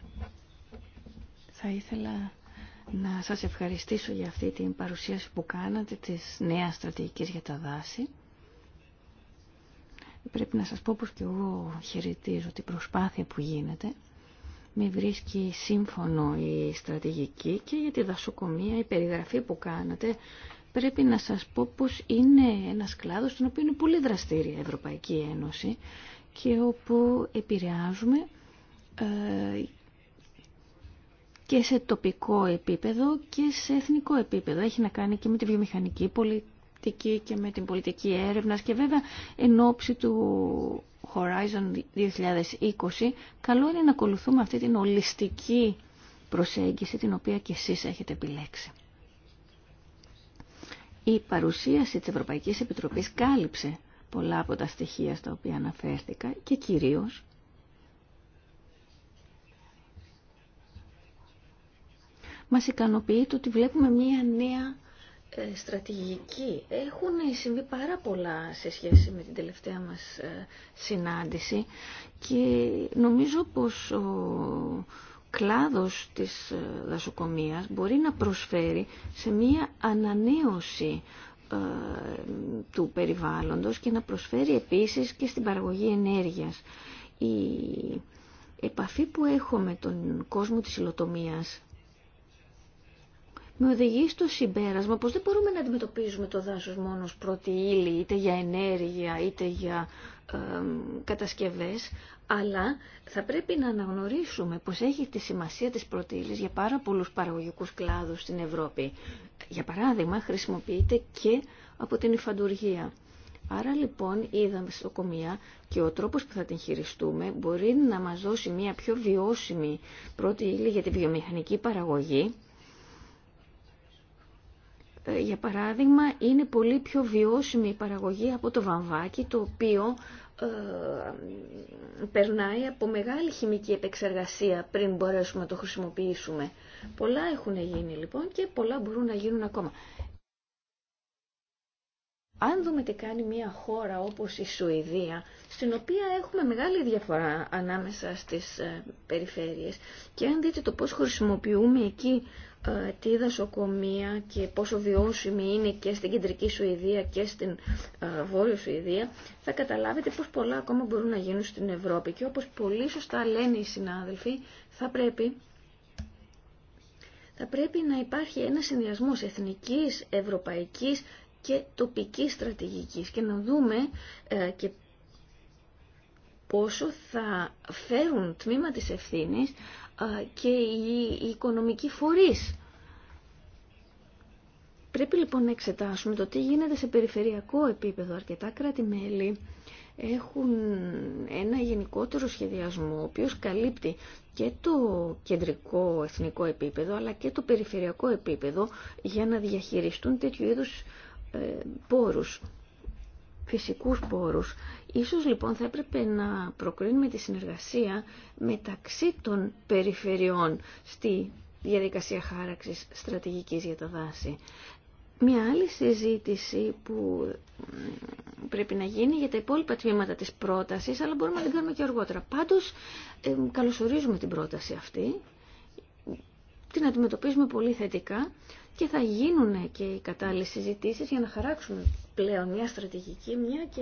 Θα ήθελα να σας ευχαριστήσω για αυτή την παρουσίαση που κάνατε της νέας στρατηγικής για τα δάση. Πρέπει να σας πω πως και εγώ χαιρετίζω την προσπάθεια που γίνεται. Με βρίσκει σύμφωνο η στρατηγική και για τη δασοκομεία η περιγραφή που κάνατε πρέπει να σας πω πως είναι ένας κλάδος στον οποίο είναι πολύ δραστήρια η Ευρωπαϊκή Ένωση και όπου επηρεάζουμε ε, και σε τοπικό επίπεδο και σε εθνικό επίπεδο. Έχει να κάνει και με τη βιομηχανική πολιτική τική και με την πολιτική έρευνα και βέβαια εν ώψη του Horizon 2020 καλό είναι να ακολουθούμε αυτή την ολιστική προσέγγιση την οποία και εσείς έχετε επιλέξει. Η παρουσίαση της Ευρωπαϊκής Επιτροπής κάλυψε πολλά από τα στοιχεία στα οποία αναφέρθηκα και κυρίως μας ικανοποιεί το ότι βλέπουμε μια νέα ε, στρατηγική. Έχουν συμβεί πάρα πολλά σε σχέση με την τελευταία μας ε, συνάντηση και νομίζω πως ο κλάδος της ε, δασοκομείας μπορεί να προσφέρει σε μία ανανέωση του περιβάλλοντος και να προσφέρει επίσης και στην παραγωγή ενέργειας. Η επαφή που έχω με τον κόσμο της υλοτομίας με οδηγεί στο συμπέρασμα πως δεν μπορούμε να αντιμετωπίζουμε το δάσος μόνο ως πρώτη ύλη, είτε για ενέργεια, είτε για ε, κατασκευές, αλλά θα πρέπει να αναγνωρίσουμε πως έχει τη σημασία της πρώτη ύλης για πάρα πολλούς παραγωγικούς κλάδους στην Ευρώπη. Για παράδειγμα, χρησιμοποιείται και από την υφαντουργία. Άρα λοιπόν είδαμε στο κομία και ο τρόπος που θα την χειριστούμε μπορεί να μας δώσει μια πιο βιώσιμη πρώτη ύλη για τη βιομηχανική παραγωγή ε, για παράδειγμα, είναι πολύ πιο βιώσιμη η παραγωγή από το βαμβάκι, το οποίο ε, περνάει από μεγάλη χημική επεξεργασία πριν μπορέσουμε να το χρησιμοποιήσουμε. Πολλά έχουν γίνει λοιπόν και πολλά μπορούν να γίνουν ακόμα. Αν δούμε τι κάνει μια χώρα όπως η Σουηδία, στην οποία έχουμε μεγάλη διαφορά ανάμεσα στις ε, περιφέρειες και αν δείτε το πώς χρησιμοποιούμε εκεί τι δασοκομεία και πόσο βιώσιμη είναι και στην κεντρική Σουηδία και στην ε, βόρεια Σουηδία, θα καταλάβετε πως πολλά ακόμα μπορούν να γίνουν στην Ευρώπη. Και όπως πολύ σωστά λένε οι συνάδελφοι, θα πρέπει θα πρέπει να υπάρχει ένα συνδυασμό εθνικής, ευρωπαϊκής και τοπικής στρατηγικής και να δούμε ε, και πόσο θα φέρουν τμήμα της ευθύνης και οι οικονομικοί φορείς. Πρέπει λοιπόν να εξετάσουμε το τι γίνεται σε περιφερειακό επίπεδο. Αρκετά κράτη-μέλη έχουν ένα γενικότερο σχεδιασμό, ο οποίος καλύπτει και το κεντρικό εθνικό επίπεδο, αλλά και το περιφερειακό επίπεδο για να διαχειριστούν τέτοιου είδους ε, πόρους φυσικούς πόρους. Ίσως λοιπόν θα έπρεπε να προκρίνουμε τη συνεργασία μεταξύ των περιφερειών στη διαδικασία χάραξης στρατηγικής για τα δάση. Μια άλλη συζήτηση που πρέπει να γίνει για τα υπόλοιπα τμήματα της πρότασης, αλλά μπορούμε να την κάνουμε και αργότερα. Πάντως, ε, καλωσορίζουμε την πρόταση αυτή, την αντιμετωπίζουμε πολύ θετικά και θα γίνουν και οι κατάλληλες συζητήσει για να χαράξουμε πλέον μια στρατηγική, μια και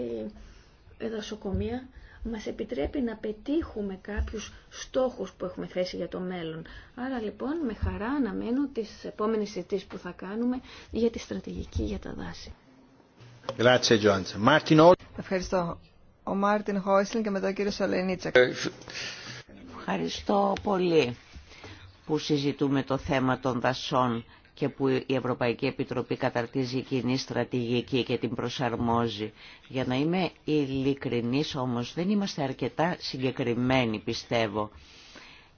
η δασοκομεία μας επιτρέπει να πετύχουμε κάποιους στόχους που έχουμε θέσει για το μέλλον. Άρα λοιπόν με χαρά αναμένω τις επόμενες συζητήσεις που θα κάνουμε για τη στρατηγική για τα δάση. Ευχαριστώ. Ο Μάρτιν Χόισλιν και μετά ο κύριο Σολενίτσα. Ευχαριστώ πολύ που συζητούμε το θέμα των δασών και που η Ευρωπαϊκή Επιτροπή καταρτίζει κοινή στρατηγική και την προσαρμόζει. Για να είμαι ειλικρινής όμως δεν είμαστε αρκετά συγκεκριμένοι πιστεύω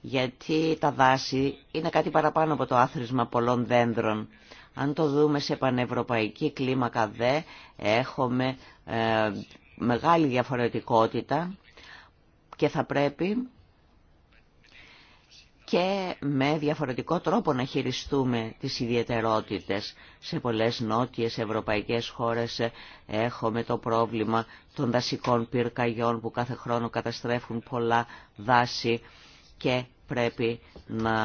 γιατί τα δάση είναι κάτι παραπάνω από το άθροισμα πολλών δέντρων. Αν το δούμε σε πανευρωπαϊκή κλίμακα δε, έχουμε ε, μεγάλη διαφορετικότητα και θα πρέπει και με διαφορετικό τρόπο να χειριστούμε τις ιδιαιτερότητες. Σε πολλές νότιες ευρωπαϊκές χώρες ε, έχουμε το πρόβλημα των δασικών πυρκαγιών που κάθε χρόνο καταστρέφουν πολλά δάση και πρέπει να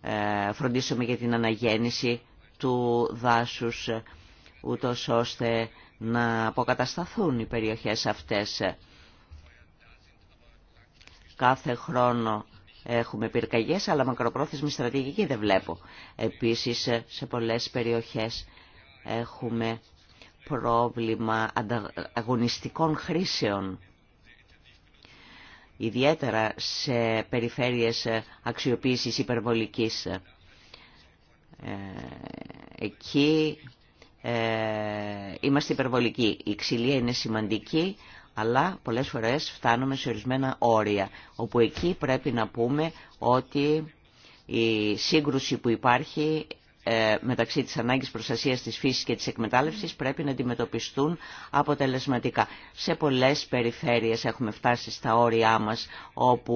ε, φροντίσουμε για την αναγέννηση του δάσους ε, ούτως ώστε να αποκατασταθούν οι περιοχές αυτές. Κάθε χρόνο Έχουμε πυρκαγιές, αλλά μακροπρόθεσμη στρατηγική δεν βλέπω. Επίσης, σε πολλές περιοχές έχουμε πρόβλημα αγωνιστικών χρήσεων. Ιδιαίτερα σε περιφέρειες αξιοποίησης υπερβολικής. Ε, εκεί ε, είμαστε υπερβολικοί. Η ξυλία είναι σημαντική, αλλά πολλές φορές φτάνουμε σε ορισμένα όρια, όπου εκεί πρέπει να πούμε ότι η σύγκρουση που υπάρχει ε, μεταξύ της ανάγκης προστασίας της φύσης και της εκμετάλλευσης πρέπει να αντιμετωπιστούν αποτελεσματικά. Σε πολλές περιφέρειες έχουμε φτάσει στα όρια μας όπου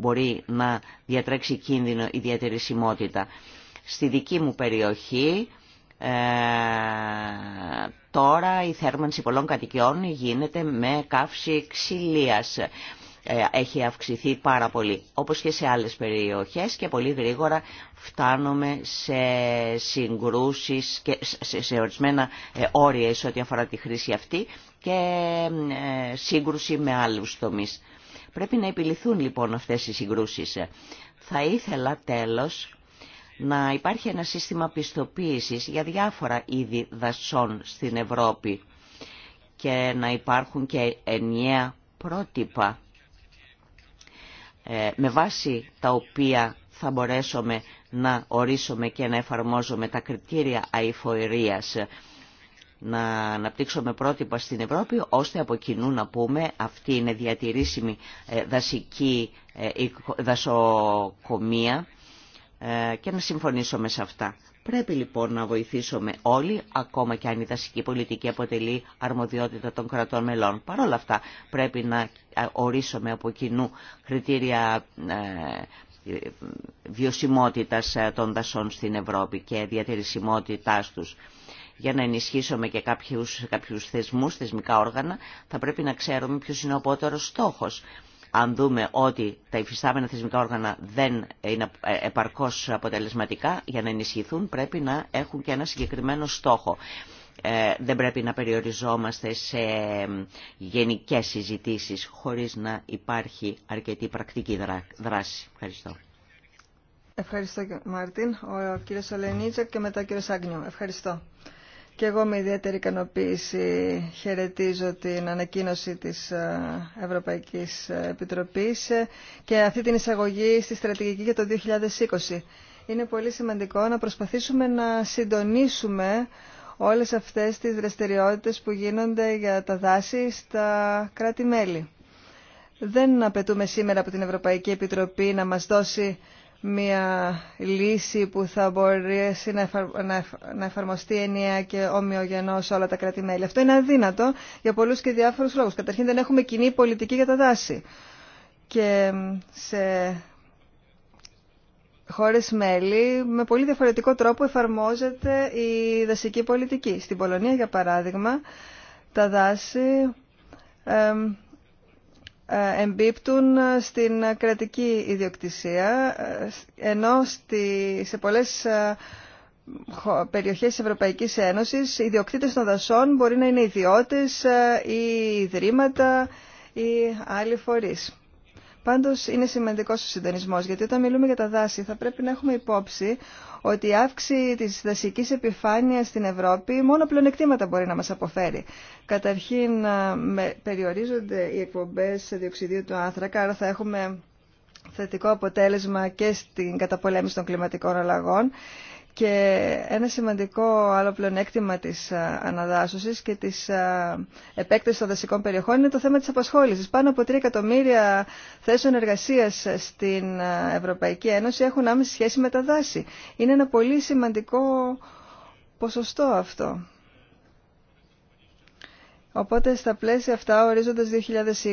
μπορεί να διατρέξει κίνδυνο η διατηρησιμότητα. Στη δική μου περιοχή ε, τώρα η θέρμανση πολλών κατοικιών γίνεται με καύση ξυλίας. Ε, έχει αυξηθεί πάρα πολύ, όπως και σε άλλες περιοχές και πολύ γρήγορα φτάνουμε σε συγκρούσεις και σε ορισμένα ε, όρια σε ό,τι αφορά τη χρήση αυτή και σύγκρουση με άλλους τομείς. Πρέπει να επιληθούν λοιπόν αυτές οι συγκρούσεις. Θα ήθελα τέλος να υπάρχει ένα σύστημα πιστοποίησης για διάφορα είδη δασών στην Ευρώπη και να υπάρχουν και ενιαία πρότυπα ε, με βάση τα οποία θα μπορέσουμε να ορίσουμε και να εφαρμόζουμε τα κριτήρια αηφοερίας... να αναπτύξουμε πρότυπα στην Ευρώπη ώστε από κοινού να πούμε αυτή είναι διατηρήσιμη ε, δασική ε, δασοκομεία ε, και να συμφωνήσουμε σε αυτά. Πρέπει λοιπόν να βοηθήσουμε όλοι, ακόμα και αν η δασική πολιτική αποτελεί αρμοδιότητα των κρατών μελών. Παρ' όλα αυτά πρέπει να ε, ορίσουμε από κοινού κριτήρια ε, βιωσιμότητας των δασών στην Ευρώπη και διατηρησιμότητάς τους. Για να ενισχύσουμε και κάποιους, κάποιους θεσμούς, θεσμικά όργανα, θα πρέπει να ξέρουμε ποιος είναι ο πότερος στόχος. Αν δούμε ότι τα υφιστάμενα θεσμικά όργανα δεν είναι επαρκώς αποτελεσματικά, για να ενισχυθούν πρέπει να έχουν και ένα συγκεκριμένο στόχο. Ε, δεν πρέπει να περιοριζόμαστε σε γενικές συζητήσεις χωρίς να υπάρχει αρκετή πρακτική δράση. Ευχαριστώ. Ευχαριστώ Μαρτίν, ο κύριος Ολενίτσα και μετά ο κύριος Άγνιου. Ευχαριστώ. Και εγώ με ιδιαίτερη ικανοποίηση χαιρετίζω την ανακοίνωση της ε, Ευρωπαϊκής Επιτροπής ε, και αυτή την εισαγωγή στη στρατηγική για το 2020. Είναι πολύ σημαντικό να προσπαθήσουμε να συντονίσουμε όλες αυτές τις δραστηριότητες που γίνονται για τα δάση στα κράτη-μέλη. Δεν απαιτούμε σήμερα από την Ευρωπαϊκή Επιτροπή να μας δώσει μια λύση που θα μπορέσει να, εφαρμοστεί ενιαία και ομοιογενώ σε όλα τα κράτη-μέλη. Αυτό είναι αδύνατο για πολλού και διάφορους λόγου. Καταρχήν δεν έχουμε κοινή πολιτική για τα δάση. Και σε χώρες μέλη με πολύ διαφορετικό τρόπο εφαρμόζεται η δασική πολιτική. Στην Πολωνία, για παράδειγμα, τα δάση εμπίπτουν στην κρατική ιδιοκτησία, ενώ στη, σε πολλές ε, περιοχές της Ευρωπαϊκής Ένωσης οι ιδιοκτήτες των δασών μπορεί να είναι ιδιώτες ε, ή ιδρύματα ή άλλοι φορείς. Πάντως είναι σημαντικός ο συντονισμός, γιατί όταν μιλούμε για τα δάση θα πρέπει να έχουμε υπόψη ότι η αύξηση τη δασική επιφάνεια στην Ευρώπη μόνο πλεονεκτήματα μπορεί να μα αποφέρει. Καταρχήν περιορίζονται οι εκπομπές διοξιδίου του άνθρακα, άρα θα έχουμε θετικό αποτέλεσμα και στην καταπολέμηση των κλιματικών αλλαγών και ένα σημαντικό άλλο πλεονέκτημα της ε, αναδάσωσης και της ε, επέκτασης των δασικών περιοχών είναι το θέμα της απασχόλησης. Πάνω από 3 εκατομμύρια θέσεων εργασίας στην ε, Ευρωπαϊκή Ένωση έχουν άμεση σχέση με τα δάση. Είναι ένα πολύ σημαντικό ποσοστό αυτό. Οπότε στα πλαίσια αυτά, ορίζοντας 2020,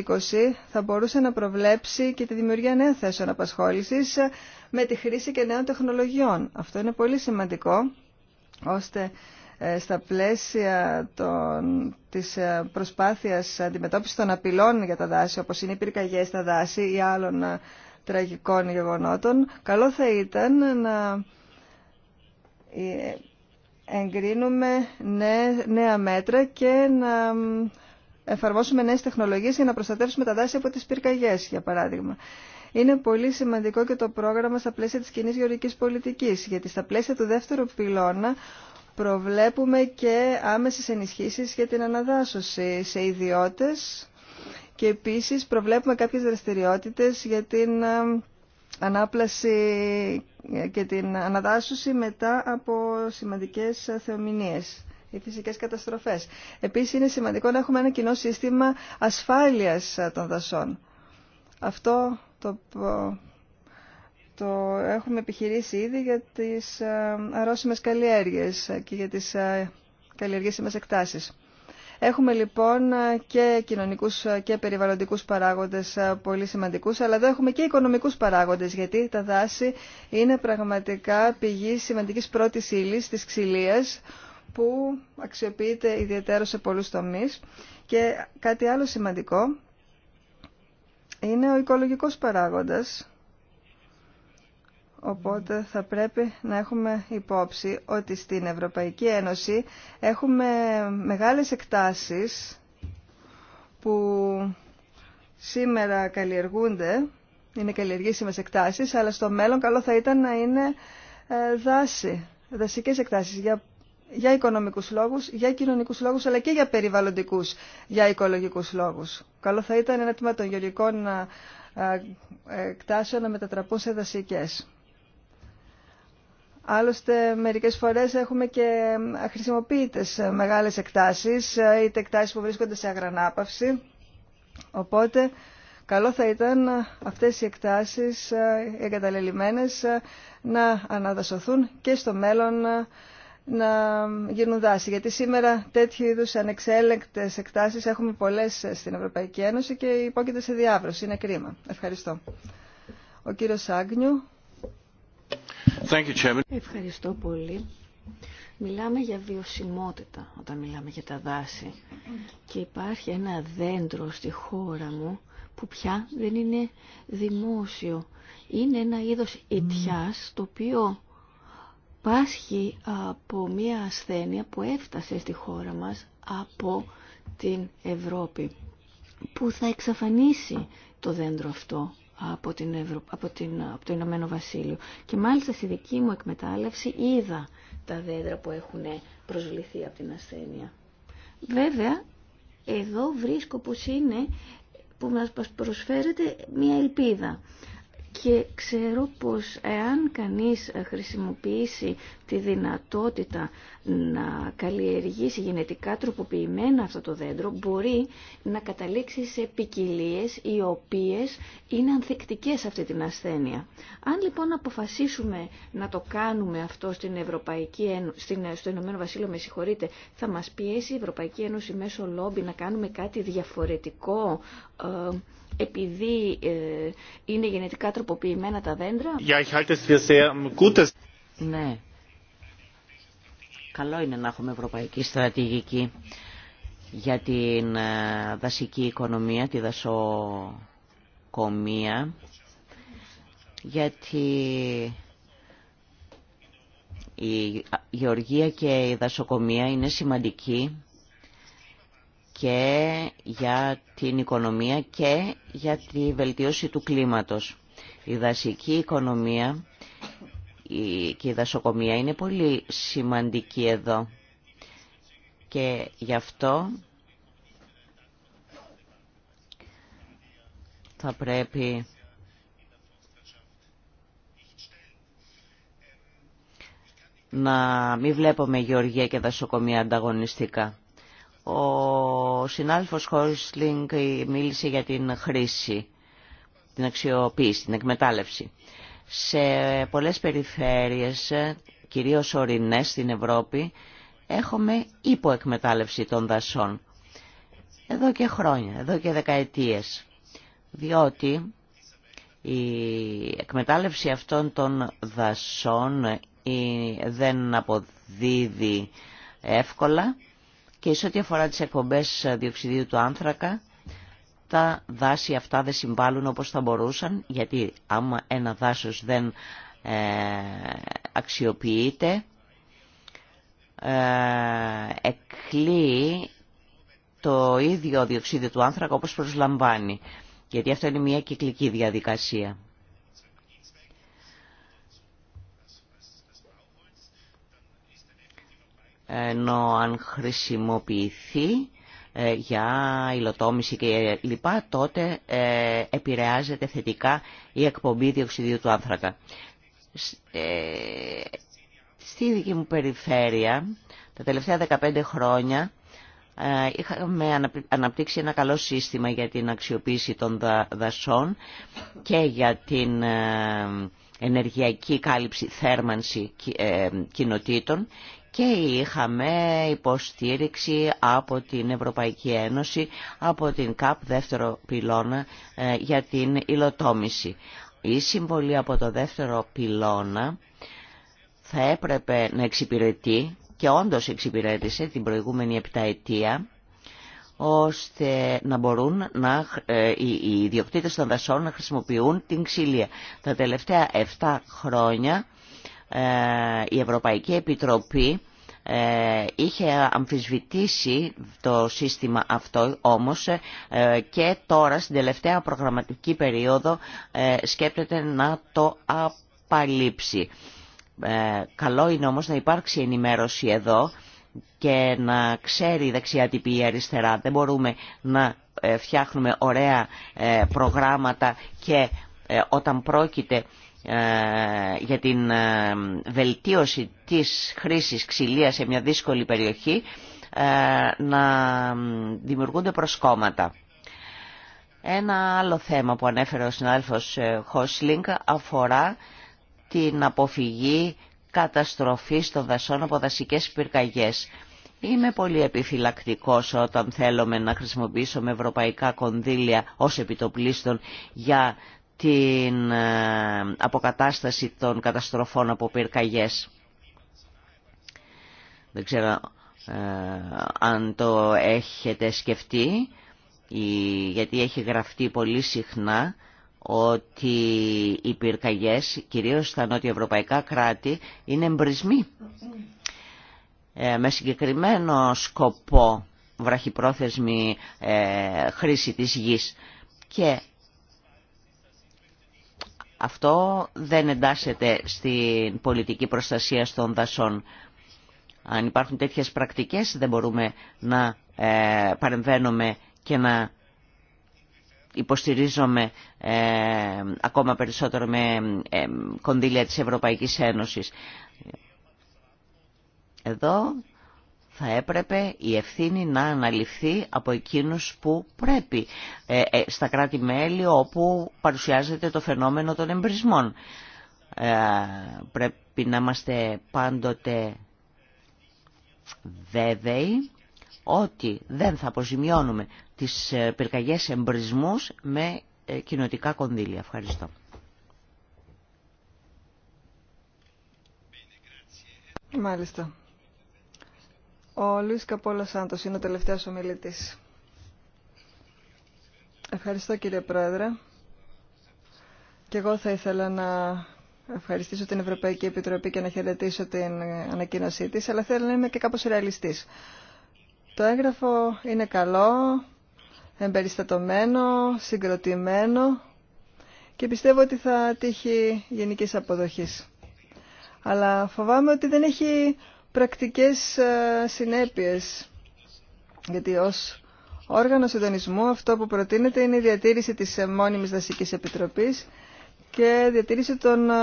θα μπορούσε να προβλέψει και τη δημιουργία νέων θέσεων απασχόλησης με τη χρήση και νέων τεχνολογιών. Αυτό είναι πολύ σημαντικό, ώστε ε, στα πλαίσια των, της ε, προσπάθειας αντιμετώπισης των απειλών για τα δάση, όπως είναι οι πυρκαγιές στα δάση ή άλλων ε, τραγικών γεγονότων, καλό θα ήταν να εγκρίνουμε νέα μέτρα και να εφαρμόσουμε νέες τεχνολογίες για να προστατεύσουμε τα δάση από τις πυρκαγιές, για παράδειγμα. Είναι πολύ σημαντικό και το πρόγραμμα στα πλαίσια της κοινή γεωργικής πολιτικής, γιατί στα πλαίσια του δεύτερου πυλώνα προβλέπουμε και άμεσες ενισχύσεις για την αναδάσωση σε ιδιώτες και επίσης προβλέπουμε κάποιες δραστηριότητες για την ε, ανάπλαση και την αναδάσωση μετά από σημαντικές θεομηνίες ή φυσικές καταστροφές. Επίσης είναι σημαντικό να έχουμε ένα κοινό σύστημα ασφάλειας των δασών. Αυτό το, το έχουμε επιχειρήσει ήδη για τις ε, αρρώσιμες καλλιέργειες και για τις ε, καλλιεργήσιμες εκτάσεις. Έχουμε λοιπόν ε, και κοινωνικούς και περιβαλλοντικούς παράγοντες πολύ σημαντικούς, αλλά δεν έχουμε και οικονομικούς παράγοντες, γιατί τα δάση είναι πραγματικά πηγή σημαντικής πρώτης ύλης της ξυλίας, που αξιοποιείται ιδιαίτερα σε πολλούς τομείς. Και κάτι άλλο σημαντικό είναι ο οικολογικός παράγοντας. Οπότε θα πρέπει να έχουμε υπόψη ότι στην Ευρωπαϊκή Ένωση έχουμε μεγάλες εκτάσεις που σήμερα καλλιεργούνται, είναι καλλιεργήσιμες εκτάσεις, αλλά στο μέλλον καλό θα ήταν να είναι ε, δάση, δασικές εκτάσεις για, για οικονομικούς λόγους, για κοινωνικούς λόγους, αλλά και για περιβαλλοντικούς, για οικολογικούς λόγους καλό θα ήταν ένα τμήμα των γεωργικών εκτάσεων να μετατραπούν σε δασικές. Άλλωστε, μερικές φορές έχουμε και χρησιμοποιητές ε, μεγάλες εκτάσεις, ε, είτε εκτάσεις που βρίσκονται σε αγρανάπαυση. Οπότε, καλό θα ήταν ε, αυτές οι εκτάσεις εγκαταλελειμμένες να αναδασωθούν και στο μέλλον να γίνουν δάση. Γιατί σήμερα τέτοιου είδου ανεξέλεγκτε εκτάσεις έχουμε πολλές στην Ευρωπαϊκή Ένωση και υπόκειται σε διάβρωση. Είναι κρίμα. Ευχαριστώ. Ο κύριος Άγνιου. Ευχαριστώ πολύ. Μιλάμε για βιωσιμότητα όταν μιλάμε για τα δάση. Και υπάρχει ένα δέντρο στη χώρα μου που πια δεν είναι δημόσιο. Είναι ένα είδος ιτιάς το οποίο πάσχει από μια ασθένεια που έφτασε στη χώρα μας από την Ευρώπη που θα εξαφανίσει το δέντρο αυτό από, την από, την... από το Ηνωμένο Βασίλειο. Και μάλιστα στη δική μου εκμετάλλευση είδα τα δέντρα που έχουν προσβληθεί από την ασθένεια. Βέβαια, εδώ βρίσκω πως είναι που μας προσφέρεται μια ελπίδα και ξέρω πως εάν κανείς χρησιμοποιήσει τη δυνατότητα να καλλιεργήσει γενετικά τροποποιημένα αυτό το δέντρο μπορεί να καταλήξει σε ποικιλίε οι οποίες είναι ανθεκτικές αυτή την ασθένεια. Αν λοιπόν αποφασίσουμε να το κάνουμε αυτό στην Ευρωπαϊκή Ένωση, στο Ηνωμένο Βασίλειο με συγχωρείτε, θα μας πιέσει η Ευρωπαϊκή Ένωση μέσω λόμπι να κάνουμε κάτι διαφορετικό ε, επειδή ε, είναι γενετικά τροποποιημένα τα δέντρα. Ähm, ναι. Καλό είναι να έχουμε ευρωπαϊκή στρατηγική για την ε, δασική οικονομία, τη δασοκομεία, γιατί η γεωργία και η δασοκομεία είναι σημαντική και για την οικονομία και για τη βελτίωση του κλίματος. Η δασική οικονομία και η δασοκομεία είναι πολύ σημαντική εδώ και γι' αυτό θα πρέπει να μην βλέπουμε γεωργία και δασοκομεία ανταγωνιστικά. Ο συνάδελφος Χόρσλινγκ μίλησε για την χρήση, την αξιοποίηση, την εκμετάλλευση. Σε πολλές περιφέρειες, κυρίως ορεινές στην Ευρώπη, έχουμε υποεκμετάλλευση των δασών. Εδώ και χρόνια, εδώ και δεκαετίες. Διότι η εκμετάλλευση αυτών των δασών ε, δεν αποδίδει εύκολα και σε ό,τι αφορά τις εκπομπές ε, διοξιδίου του άνθρακα, τα δάση αυτά δεν συμβάλλουν όπως θα μπορούσαν, γιατί άμα ένα δάσος δεν ε, αξιοποιείται, ε, το ίδιο διοξίδιο του άνθρακα όπως προσλαμβάνει. Γιατί αυτό είναι μια κυκλική διαδικασία. ενώ αν χρησιμοποιηθεί ε, για υλοτόμηση και λοιπά, τότε ε, επηρεάζεται θετικά η εκπομπή διοξιδίου του άνθρακα. Ε, στη δική μου περιφέρεια, τα τελευταία 15 χρόνια, είχαμε αναπτύξει ένα καλό σύστημα για την αξιοποίηση των δασών και για την ενεργειακή κάλυψη θέρμανση κοινοτήτων και είχαμε υποστήριξη από την Ευρωπαϊκή Ένωση, από την ΚΑΠ δεύτερο πυλώνα ε, για την υλοτόμηση. Η συμβολή από το δεύτερο πυλώνα θα έπρεπε να εξυπηρετεί και όντως εξυπηρέτησε την προηγούμενη επταετία ώστε να μπορούν να, ε, οι ιδιοκτήτες των δασών να χρησιμοποιούν την ξυλία. Τα τελευταία 7 χρόνια ε, η Ευρωπαϊκή Επιτροπή ε, είχε αμφισβητήσει το σύστημα αυτό όμως ε, και τώρα στην τελευταία προγραμματική περίοδο σκέπτεται να το απαλείψει. Καλό είναι όμως να υπάρξει ενημέρωση εδώ και να ξέρει η δεξιά τυπή η αριστερά. Δεν μπορούμε να φτιάχνουμε ωραία προγράμματα και όταν πρόκειται ε, για την ε, βελτίωση της χρήσης ξυλίας σε μια δύσκολη περιοχή ε, να δημιουργούνται προσκόμματα. Ένα άλλο θέμα που ανέφερε ο συνάδελφος Χόσλινγκ αφορά την αποφυγή καταστροφής των δασών από δασικές πυρκαγιές. Είμαι πολύ επιφυλακτικός όταν θέλουμε να χρησιμοποιήσουμε ευρωπαϊκά κονδύλια ως επιτοπλίστων για την ε, αποκατάσταση των καταστροφών από πυρκαγιές. Δεν ξέρω ε, αν το έχετε σκεφτεί, γιατί έχει γραφτεί πολύ συχνά ότι οι πυρκαγιές, κυρίως στα νότιοευρωπαϊκά κράτη, είναι εμπρισμοί ε, με συγκεκριμένο σκοπό βραχυπρόθεσμη χρήση της γης. Και αυτό δεν εντάσσεται στην πολιτική προστασία των δασών. Αν υπάρχουν τέτοιες πρακτικές δεν μπορούμε να ε, παρεμβαίνουμε και να υποστηρίζουμε ακόμα περισσότερο με ε, κονδύλια της Ευρωπαϊκής Ένωσης. Εδώ θα έπρεπε η ευθύνη να αναλυφθεί από εκείνους που πρέπει ε, ε, στα κράτη-μέλη όπου παρουσιάζεται το φαινόμενο των εμπρισμών. Ε, πρέπει να είμαστε πάντοτε βέβαιοι ότι δεν θα αποζημιώνουμε τις ε, πυρκαγιές εμπρισμούς με κοινοτικά κονδύλια. Ευχαριστώ. Μάλιστα. Ο Λουίς Καπόλα Σάντος είναι ο τελευταίος ομιλητής. Ευχαριστώ κύριε Πρόεδρε. Και εγώ θα ήθελα να ευχαριστήσω την Ευρωπαϊκή Επιτροπή και να χαιρετήσω την ανακοίνωσή της, αλλά θέλω να είμαι και κάπως ρεαλιστής. Το έγγραφο είναι καλό, εμπεριστατωμένο, συγκροτημένο και πιστεύω ότι θα τύχει γενικής αποδοχής. Αλλά φοβάμαι ότι δεν έχει πρακτικές ε, συνέπειες. Γιατί ως όργανο συντονισμού αυτό που προτείνεται είναι η διατήρηση της ε, μόνιμης δασικής επιτροπής και διατήρηση των ε,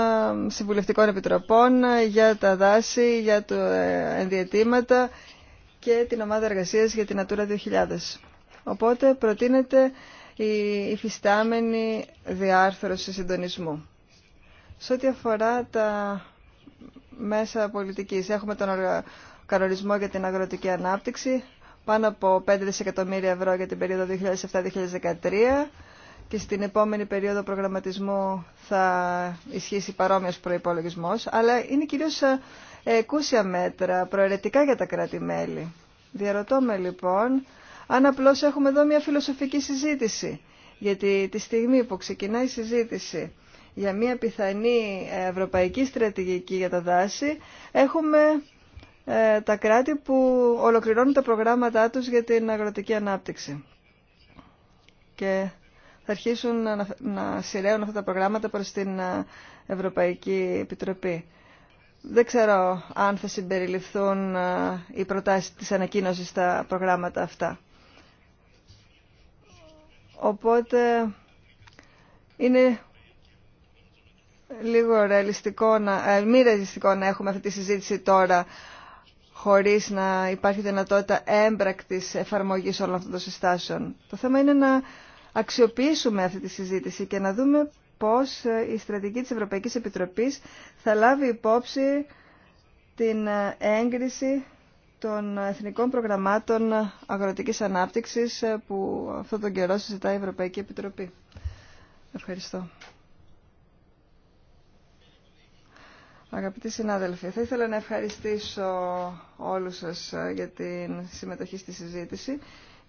συμβουλευτικών επιτροπών για τα δάση, για τα ενδιατήματα και την ομάδα εργασίας για την Natura 2000. Οπότε προτείνεται η υφιστάμενη διάρθρωση συντονισμού. Σε ό,τι αφορά τα μέσα πολιτικής. Έχουμε τον κανονισμό για την αγροτική ανάπτυξη, πάνω από 5 δισεκατομμύρια ευρώ για την περίοδο 2007-2013 και στην επόμενη περίοδο προγραμματισμού θα ισχύσει παρόμοιος προϋπολογισμός, αλλά είναι κυρίως ε, εκούσια μέτρα, προαιρετικά για τα κράτη-μέλη. Διαρωτώ με λοιπόν αν απλώς έχουμε εδώ μια φιλοσοφική συζήτηση, γιατί τη στιγμή που ξεκινάει η συζήτηση για μια πιθανή ευρωπαϊκή στρατηγική για τα δάση, έχουμε ε, τα κράτη που ολοκληρώνουν τα προγράμματά τους για την αγροτική ανάπτυξη. Και θα αρχίσουν να, να αυτά τα προγράμματα προς την ε, Ευρωπαϊκή Επιτροπή. Δεν ξέρω αν θα συμπεριληφθούν ε, οι προτάσεις της ανακοίνωσης στα προγράμματα αυτά. Οπότε είναι λίγο ρεαλιστικό, να, ε, μη ρεαλιστικό να έχουμε αυτή τη συζήτηση τώρα χωρίς να υπάρχει δυνατότητα έμπρακτης εφαρμογής όλων αυτών των συστάσεων. Το θέμα είναι να αξιοποιήσουμε αυτή τη συζήτηση και να δούμε πώς ε, η στρατηγική της Ευρωπαϊκής Επιτροπής θα λάβει υπόψη την ε, έγκριση των εθνικών προγραμμάτων αγροτικής ανάπτυξης που αυτόν τον καιρό συζητάει η Ευρωπαϊκή Επιτροπή. Ευχαριστώ. Αγαπητοί συνάδελφοι, θα ήθελα να ευχαριστήσω όλους σας ε, για την συμμετοχή στη συζήτηση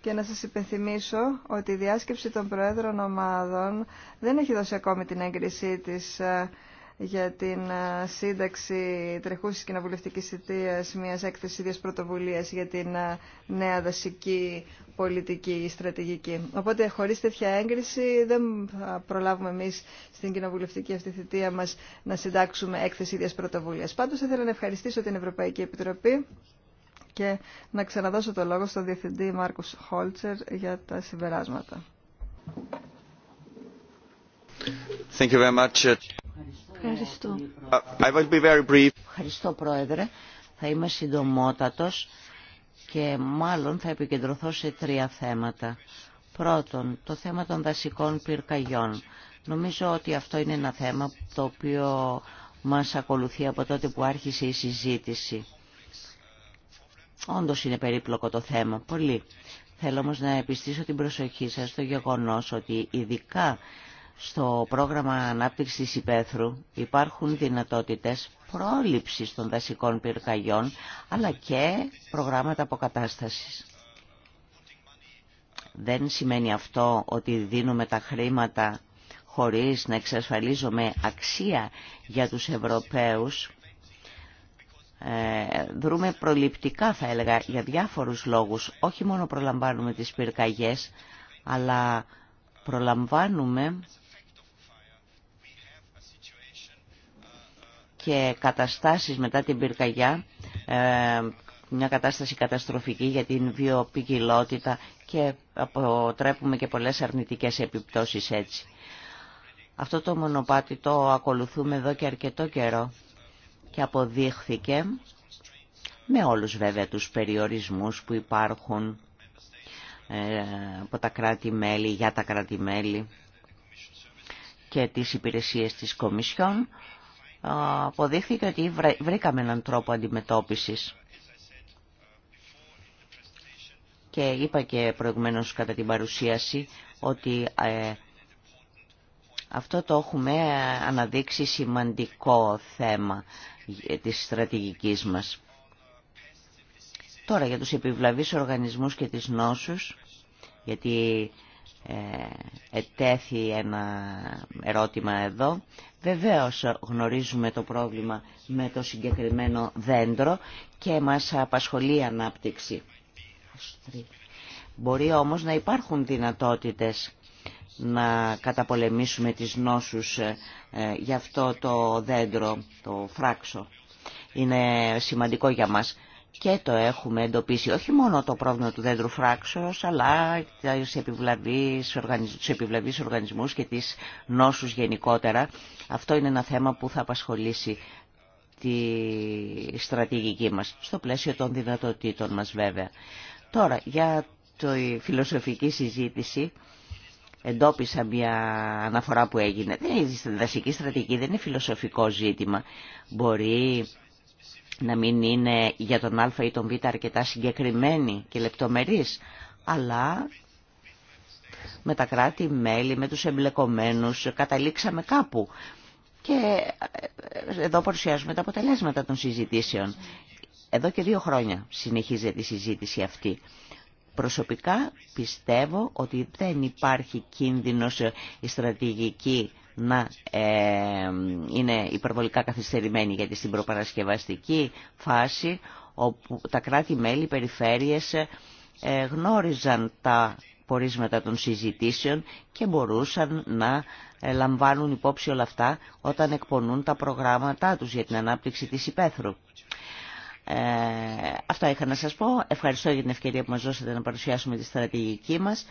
και να σας υπενθυμίσω ότι η διάσκεψη των Προέδρων Ομάδων δεν έχει δώσει ακόμη την έγκρισή της ε, για την ε, σύνταξη τρεχούσης κοινοβουλευτικής θητείας μιας έκθεσης ίδιας πρωτοβουλίας για την ε, νέα δασική πολιτική ή στρατηγική. Οπότε χωρίς τέτοια έγκριση δεν προλάβουμε εμείς στην κοινοβουλευτική αυτή θητεία μας να συντάξουμε έκθεση ίδιας πρωτοβουλίας. Πάντως ήθελα να ευχαριστήσω την Ευρωπαϊκή Επιτροπή και να ξαναδώσω το λόγο στον Διευθυντή Μάρκους Χόλτσερ για τα συμπεράσματα. Thank you very much. Ευχαριστώ. Πρόεδρε. Θα είμαι συντομότατος και μάλλον θα επικεντρωθώ σε τρία θέματα. Πρώτον, το θέμα των δασικών πυρκαγιών. Νομίζω ότι αυτό είναι ένα θέμα το οποίο μας ακολουθεί από τότε που άρχισε η συζήτηση. Όντως είναι περίπλοκο το θέμα, πολύ. Θέλω όμως να επιστήσω την προσοχή σας στο γεγονός ότι ειδικά στο πρόγραμμα ανάπτυξης υπαίθρου υπάρχουν δυνατότητες πρόληψης των δασικών πυρκαγιών αλλά και προγράμματα αποκατάστασης. Δεν σημαίνει αυτό ότι δίνουμε τα χρήματα χωρίς να εξασφαλίζουμε αξία για τους Ευρωπαίους. Ε, δρούμε προληπτικά θα έλεγα για διάφορους λόγους. Όχι μόνο προλαμβάνουμε τις πυρκαγιές αλλά προλαμβάνουμε και καταστάσεις μετά την πυρκαγιά, ε, μια κατάσταση καταστροφική για την βιοπικιλότητα και αποτρέπουμε και πολλές αρνητικές επιπτώσεις έτσι. Αυτό το μονοπάτι το ακολουθούμε εδώ και αρκετό καιρό και αποδείχθηκε με όλους βέβαια τους περιορισμούς που υπάρχουν ε, από τα κράτη-μέλη, για τα κράτη-μέλη και τις υπηρεσίες της Κομισιόν αποδείχθηκε ότι βρήκαμε έναν τρόπο αντιμετώπισης. Και είπα και προηγουμένως κατά την παρουσίαση ότι ε, αυτό το έχουμε αναδείξει σημαντικό θέμα της στρατηγικής μας. Τώρα για τους επιβλαβείς οργανισμούς και τις νόσους, γιατί ετέθη ένα ερώτημα εδώ. Βεβαίως γνωρίζουμε το πρόβλημα με το συγκεκριμένο δέντρο και μας απασχολεί η ανάπτυξη. Μπορεί όμως να υπάρχουν δυνατότητες να καταπολεμήσουμε τις νόσους ε, για αυτό το δέντρο, το φράξο. Είναι σημαντικό για μας και το έχουμε εντοπίσει όχι μόνο το πρόβλημα του δέντρου φράξεως αλλά τους επιβλαβείς, τους επιβλαβείς οργανισμούς και τις νόσους γενικότερα. Αυτό είναι ένα θέμα που θα απασχολήσει τη στρατηγική μας, στο πλαίσιο των δυνατοτήτων μας βέβαια. Τώρα, για τη φιλοσοφική συζήτηση, εντόπισα μια αναφορά που έγινε. Δεν είναι η δασική στρατηγική, δεν είναι φιλοσοφικό ζήτημα. Μπορεί να μην είναι για τον Α ή τον Β αρκετά συγκεκριμένη και λεπτομερής, αλλά με τα κράτη-μέλη, με τους εμπλεκομένους, καταλήξαμε κάπου. Και ε, ε, εδώ παρουσιάζουμε τα αποτελέσματα των συζητήσεων. Εδώ και δύο χρόνια συνεχίζεται η συζήτηση αυτή. Προσωπικά πιστεύω ότι δεν υπάρχει κίνδυνος ε, η στρατηγική να ε, είναι υπερβολικά καθυστερημένη γιατί στην προπαρασκευαστική φάση όπου τα κράτη-μέλη, οι περιφέρειες ε, γνώριζαν τα πορίσματα των συζητήσεων και μπορούσαν να ε, λαμβάνουν υπόψη όλα αυτά όταν εκπονούν τα προγράμματά τους για την ανάπτυξη της υπαίθρου. Ε, αυτά είχα να σας πω. Ευχαριστώ για την ευκαιρία που μας δώσατε να παρουσιάσουμε τη στρατηγική μας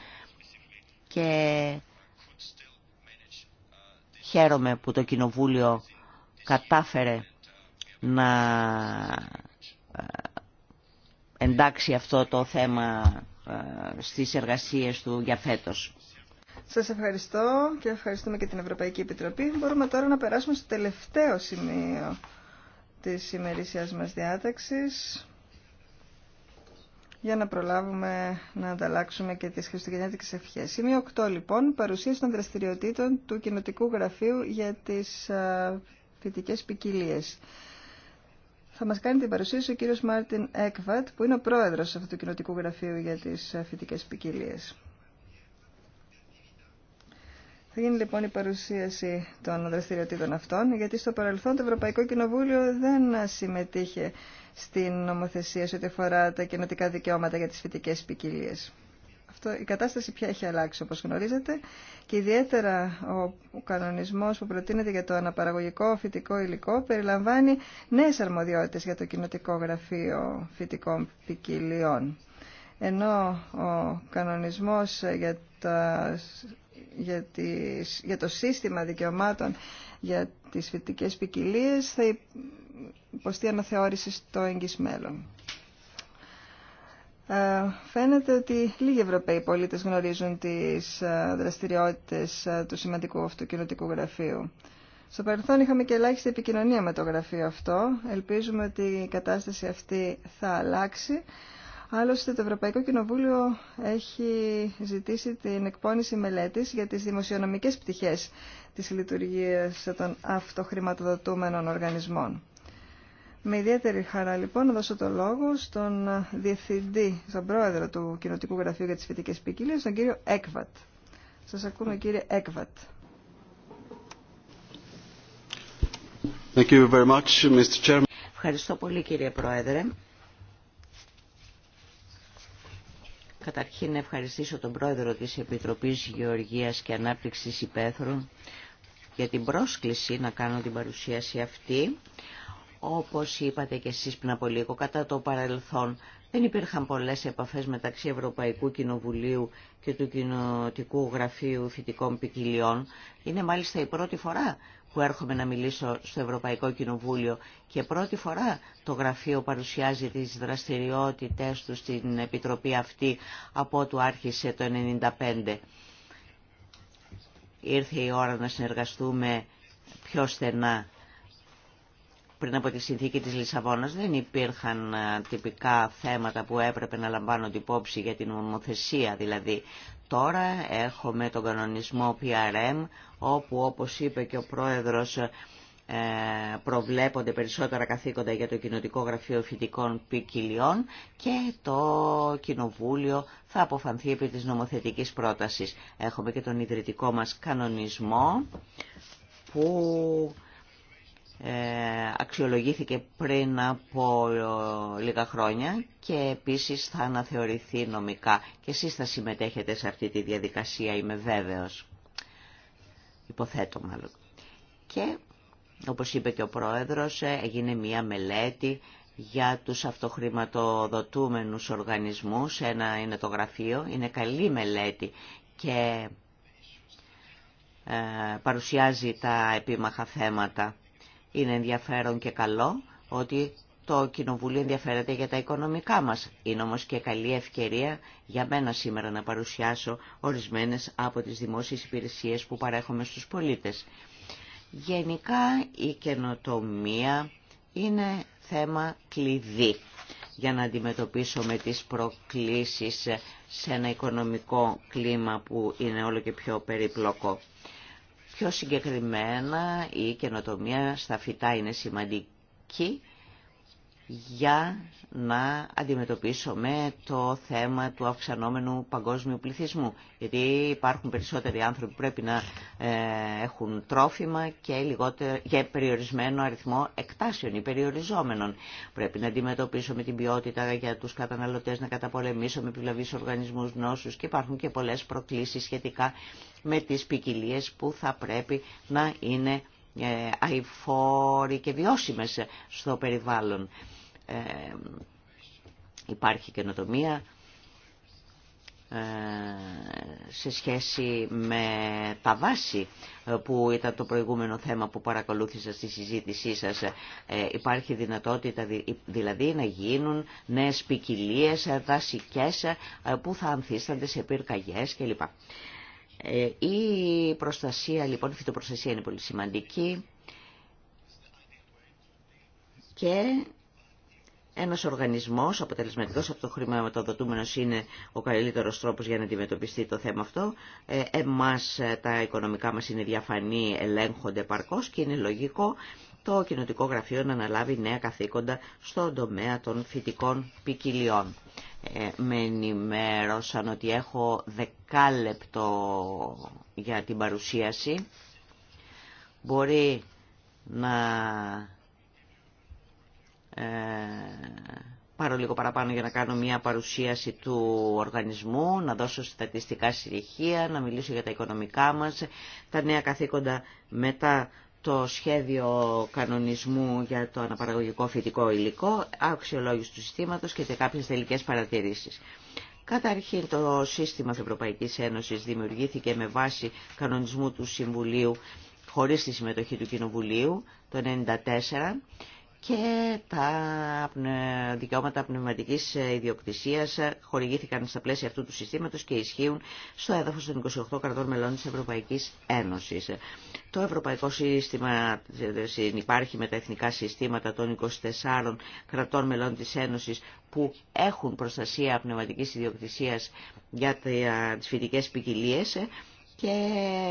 Χαίρομαι που το Κοινοβούλιο κατάφερε να ε, εντάξει αυτό το θέμα ε, στις εργασίες του για φέτος. Σας ευχαριστώ και ευχαριστούμε και την Ευρωπαϊκή Επιτροπή. Μπορούμε τώρα να περάσουμε στο τελευταίο σημείο της ημερήσιας μας διάταξης για να προλάβουμε να ανταλλάξουμε και τις χριστουγεννιάτικες ευχές. Σημείο 8 λοιπόν, παρουσίαση των δραστηριοτήτων του Κοινοτικού Γραφείου για τις φοιτικές ποικιλίε. Θα μας κάνει την παρουσίαση ο κύριος Μάρτιν Έκβατ, που είναι ο πρόεδρος αυτού του Κοινοτικού Γραφείου για τις φοιτικές ποικιλίε. Θα γίνει λοιπόν η παρουσίαση των δραστηριοτήτων αυτών, γιατί στο παρελθόν το Ευρωπαϊκό Κοινοβούλιο δεν συμμετείχε στην νομοθεσία σε ό,τι αφορά τα κοινοτικά δικαιώματα για τις φοιτικές ποικιλίε. η κατάσταση πια έχει αλλάξει όπως γνωρίζετε και ιδιαίτερα ο κανονισμός που προτείνεται για το αναπαραγωγικό φυτικό υλικό περιλαμβάνει νέες αρμοδιότητες για το κοινοτικό γραφείο φυτικών ποικιλιών. Ενώ ο κανονισμός για τα για, τις, για το σύστημα δικαιωμάτων για τις φυτικές ποικιλίε θα υποστεί αναθεώρηση στο έγκυς μέλλον. Ε, φαίνεται ότι λίγοι Ευρωπαίοι πολίτες γνωρίζουν τις ε, δραστηριότητες ε, του σημαντικού αυτού γραφείου. Στο παρελθόν είχαμε και ελάχιστη επικοινωνία με το γραφείο αυτό. Ελπίζουμε ότι η κατάσταση αυτή θα αλλάξει Άλλωστε το Ευρωπαϊκό Κοινοβούλιο έχει ζητήσει την εκπόνηση μελέτης για τις δημοσιονομικές πτυχές της λειτουργίας των αυτοχρηματοδοτούμενων οργανισμών. Με ιδιαίτερη χαρά λοιπόν να δώσω το λόγο στον Διευθυντή, στον Πρόεδρο του Κοινοτικού Γραφείου για τις Φυτικές Ποικιλίες, τον κύριο Έκβατ. Σας ακούμε κύριε Έκβατ. Thank you very much, Mr. Ευχαριστώ πολύ κύριε Πρόεδρε. Καταρχήν ευχαριστήσω τον πρόεδρο της Επιτροπής Γεωργίας και Ανάπτυξης Υπέθρων για την πρόσκληση να κάνω την παρουσίαση αυτή. Όπως είπατε και εσείς πριν από λίγο, κατά το παρελθόν δεν υπήρχαν πολλές επαφές μεταξύ Ευρωπαϊκού Κοινοβουλίου και του Κοινοτικού Γραφείου Φυτικών Ποικιλιών. Είναι μάλιστα η πρώτη φορά που έρχομαι να μιλήσω στο Ευρωπαϊκό Κοινοβούλιο και πρώτη φορά το γραφείο παρουσιάζει τις δραστηριότητες του στην Επιτροπή αυτή από ότου άρχισε το 1995. Ήρθε η ώρα να συνεργαστούμε πιο στενά. Πριν από τη συνθήκη της Λισαβόνας δεν υπήρχαν ε, τυπικά θέματα που έπρεπε να λαμβάνονται υπόψη για την ομοθεσία δηλαδή. Τώρα έχουμε τον κανονισμό PRM, όπου όπως είπε και ο πρόεδρος ε, προβλέπονται περισσότερα καθήκοντα για το Κοινοτικό Γραφείο Φοιτικών Ποικιλιών και το Κοινοβούλιο θα αποφανθεί επί της νομοθετικής πρότασης. Έχουμε και τον ιδρυτικό μας κανονισμό που ε, αξιολογήθηκε πριν από ε, λίγα χρόνια και επίσης θα αναθεωρηθεί νομικά. Και εσείς θα συμμετέχετε σε αυτή τη διαδικασία, είμαι βέβαιος. Υποθέτω μάλλον. Και όπως είπε και ο Πρόεδρος, ε, έγινε μία μελέτη για τους αυτοχρηματοδοτούμενους οργανισμούς. Ένα είναι το γραφείο, είναι καλή μελέτη και παρουσιάζει τα επίμαχα θέματα είναι ενδιαφέρον και καλό ότι το Κοινοβούλιο ενδιαφέρεται για τα οικονομικά μας. Είναι όμως και καλή ευκαιρία για μένα σήμερα να παρουσιάσω ορισμένες από τις δημόσιες υπηρεσίες που παρέχουμε στους πολίτες. Γενικά η καινοτομία είναι θέμα κλειδί για να αντιμετωπίσουμε τις προκλήσεις σε ένα οικονομικό κλίμα που είναι όλο και πιο περιπλοκό. Πιο συγκεκριμένα η καινοτομία στα φυτά είναι σημαντική για να αντιμετωπίσουμε το θέμα του αυξανόμενου παγκόσμιου πληθυσμού. Γιατί υπάρχουν περισσότεροι άνθρωποι που πρέπει να ε, έχουν τρόφιμα και, λιγότερο, περιορισμένο αριθμό εκτάσεων ή περιοριζόμενων. Πρέπει να αντιμετωπίσουμε την ποιότητα για τους καταναλωτές, να καταπολεμήσουμε επιβλαβείς οργανισμούς νόσους και υπάρχουν και πολλές προκλήσεις σχετικά με τις ποικιλίε που θα πρέπει να είναι ε, αηφόροι και βιώσιμες στο περιβάλλον. Ε, υπάρχει καινοτομία ε, σε σχέση με τα βάση που ήταν το προηγούμενο θέμα που παρακολούθησα στη συζήτησή σας ε, υπάρχει δυνατότητα δηλαδή να γίνουν νέες ποικιλίε δασικές που θα ανθίστανται σε πυρκαγιές κλπ. Η προστασία λοιπόν, η φυτοπροστασία είναι πολύ σημαντική και ένας οργανισμός αποτελεσματικός από το χρηματοδοτούμενο είναι ο καλύτερος τρόπος για να αντιμετωπιστεί το θέμα αυτό. Ε, εμάς ε, τα οικονομικά μας είναι διαφανή, ελέγχονται παρκώς και είναι λογικό το κοινοτικό γραφείο να αναλάβει νέα καθήκοντα στον τομέα των φυτικών ποικιλιών. Ε, με ενημέρωσαν ότι έχω δεκάλεπτο για την παρουσίαση. Μπορεί να λίγο παραπάνω για να κάνω μια παρουσίαση του οργανισμού, να δώσω στατιστικά συνεχεία, να μιλήσω για τα οικονομικά μας, τα νέα καθήκοντα μετά το σχέδιο κανονισμού για το αναπαραγωγικό φυτικό υλικό, αξιολόγηση του συστήματος και κάποιες τελικές παρατηρήσεις. Καταρχήν το σύστημα της Ευρωπαϊκής Ένωσης δημιουργήθηκε με βάση κανονισμού του Συμβουλίου χωρίς τη συμμετοχή του Κοινοβουλίου το 1994 και τα δικαιώματα πνευματικής ε, ιδιοκτησίας ε, χορηγήθηκαν στα πλαίσια αυτού του συστήματος και ισχύουν στο έδαφος των 28 κρατών μελών της Ευρωπαϊκής Ένωσης. Το Ευρωπαϊκό Σύστημα ε, υπάρχει με τα εθνικά συστήματα των 24 κρατών μελών της Ένωσης που έχουν προστασία πνευματικής ιδιοκτησίας για τις φοιτικές ποικιλίε και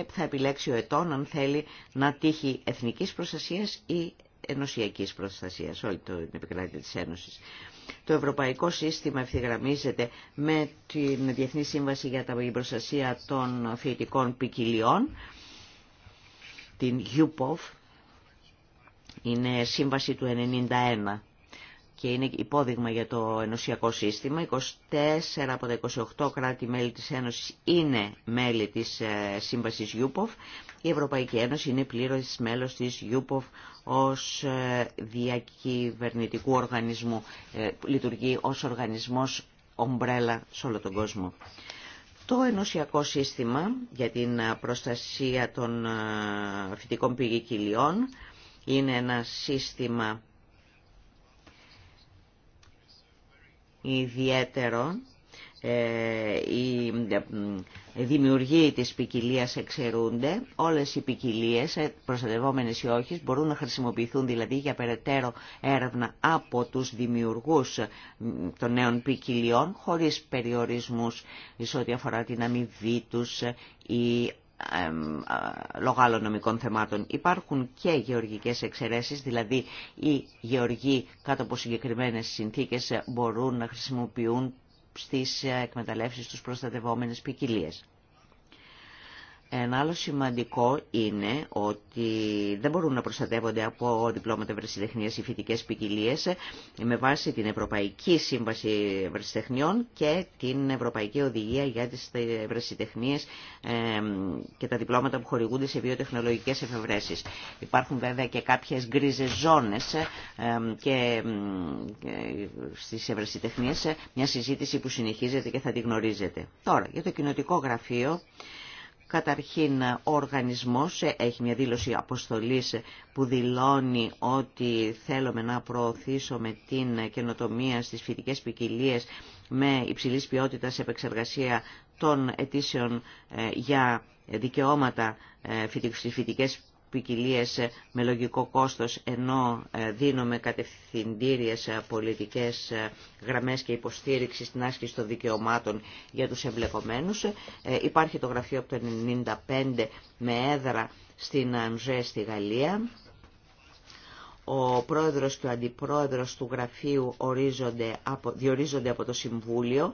θα επιλέξει ο ετών αν θέλει να τύχει εθνικής προστασίας ή ενωσιακής προστασίας, όλη την επικράτεια της Ένωσης. Το Ευρωπαϊκό Σύστημα ευθυγραμμίζεται με την Διεθνή Σύμβαση για την Προστασία των Φοιητικών Ποικιλιών, την UPOV, είναι σύμβαση του 1991 και είναι υπόδειγμα για το ενωσιακό σύστημα. 24 από τα 28 κράτη-μέλη της Ένωσης είναι μέλη της ε, σύμβασης UPOV η Ευρωπαϊκή Ένωση είναι πλήρως μέλος της UPOV ως ε, διακυβερνητικού οργανισμού. Ε, λειτουργεί ως οργανισμός ομπρέλα σε όλο τον κόσμο. Το ενωσιακό σύστημα για την ε, προστασία των φυτικών πηγικυλιών είναι ένα σύστημα ιδιαίτερο ε, ε, οι δημιουργοί της ποικιλία εξαιρούνται, όλες οι ποικιλίε, ε, προστατευόμενες ή όχι, μπορούν να χρησιμοποιηθούν δηλαδή για περαιτέρω έρευνα από τους δημιουργούς των νέων ποικιλιών, χωρίς περιορισμούς σε ό,τι αφορά την αμοιβή τους ή λόγω νομικών θεμάτων. Υπάρχουν και γεωργικές εξαιρέσεις, δηλαδή οι γεωργοί κάτω από συγκεκριμένες συνθήκες μπορούν να χρησιμοποιούν στις εκμεταλλεύσεις τους προστατευόμενες ποικιλίε. Ένα άλλο σημαντικό είναι ότι δεν μπορούν να προστατεύονται από διπλώματα ευρεσιτεχνία ή φοιτικέ ποικιλίε με βάση την Ευρωπαϊκή Σύμβαση Ευρεσιτεχνιών και την Ευρωπαϊκή Οδηγία για τι Ευρεσιτεχνίε και τα διπλώματα που χορηγούνται σε βιοτεχνολογικέ εφευρέσει. Υπάρχουν βέβαια και κάποιε γκρίζε ζώνε και στι ευρεσιτεχνίε μια συζήτηση που συνεχίζεται και θα τη γνωρίζετε. Τώρα, για το κοινοτικό γραφείο. Καταρχήν ο οργανισμός έχει μια δήλωση αποστολής που δηλώνει ότι θέλουμε να προωθήσουμε την καινοτομία στις φυτικές ποικιλίε με υψηλή ποιότητα σε επεξεργασία των αιτήσεων ε, για δικαιώματα ε, στις φυτικές ε, με λογικό κόστος ενώ ε, δίνουμε κατευθυντήριες ε, πολιτικές γραμμές και υποστήριξη στην άσκηση των δικαιωμάτων για τους εμπλεκομένους. Υπάρχει το γραφείο από το 1995 με έδρα στην Ανζέ στη Γαλλία. Ο πρόεδρος και ο αντιπρόεδρος του γραφείου ορίζονται από, διορίζονται από το Συμβούλιο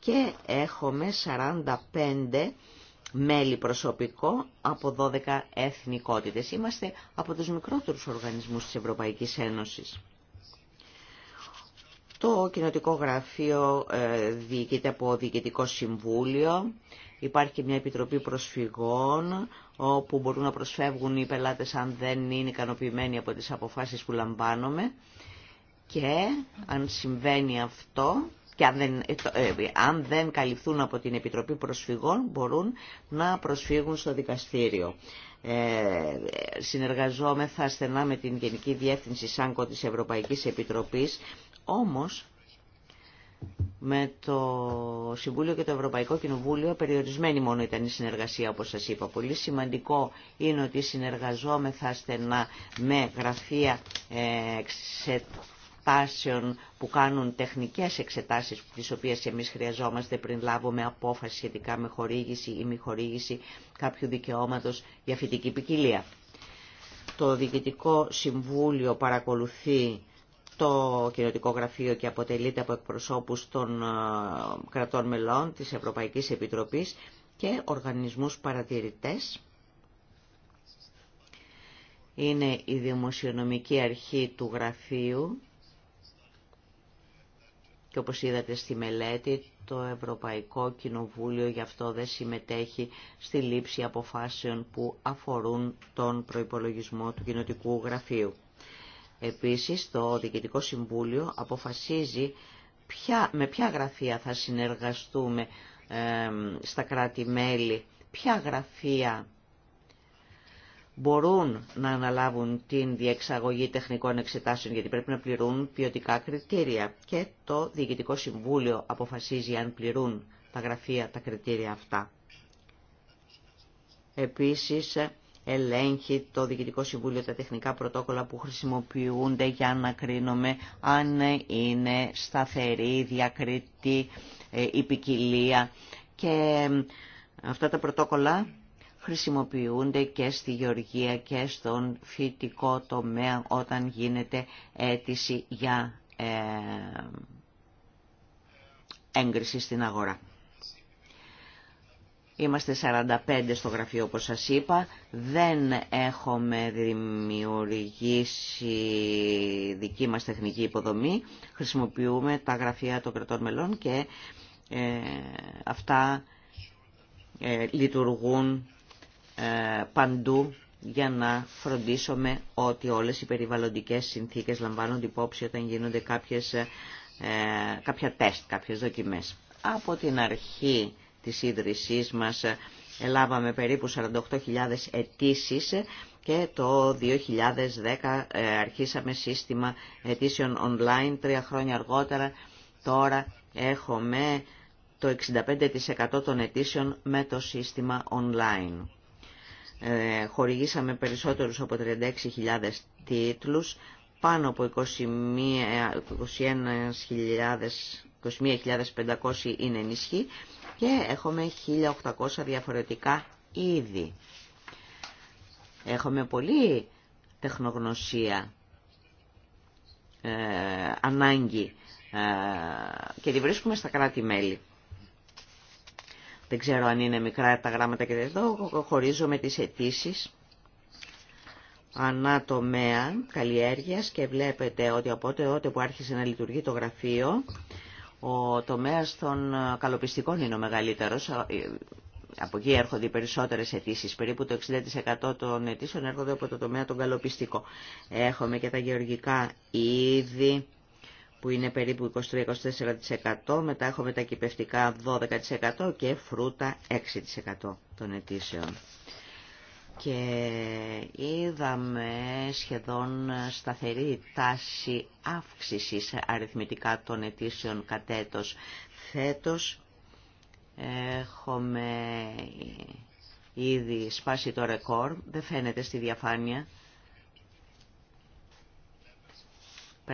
και έχουμε 45 μέλη προσωπικό από 12 εθνικότητες. Είμαστε από τους μικρότερους οργανισμούς της Ευρωπαϊκής Ένωσης. Το κοινοτικό γραφείο ε, διοικείται από διοικητικό συμβούλιο. Υπάρχει μια επιτροπή προσφυγών, όπου μπορούν να προσφεύγουν οι πελάτες αν δεν είναι ικανοποιημένοι από τις αποφάσεις που λαμβάνομαι. Και αν συμβαίνει αυτό, και αν δεν, ε, ε, αν δεν καλυφθούν από την Επιτροπή Προσφυγών μπορούν να προσφύγουν στο δικαστήριο. Ε, συνεργαζόμεθα στενά με την Γενική Διεύθυνση ΣΑΝΚΟ της Ευρωπαϊκής Επιτροπής, όμως με το Συμβούλιο και το Ευρωπαϊκό Κοινοβούλιο περιορισμένη μόνο ήταν η συνεργασία όπως σας είπα. Πολύ σημαντικό είναι ότι συνεργαζόμεθα στενά με γραφεία ε, που κάνουν τεχνικές εξετάσεις τις οποίες εμείς χρειαζόμαστε πριν λάβουμε απόφαση σχετικά με χορήγηση ή μη χορήγηση κάποιου δικαιώματος για φυτική ποικιλία. Το Διοικητικό Συμβούλιο παρακολουθεί το κοινοτικό γραφείο και αποτελείται από εκπροσώπους των ε, κρατών μελών της Ευρωπαϊκής Επιτροπής και οργανισμούς παρατηρητές. Είναι η μη χορηγηση καποιου δικαιωματος για φοιτικη ποικιλια το διοικητικο συμβουλιο παρακολουθει το κοινοτικο γραφειο και αποτελειται αρχή του γραφείου και όπως είδατε στη μελέτη, το Ευρωπαϊκό Κοινοβούλιο γι' αυτό δεν συμμετέχει στη λήψη αποφάσεων που αφορούν τον προϋπολογισμό του Κοινοτικού Γραφείου. Επίσης, το Διοικητικό Συμβούλιο αποφασίζει με ποια γραφεία θα συνεργαστούμε ε, στα κράτη-μέλη, ποια γραφεία μπορούν να αναλάβουν την διεξαγωγή τεχνικών εξετάσεων γιατί πρέπει να πληρούν ποιοτικά κριτήρια και το Διοικητικό Συμβούλιο αποφασίζει αν πληρούν τα γραφεία τα κριτήρια αυτά. Επίσης, ελέγχει το Διοικητικό Συμβούλιο τα τεχνικά πρωτόκολλα που χρησιμοποιούνται για να κρίνουμε αν είναι σταθερή, διακριτή ε, η ποικιλία και ε, αυτά τα πρωτόκολλα χρησιμοποιούνται και στη γεωργία και στον φυτικό τομέα όταν γίνεται αίτηση για ε, έγκριση στην αγορά. Είμαστε 45 στο γραφείο όπως σας είπα, δεν έχουμε δημιουργήσει δική μας τεχνική υποδομή, χρησιμοποιούμε τα γραφεία των κρατών μελών και ε, αυτά ε, λειτουργούν ε, παντού για να φροντίσουμε ότι όλες οι περιβαλλοντικές συνθήκες λαμβάνονται υπόψη όταν γίνονται κάποιες, ε, κάποια τεστ, κάποιες δοκιμές. Από την αρχή της ίδρυσής μας ε, λάβαμε περίπου 48.000 αιτήσει και το 2010 αρχίσαμε σύστημα αιτήσεων online. Τρία χρόνια αργότερα τώρα έχουμε το 65% των αιτήσεων με το σύστημα online. Ε, χορηγήσαμε περισσότερους από 36.000 τίτλους, πάνω από 21.500 είναι ενισχύ και έχουμε 1.800 διαφορετικά είδη. Έχουμε πολύ τεχνογνωσία, ε, ανάγκη ε, και τη βρίσκουμε στα κράτη-μέλη. Δεν ξέρω αν είναι μικρά τα γράμματα και εδώ χωρίζομαι τις αιτήσει τομέα καλλιέργειας και βλέπετε ότι οπότε τότε που άρχισε να λειτουργεί το γραφείο ο τομέας των καλοπιστικών είναι ο μεγαλύτερος. Από εκεί έρχονται οι περισσότερες αιτήσει. Περίπου το 60% των αιτήσεων έρχονται από το τομέα των καλοπιστικών. Έχουμε και τα γεωργικά είδη που είναι περίπου 23-24%, μετά έχουμε τα κυπευτικά 12% και φρούτα 6% των αιτήσεων. Και είδαμε σχεδόν σταθερή τάση αύξησης αριθμητικά των αιτήσεων κατέτος θέτος Έχουμε ήδη σπάσει το ρεκόρ, δεν φαίνεται στη διαφάνεια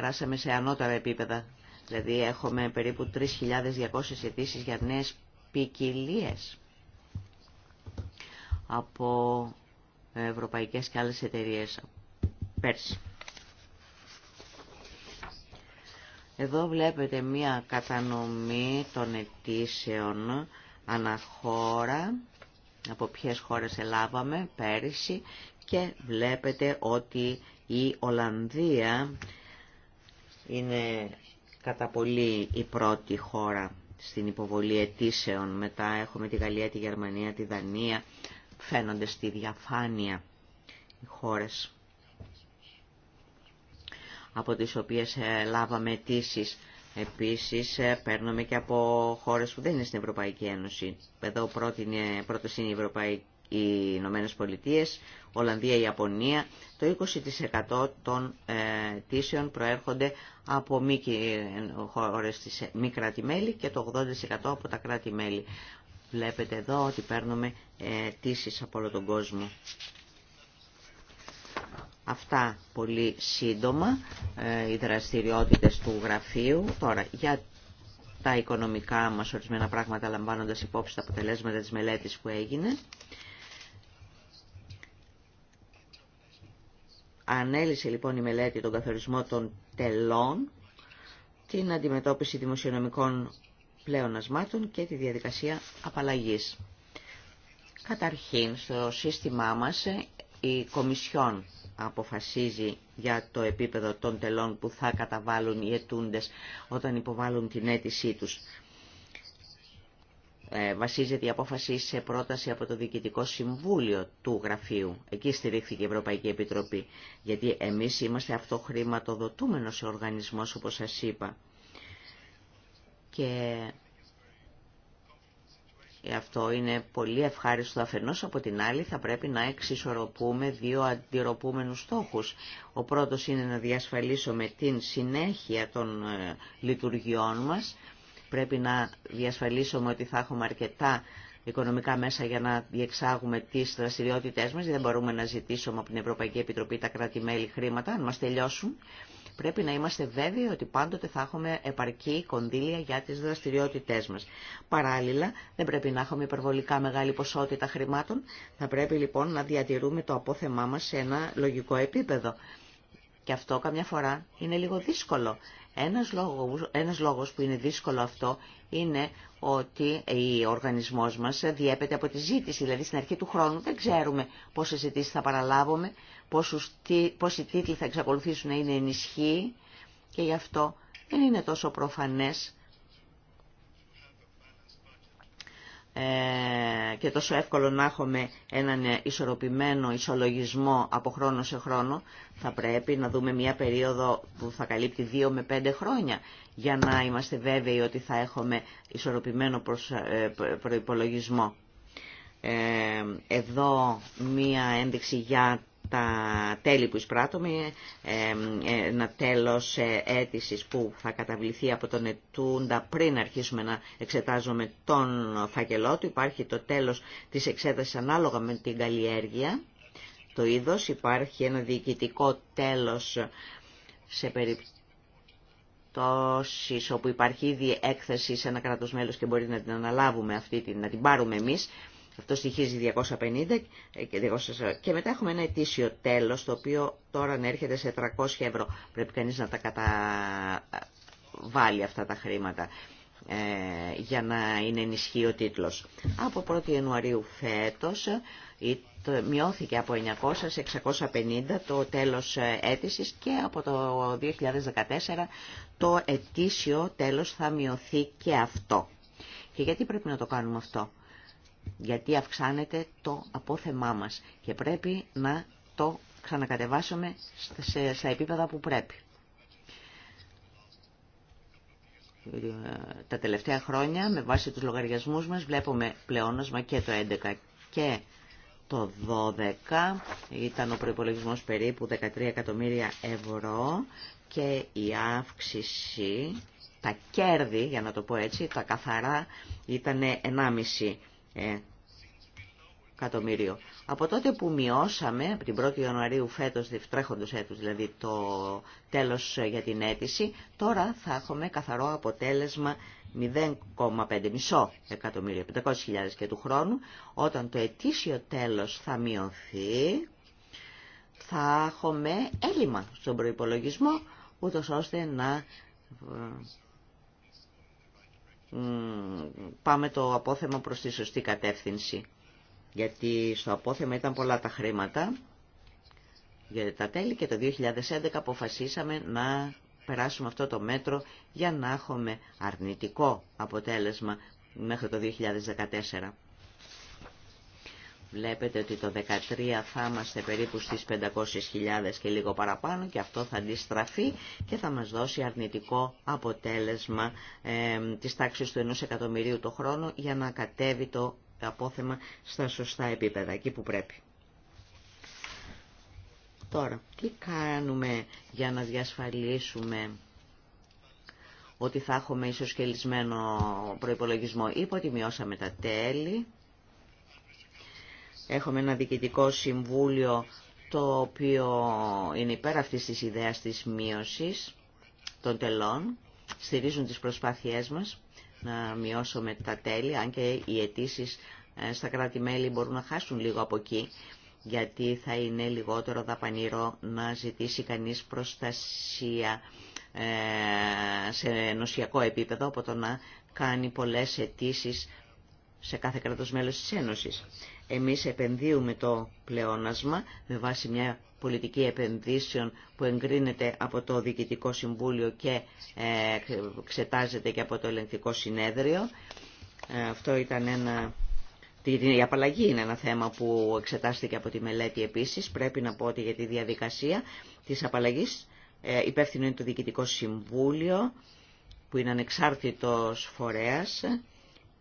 περάσαμε σε ανώτερα επίπεδα. Δηλαδή έχουμε περίπου 3.200 αιτήσει για νέε ποικιλίε από ευρωπαϊκές και άλλες εταιρείες πέρσι. Εδώ βλέπετε μία κατανομή των αιτήσεων αναχώρα, από ποιες χώρες ελάβαμε πέρυσι και βλέπετε ότι η Ολλανδία είναι κατά πολύ η πρώτη χώρα στην υποβολή αιτήσεων. Μετά έχουμε τη Γαλλία, τη Γερμανία, τη Δανία. Φαίνονται στη διαφάνεια οι χώρες από τις οποίες ε, λάβαμε αιτήσει. Επίσης ε, παίρνουμε και από χώρες που δεν είναι στην Ευρωπαϊκή Ένωση. Εδώ πρώτη είναι, πρώτος είναι η Ευρωπαϊκή οι Ηνωμένε Πολιτείε, Ολλανδία, Ιαπωνία, το 20% των ε, τήσεων προέρχονται από μη, χώρες ε, μη κράτη-μέλη και το 80% από τα κράτη-μέλη. Βλέπετε εδώ ότι παίρνουμε ε, τήσεις από όλο τον κόσμο. Αυτά πολύ σύντομα ε, οι δραστηριότητες του γραφείου. Τώρα, για τα οικονομικά μας ορισμένα πράγματα λαμβάνοντας υπόψη τα αποτελέσματα της μελέτης που έγινε. Ανέλησε λοιπόν η μελέτη τον καθορισμό των τελών, την αντιμετώπιση δημοσιονομικών πλεονασμάτων και τη διαδικασία απαλλαγής. Καταρχήν, στο σύστημά μας η Κομισιόν αποφασίζει για το επίπεδο των τελών που θα καταβάλουν οι ετούντες όταν υποβάλουν την αίτησή τους. Ε, βασίζεται η απόφαση σε πρόταση από το Διοικητικό Συμβούλιο του Γραφείου. Εκεί στηρίχθηκε η Ευρωπαϊκή Επιτροπή, γιατί εμείς είμαστε αυτοχρηματοδοτούμενος οργανισμός, όπως σας είπα. Και αυτό είναι πολύ ευχάριστο αφενός, από την άλλη θα πρέπει να εξισορροπούμε δύο αντιρροπούμενους στόχους. Ο πρώτος είναι να διασφαλίσουμε την συνέχεια των ε, λειτουργιών μας, Πρέπει να διασφαλίσουμε ότι θα έχουμε αρκετά οικονομικά μέσα για να διεξάγουμε τι δραστηριότητέ μα. Δεν μπορούμε να ζητήσουμε από την Ευρωπαϊκή Επιτροπή τα κράτη-μέλη χρήματα, αν μα τελειώσουν. Πρέπει να είμαστε βέβαιοι ότι πάντοτε θα έχουμε επαρκή κονδύλια για τι δραστηριότητέ μα. Παράλληλα, δεν πρέπει να έχουμε υπερβολικά μεγάλη ποσότητα χρημάτων. Θα πρέπει λοιπόν να διατηρούμε το απόθεμά μα σε ένα λογικό επίπεδο. Και αυτό καμιά φορά είναι λίγο δύσκολο, ένας λόγος, ένας λόγος που είναι δύσκολο αυτό είναι ότι ο οργανισμός μας διέπεται από τη ζήτηση, δηλαδή στην αρχή του χρόνου δεν ξέρουμε πόσες ζητήσεις θα παραλάβουμε, πόσους, πόσοι τίτλοι θα εξακολουθήσουν να είναι ενισχύοι και γι' αυτό δεν είναι τόσο προφανές Ε, και τόσο εύκολο να έχουμε έναν ισορροπημένο ισολογισμό από χρόνο σε χρόνο, θα πρέπει να δούμε μια περίοδο που θα καλύπτει 2 με 5 χρόνια για να είμαστε βέβαιοι ότι θα έχουμε ισορροπημένο ε, προϋπολογισμό. Ε, εδώ μία ένδειξη για τα τέλη που εισπράττουμε, ένα τέλος ε, αίτησης που θα καταβληθεί από τον ετούντα πριν αρχίσουμε να εξετάζουμε τον φακελό του. Υπάρχει το τέλος της εξέτασης ανάλογα με την καλλιέργεια, το είδος. Υπάρχει ένα διοικητικό τέλος σε περιπτώσεις όπου υπάρχει ήδη έκθεση σε ένα κράτος μέλος και μπορεί να την αναλάβουμε αυτή, να την πάρουμε εμείς. Αυτό στοιχίζει 250 και μετά έχουμε ένα ετήσιο τέλος το οποίο τώρα ανέρχεται σε 300 ευρώ. Πρέπει κανείς να τα καταβάλει αυτά τα χρήματα ε, για να είναι ενισχύει ο τίτλος. Από 1η Ιανουαρίου φέτος μειώθηκε από 900 σε 650 το τέλος ε, αίτησης και από το 2014 το ετήσιο τέλος θα μειωθεί και αυτό. Και γιατί πρέπει να το κάνουμε αυτό γιατί αυξάνεται το απόθεμά μας και πρέπει να το ξανακατεβάσουμε στα επίπεδα που πρέπει. Τα τελευταία χρόνια, με βάση τους λογαριασμούς μας, βλέπουμε πλεόνασμα και το 11 και το 12. Ήταν ο προϋπολογισμός περίπου 13 εκατομμύρια ευρώ και η αύξηση, τα κέρδη, για να το πω έτσι, τα καθαρά ήταν 1,5 εκατομμύριο. Από τότε που μειώσαμε, από την 1η Ιανουαρίου φέτος, τρέχοντος έτους δηλαδή το τέλος ε, για την αίτηση, τώρα θα έχουμε καθαρό αποτέλεσμα 0,5 μισό εκατομμύριο, 500.000 και του χρόνου, όταν το ετήσιο τέλος θα μειωθεί, θα έχουμε έλλειμμα στον προϋπολογισμό, ούτως ώστε να ε, πάμε το απόθεμα προς τη σωστή κατεύθυνση. Γιατί στο απόθεμα ήταν πολλά τα χρήματα για τα τέλη και το 2011 αποφασίσαμε να περάσουμε αυτό το μέτρο για να έχουμε αρνητικό αποτέλεσμα μέχρι το 2014. Βλέπετε ότι το 2013 θα είμαστε περίπου στις 500.000 και λίγο παραπάνω και αυτό θα αντιστραφεί και θα μας δώσει αρνητικό αποτέλεσμα ε, της τάξης του 1 εκατομμυρίου το χρόνο για να κατέβει το απόθεμα στα σωστά επίπεδα, εκεί που πρέπει. Τώρα, τι κάνουμε για να διασφαλίσουμε ότι θα έχουμε ισοσκελισμένο προϋπολογισμό. Είπα ότι μειώσαμε τα τέλη Έχουμε ένα διοικητικό συμβούλιο το οποίο είναι υπέρ αυτής της ιδέας της μείωσης των τελών. Στηρίζουν τις προσπάθειές μας να μειώσουμε τα τέλη, αν και οι αιτήσει ε, στα κράτη-μέλη μπορούν να χάσουν λίγο από εκεί, γιατί θα είναι λιγότερο δαπανηρό να ζητήσει κανείς προστασία ε, σε νοσιακό επίπεδο από το να κάνει πολλές αιτήσει σε κάθε κράτος μέλος της Ένωσης. Εμείς επενδύουμε το πλεόνασμα με βάση μια πολιτική επενδύσεων που εγκρίνεται από το Διοικητικό Συμβούλιο και ε, εξετάζεται και από το Ελεγκτικό Συνέδριο. Ε, αυτό ήταν ένα... Η απαλλαγή είναι ένα θέμα που εξετάστηκε από τη μελέτη επίσης. Πρέπει να πω ότι για τη διαδικασία της απαλλαγής ε, υπεύθυνο είναι το Διοικητικό Συμβούλιο που είναι ανεξάρτητος φορέας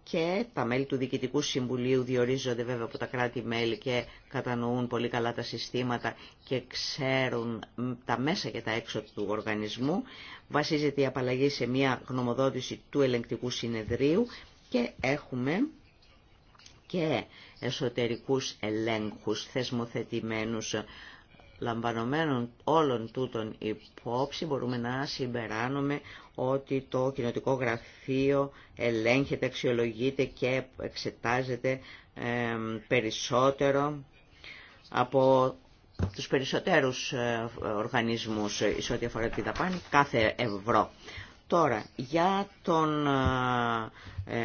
και τα μέλη του Διοικητικού Συμβουλίου διορίζονται βέβαια από τα κράτη-μέλη και κατανοούν πολύ καλά τα συστήματα και ξέρουν τα μέσα και τα έξω του οργανισμού. Βασίζεται η απαλλαγή σε μια γνωμοδότηση του ελεγκτικού συνεδρίου και έχουμε και εσωτερικούς ελέγχους θεσμοθετημένους Λαμβανομένων όλων τούτων υπόψη μπορούμε να συμπεράνουμε ότι το κοινοτικό γραφείο ελέγχεται, αξιολογείται και εξετάζεται περισσότερο από τους περισσότερους ε, οργανισμούς σε ό,τι αφορά τη δαπάνη κάθε ευρώ. Τώρα, για τον ε,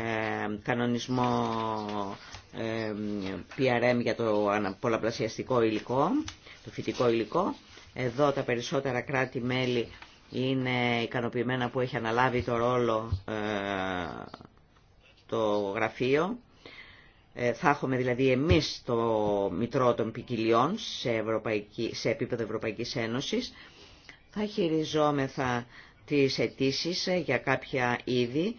κανονισμό ε, PRM για το πολλαπλασιαστικό υλικό, το φυτικό υλικό. Εδώ τα περισσότερα κράτη-μέλη είναι ικανοποιημένα που έχει αναλάβει το ρόλο ε, το γραφείο. Ε, θα έχουμε δηλαδή εμείς το Μητρό των Ποικιλιών σε, Ευρωπαϊκή, σε επίπεδο Ευρωπαϊκής Ένωσης. Θα χειριζόμεθα τις αιτήσει ε, για κάποια είδη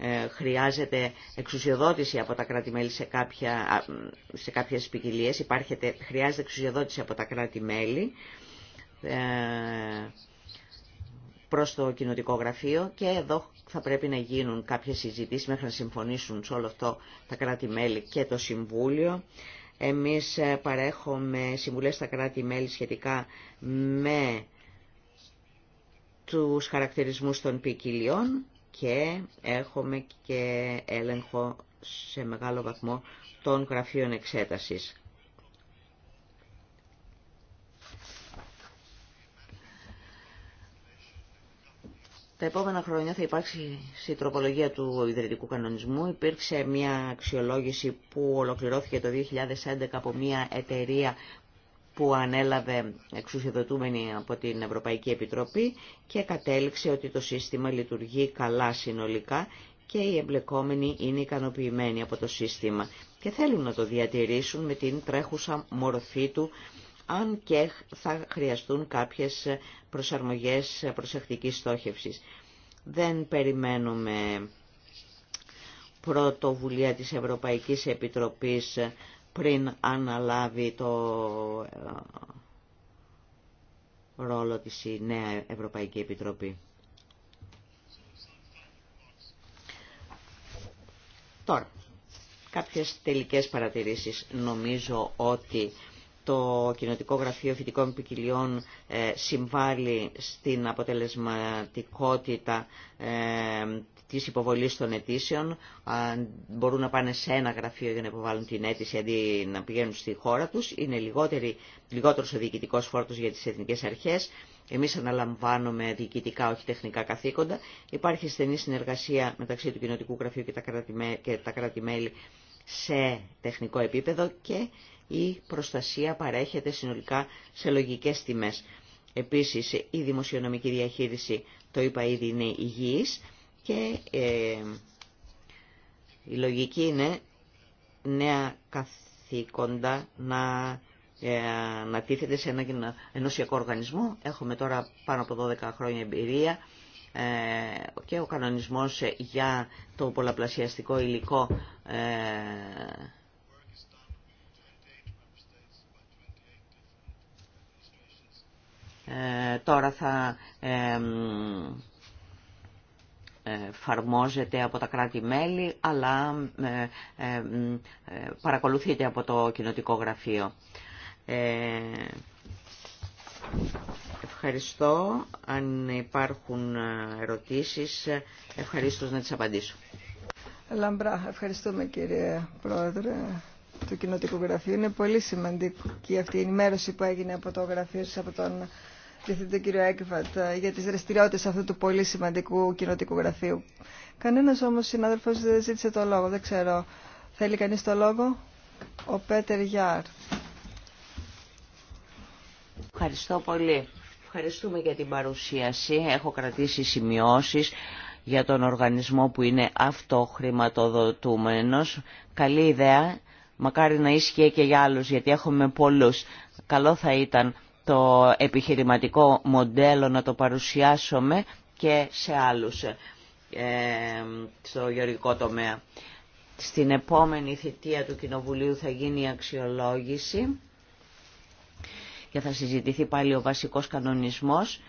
ε, χρειάζεται εξουσιοδότηση από τα κράτη-μέλη σε, κάποια, σε κάποιες ποικιλίε. χρειάζεται εξουσιοδότηση από τα κράτη-μέλη ε, προς το κοινοτικό γραφείο και εδώ θα πρέπει να γίνουν κάποιες συζητήσεις μέχρι να συμφωνήσουν σε όλο αυτό τα κράτη-μέλη και το Συμβούλιο. Εμείς ε, παρέχουμε συμβουλές στα κράτη-μέλη σχετικά με τους χαρακτηρισμούς των ποικιλιών και έχουμε και έλεγχο σε μεγάλο βαθμό των γραφείων εξέτασης. Τα επόμενα χρόνια θα υπάρξει η τροπολογία του ιδρυτικού κανονισμού. Υπήρξε μια αξιολόγηση που ολοκληρώθηκε το 2011 από μια εταιρεία που ανέλαβε εξουσιοδοτούμενη από την Ευρωπαϊκή Επιτροπή και κατέληξε ότι το σύστημα λειτουργεί καλά συνολικά και οι εμπλεκόμενοι είναι ικανοποιημένοι από το σύστημα και θέλουν να το διατηρήσουν με την τρέχουσα μορφή του αν και θα χρειαστούν κάποιες προσαρμογές προσεκτικής στόχευσης. Δεν περιμένουμε πρωτοβουλία της Ευρωπαϊκής Επιτροπής πριν αναλάβει το ε, ρόλο της η νέα Ευρωπαϊκή Επιτροπή. Τώρα, κάποιες τελικές παρατηρήσεις. Νομίζω ότι το Κοινοτικό Γραφείο Φοιτικών Ποικιλιών ε, συμβάλλει στην αποτελεσματικότητα ε, τη υποβολή των αιτήσεων μπορούν να πάνε σε ένα γραφείο για να υποβάλουν την αίτηση αντί να πηγαίνουν στη χώρα του. Είναι λιγότερο ο διοικητικό φόρτο για τι εθνικέ αρχέ, εμεί αναλαμβάνουμε διοικητικά, όχι τεχνικά καθήκοντα. Υπάρχει στενή συνεργασία μεταξύ του Κοινοτικού Γραφείου και τα κράτη-μέλη σε τεχνικό επίπεδο και η προστασία παρέχεται συνολικά σε λογικές τιμές. Επίσης, η δημοσιονομική διαχείριση, το είπα ήδη, είναι υγιής και ε, η λογική είναι νέα καθήκοντα να, ε, να τίθεται σε ένα ενωσιακό οργανισμό. Έχουμε τώρα πάνω από 12 χρόνια εμπειρία ε, και ο κανονισμός για το πολλαπλασιαστικό υλικό ε, τώρα θα εφαρμόζεται από τα κράτη-μέλη αλλά ε, ε, ε, παρακολουθείται από το κοινοτικό γραφείο. Ευχαριστώ. Αν υπάρχουν ερωτήσεις, ευχαριστώ να τις απαντήσω. Λαμπρά, ευχαριστούμε κύριε Πρόεδρε του Κοινοτικού Γραφείου. Είναι πολύ σημαντική αυτή η ενημέρωση που έγινε από το γραφείο σας, από τον και κύριο Έκβατ ε, για τις δραστηριότητε αυτού του πολύ σημαντικού κοινοτικού γραφείου. Κανένας όμως συνάδελφος δεν ζήτησε το λόγο, δεν ξέρω. Θέλει κανείς το λόγο? Ο Πέτερ Γιάρ. Ευχαριστώ πολύ. Ευχαριστούμε για την παρουσίαση. Έχω κρατήσει σημειώσεις για τον οργανισμό που είναι αυτοχρηματοδοτούμενος. Καλή ιδέα. Μακάρι να ίσχυε και για άλλους, γιατί έχουμε πολλούς. Καλό θα ήταν το επιχειρηματικό μοντέλο να το παρουσιάσουμε και σε άλλους ε, στο γεωργικό τομέα. Στην επόμενη θητεία του Κοινοβουλίου θα γίνει η αξιολόγηση και θα συζητηθεί πάλι ο βασικός κανονισμός.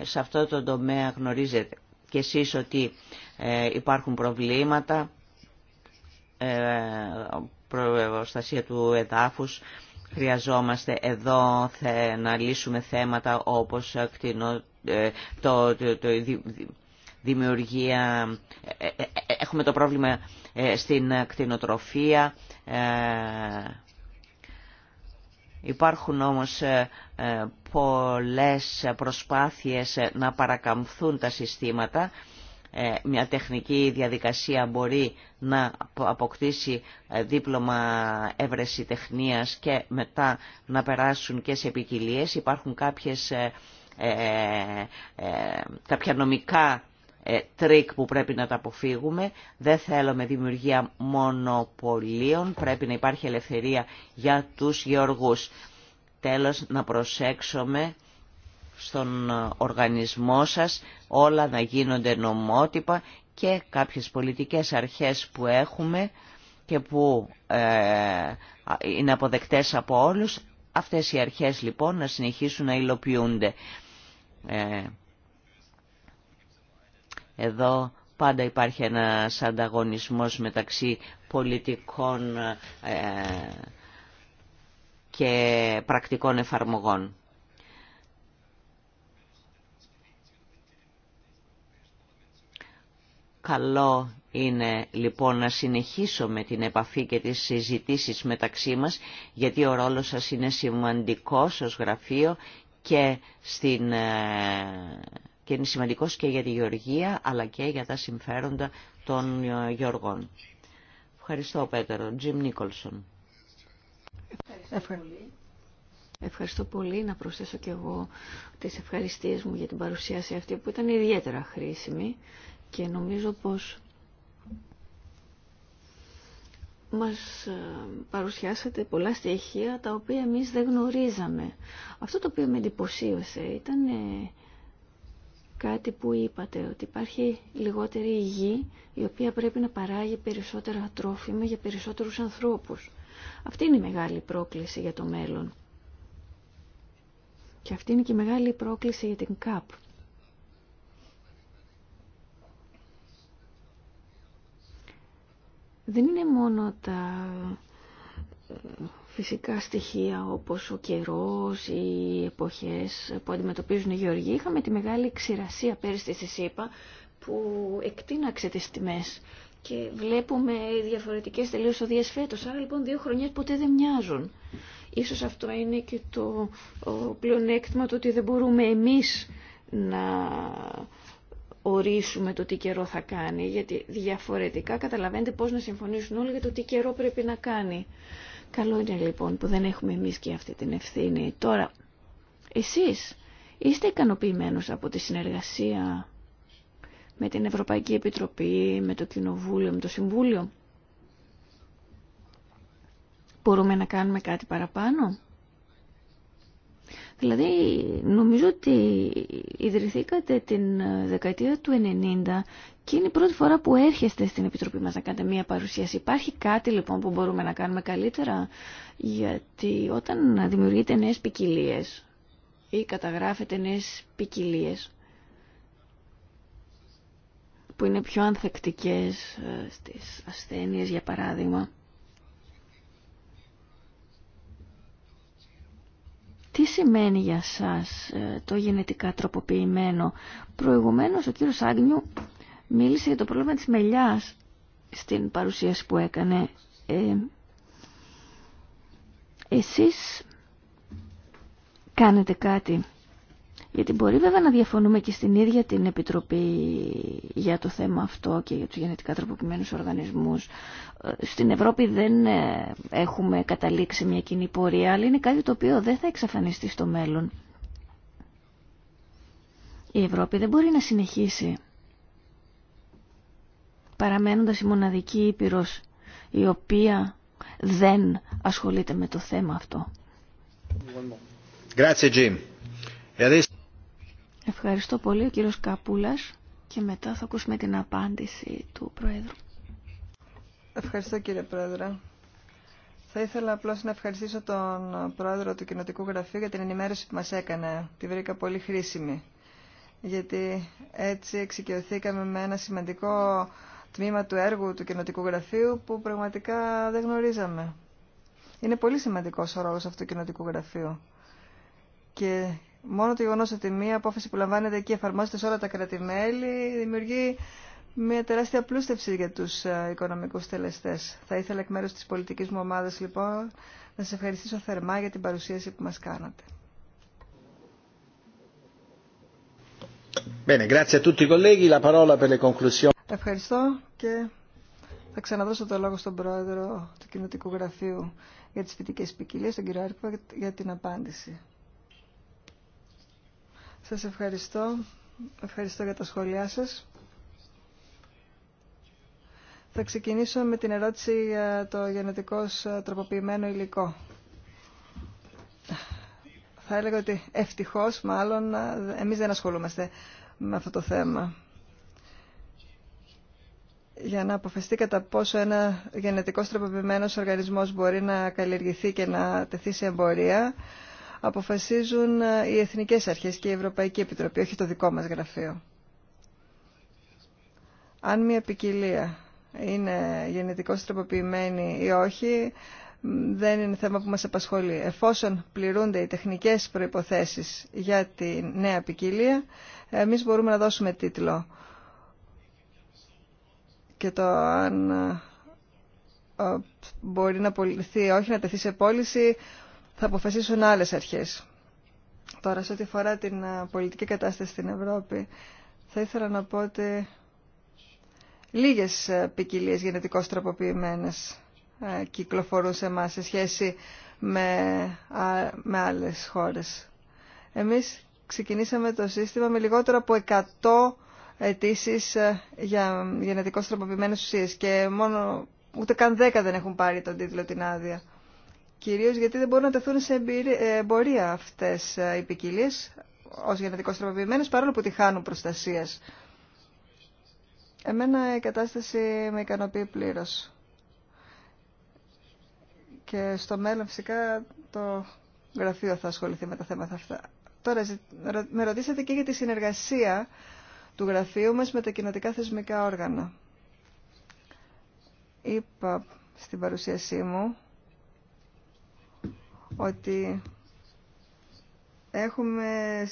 Ε, σε αυτό το τομέα γνωρίζετε και εσείς ότι ε, υπάρχουν προβλήματα, ε, προστασία του εδάφους Χρειαζόμαστε εδώ να λύσουμε θέματα όπως το, δημιουργία... Έχουμε το πρόβλημα ε, στην κτηνοτροφία. Ε, υπάρχουν όμως ε, πολλές προσπάθειες να παρακαμφθούν τα συστήματα ε, μια τεχνική διαδικασία μπορεί να αποκτήσει ε, δίπλωμα έβρεση τεχνίας και μετά να περάσουν και σε ποικιλίε. Υπάρχουν κάποιες, ε, κάποια νομικά τρίκ που πρέπει να τα αποφύγουμε. Δεν θέλουμε δημιουργία μονοπωλίων, πρέπει να υπάρχει ελευθερία για τους γεωργούς. Τέλος, να προσέξουμε στον ε, οργανισμό σας, όλα να γίνονται νομότυπα και κάποιες πολιτικές αρχές που έχουμε και που ε, είναι αποδεκτές από όλους, αυτές οι αρχές λοιπόν να συνεχίσουν να υλοποιούνται. Ε, εδώ πάντα υπάρχει ένας ανταγωνισμός μεταξύ πολιτικών και πρακτικών εφαρμογών. Καλό είναι λοιπόν να συνεχίσουμε την επαφή και τις συζητήσεις μεταξύ μας, γιατί ο ρόλος σας είναι σημαντικός ως γραφείο και, στην, ε, και είναι σημαντικός και για τη γεωργία, αλλά και για τα συμφέροντα των ε, γεωργών. Ευχαριστώ, Πέτερο. Τζιμ Νίκολσον. Ευχαριστώ πολύ. Ευχαριστώ πολύ να προσθέσω και εγώ τις ευχαριστίες μου για την παρουσίαση αυτή που ήταν ιδιαίτερα χρήσιμη και νομίζω πως μας ε, παρουσιάσατε πολλά στοιχεία τα οποία εμείς δεν γνωρίζαμε. Αυτό το οποίο με εντυπωσίωσε ήταν ε, κάτι που είπατε, ότι υπάρχει λιγότερη υγεία η οποία πρέπει να παράγει περισσότερα τρόφιμα για περισσότερους ανθρώπους. Αυτή είναι η μεγάλη πρόκληση για το μέλλον. Και αυτή είναι και η μεγάλη πρόκληση για την ΚΑΠ. δεν είναι μόνο τα ε, φυσικά στοιχεία όπως ο καιρός, οι εποχές που αντιμετωπίζουν οι γεωργοί. Είχαμε τη μεγάλη ξηρασία πέρυσι στη ΣΥΠΑ που εκτείναξε τις τιμές και βλέπουμε διαφορετικές τελείως οδείες φέτος. Άρα λοιπόν δύο χρονιές ποτέ δεν μοιάζουν. Ίσως αυτό είναι και το πλεονέκτημα το ότι δεν μπορούμε εμείς να ορίσουμε το τι καιρό θα κάνει, γιατί διαφορετικά καταλαβαίνετε πώς να συμφωνήσουν όλοι για το τι καιρό πρέπει να κάνει. Καλό είναι λοιπόν που δεν έχουμε εμείς και αυτή την ευθύνη. Τώρα, εσείς είστε ικανοποιημένος από τη συνεργασία με την Ευρωπαϊκή Επιτροπή, με το Κοινοβούλιο, με το Συμβούλιο. Μπορούμε να κάνουμε κάτι παραπάνω. Δηλαδή νομίζω ότι ιδρυθήκατε την ε, δεκαετία του 90 και είναι η πρώτη φορά που έρχεστε στην Επιτροπή μας να κάνετε μία παρουσίαση. Υπάρχει κάτι λοιπόν που μπορούμε να κάνουμε καλύτερα γιατί όταν δημιουργείτε νέες ποικιλίε ή καταγράφετε νέες ποικιλίε που είναι πιο ανθεκτικές ε, στις ασθένειες για παράδειγμα Τι σημαίνει για σας ε, το γενετικά τροποποιημένο. Προηγουμένως ο κύριος Άγνιου μίλησε για το πρόβλημα της μελιάς στην παρουσίαση που έκανε. Ε, εσείς κάνετε κάτι γιατί μπορεί βέβαια να διαφωνούμε και στην ίδια την Επιτροπή για το θέμα αυτό και για τους γενετικά τροποποιημένους οργανισμούς. Ε, στην Ευρώπη δεν ε, έχουμε καταλήξει μια κοινή πορεία, αλλά είναι κάτι το οποίο δεν θα εξαφανιστεί στο μέλλον. Η Ευρώπη δεν μπορεί να συνεχίσει παραμένοντας η μοναδική Ήπειρος η οποία δεν ασχολείται με το θέμα αυτό. Jim. E Ευχαριστώ πολύ ο κύριος Καπούλας και μετά θα ακούσουμε την απάντηση του Πρόεδρου. Ευχαριστώ κύριε Πρόεδρε. Θα ήθελα απλώς να ευχαριστήσω τον Πρόεδρο του Κοινοτικού Γραφείου για την ενημέρωση που μας έκανε. Τη βρήκα πολύ χρήσιμη. Γιατί έτσι εξοικειωθήκαμε με ένα σημαντικό τμήμα του έργου του Κοινοτικού Γραφείου που πραγματικά δεν γνωρίζαμε. Είναι πολύ σημαντικός ο ρόλος αυτού του Κοινοτικού Γραφείου μόνο το γεγονό ότι μία απόφαση που λαμβάνεται εκεί εφαρμόζεται σε όλα τα κράτη-μέλη δημιουργεί μια τεράστια πλούστευση για του ε, οικονομικού τελεστέ. Θα ήθελα εκ μέρου τη πολιτική μου ομάδα λοιπόν να σα ευχαριστήσω θερμά για την παρουσίαση που μα κάνατε. Ευχαριστώ και θα ξαναδώσω το λόγο στον πρόεδρο του Κοινοτικού Γραφείου για τι φοιτικές ποικιλίε, τον κύριο Άρκο, για την απάντηση. Σας ευχαριστώ. Ευχαριστώ για τα σχόλιά σας. Θα ξεκινήσω με την ερώτηση για το γενετικός τροποποιημένο υλικό. Θα έλεγα ότι ευτυχώς μάλλον εμείς δεν ασχολούμαστε με αυτό το θέμα. Για να αποφευστεί κατά πόσο ένα γενετικός τροποποιημένος οργανισμός μπορεί να καλλιεργηθεί και να τεθεί σε εμπορία, αποφασίζουν ε, οι Εθνικές Αρχές και η Ευρωπαϊκή Επιτροπή, όχι το δικό μας γραφείο. Αν μια ποικιλία είναι γενετικώς τροποποιημένη ή όχι, δεν είναι θέμα που μας απασχολεί. Εφόσον πληρούνται οι τεχνικές προϋποθέσεις για τη νέα ποικιλία, εμείς μπορούμε να δώσουμε τίτλο. Και το αν ε, μπορεί να πολιθεί, όχι να τεθεί σε πώληση, θα αποφασίσουν άλλες αρχές. Τώρα, σε ό,τι αφορά την πολιτική κατάσταση στην Ευρώπη, θα ήθελα να πω ότι λίγες ποικιλίε γενετικώς τροποποιημένες κυκλοφορούν σε εμάς σε σχέση με, με άλλες χώρες. Εμείς ξεκινήσαμε το σύστημα με λιγότερο από 100 αιτήσει για γενετικώς τροποποιημένες ουσίες και μόνο ούτε καν 10 δεν έχουν πάρει τον τίτλο την άδεια κυρίως γιατί δεν μπορούν να τεθούν σε ε, εμπορία αυτές ε, οι ποικιλίε ως γενετικώς τροποποιημένες, παρόλο που τη χάνουν προστασίας. Εμένα η κατάσταση με ικανοποιεί πλήρως. Και στο μέλλον φυσικά το γραφείο θα ασχοληθεί με τα θέματα αυτά. Τώρα με ρωτήσατε και για τη συνεργασία του γραφείου μας με τα κοινοτικά θεσμικά όργανα. Είπα στην παρουσίασή μου ότι έχουμε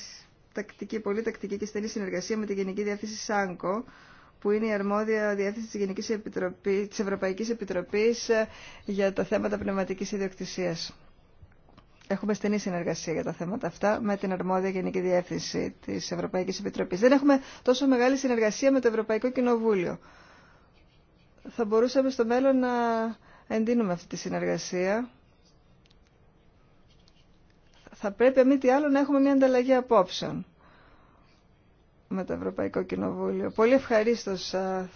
τακτική, πολύ τακτική και στενή συνεργασία με τη Γενική Διεύθυνση ΣΑΝΚΟ, που είναι η αρμόδια διεύθυνση της, Γενικής Επιτροπής, της Ευρωπαϊκής Επιτροπής ε, για τα θέματα πνευματικής ιδιοκτησίας. Έχουμε στενή συνεργασία για τα θέματα αυτά με την αρμόδια Γενική Διεύθυνση της Ευρωπαϊκής Επιτροπής. Δεν έχουμε τόσο μεγάλη συνεργασία με το Ευρωπαϊκό Κοινοβούλιο. Θα μπορούσαμε στο μέλλον να εντείνουμε αυτή τη συνεργασία θα πρέπει μη τι άλλο να έχουμε μια ανταλλαγή απόψεων με το Ευρωπαϊκό Κοινοβούλιο. Πολύ ευχαρίστω θα,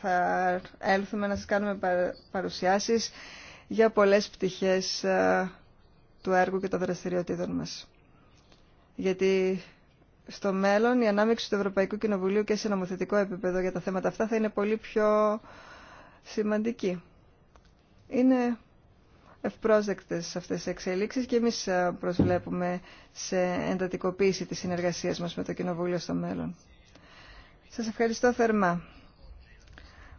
θα έλθουμε να σα κάνουμε παρουσιάσει για πολλέ πτυχέ του έργου και των δραστηριοτήτων μα. Γιατί στο μέλλον η ανάμειξη του Ευρωπαϊκού Κοινοβουλίου και σε νομοθετικό επίπεδο για τα θέματα αυτά θα είναι πολύ πιο σημαντική. Είναι ευπρόσδεκτες αυτές οι εξελίξεις και εμείς ε, προσβλέπουμε σε εντατικοποίηση της συνεργασίας μας με το Κοινοβούλιο στο μέλλον. Σας ευχαριστώ θερμά.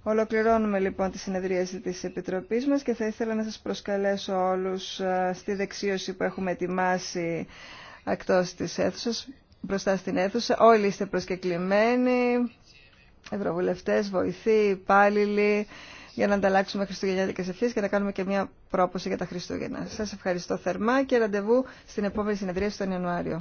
Ολοκληρώνουμε λοιπόν τη συνεδρίαση της Επιτροπής μας και θα ήθελα να σας προσκαλέσω όλους ε, στη δεξίωση που έχουμε ετοιμάσει εκτός της αίθουσας, μπροστά στην αίθουσα. Όλοι είστε προσκεκλημένοι, ευρωβουλευτές, βοηθοί, υπάλληλοι για να ανταλλάξουμε χριστουγεννιάτικες ευχές και να κάνουμε και μια πρόποση για τα Χριστούγεννα. Σας ευχαριστώ θερμά και ραντεβού στην επόμενη συνεδρία στον Ιανουάριο.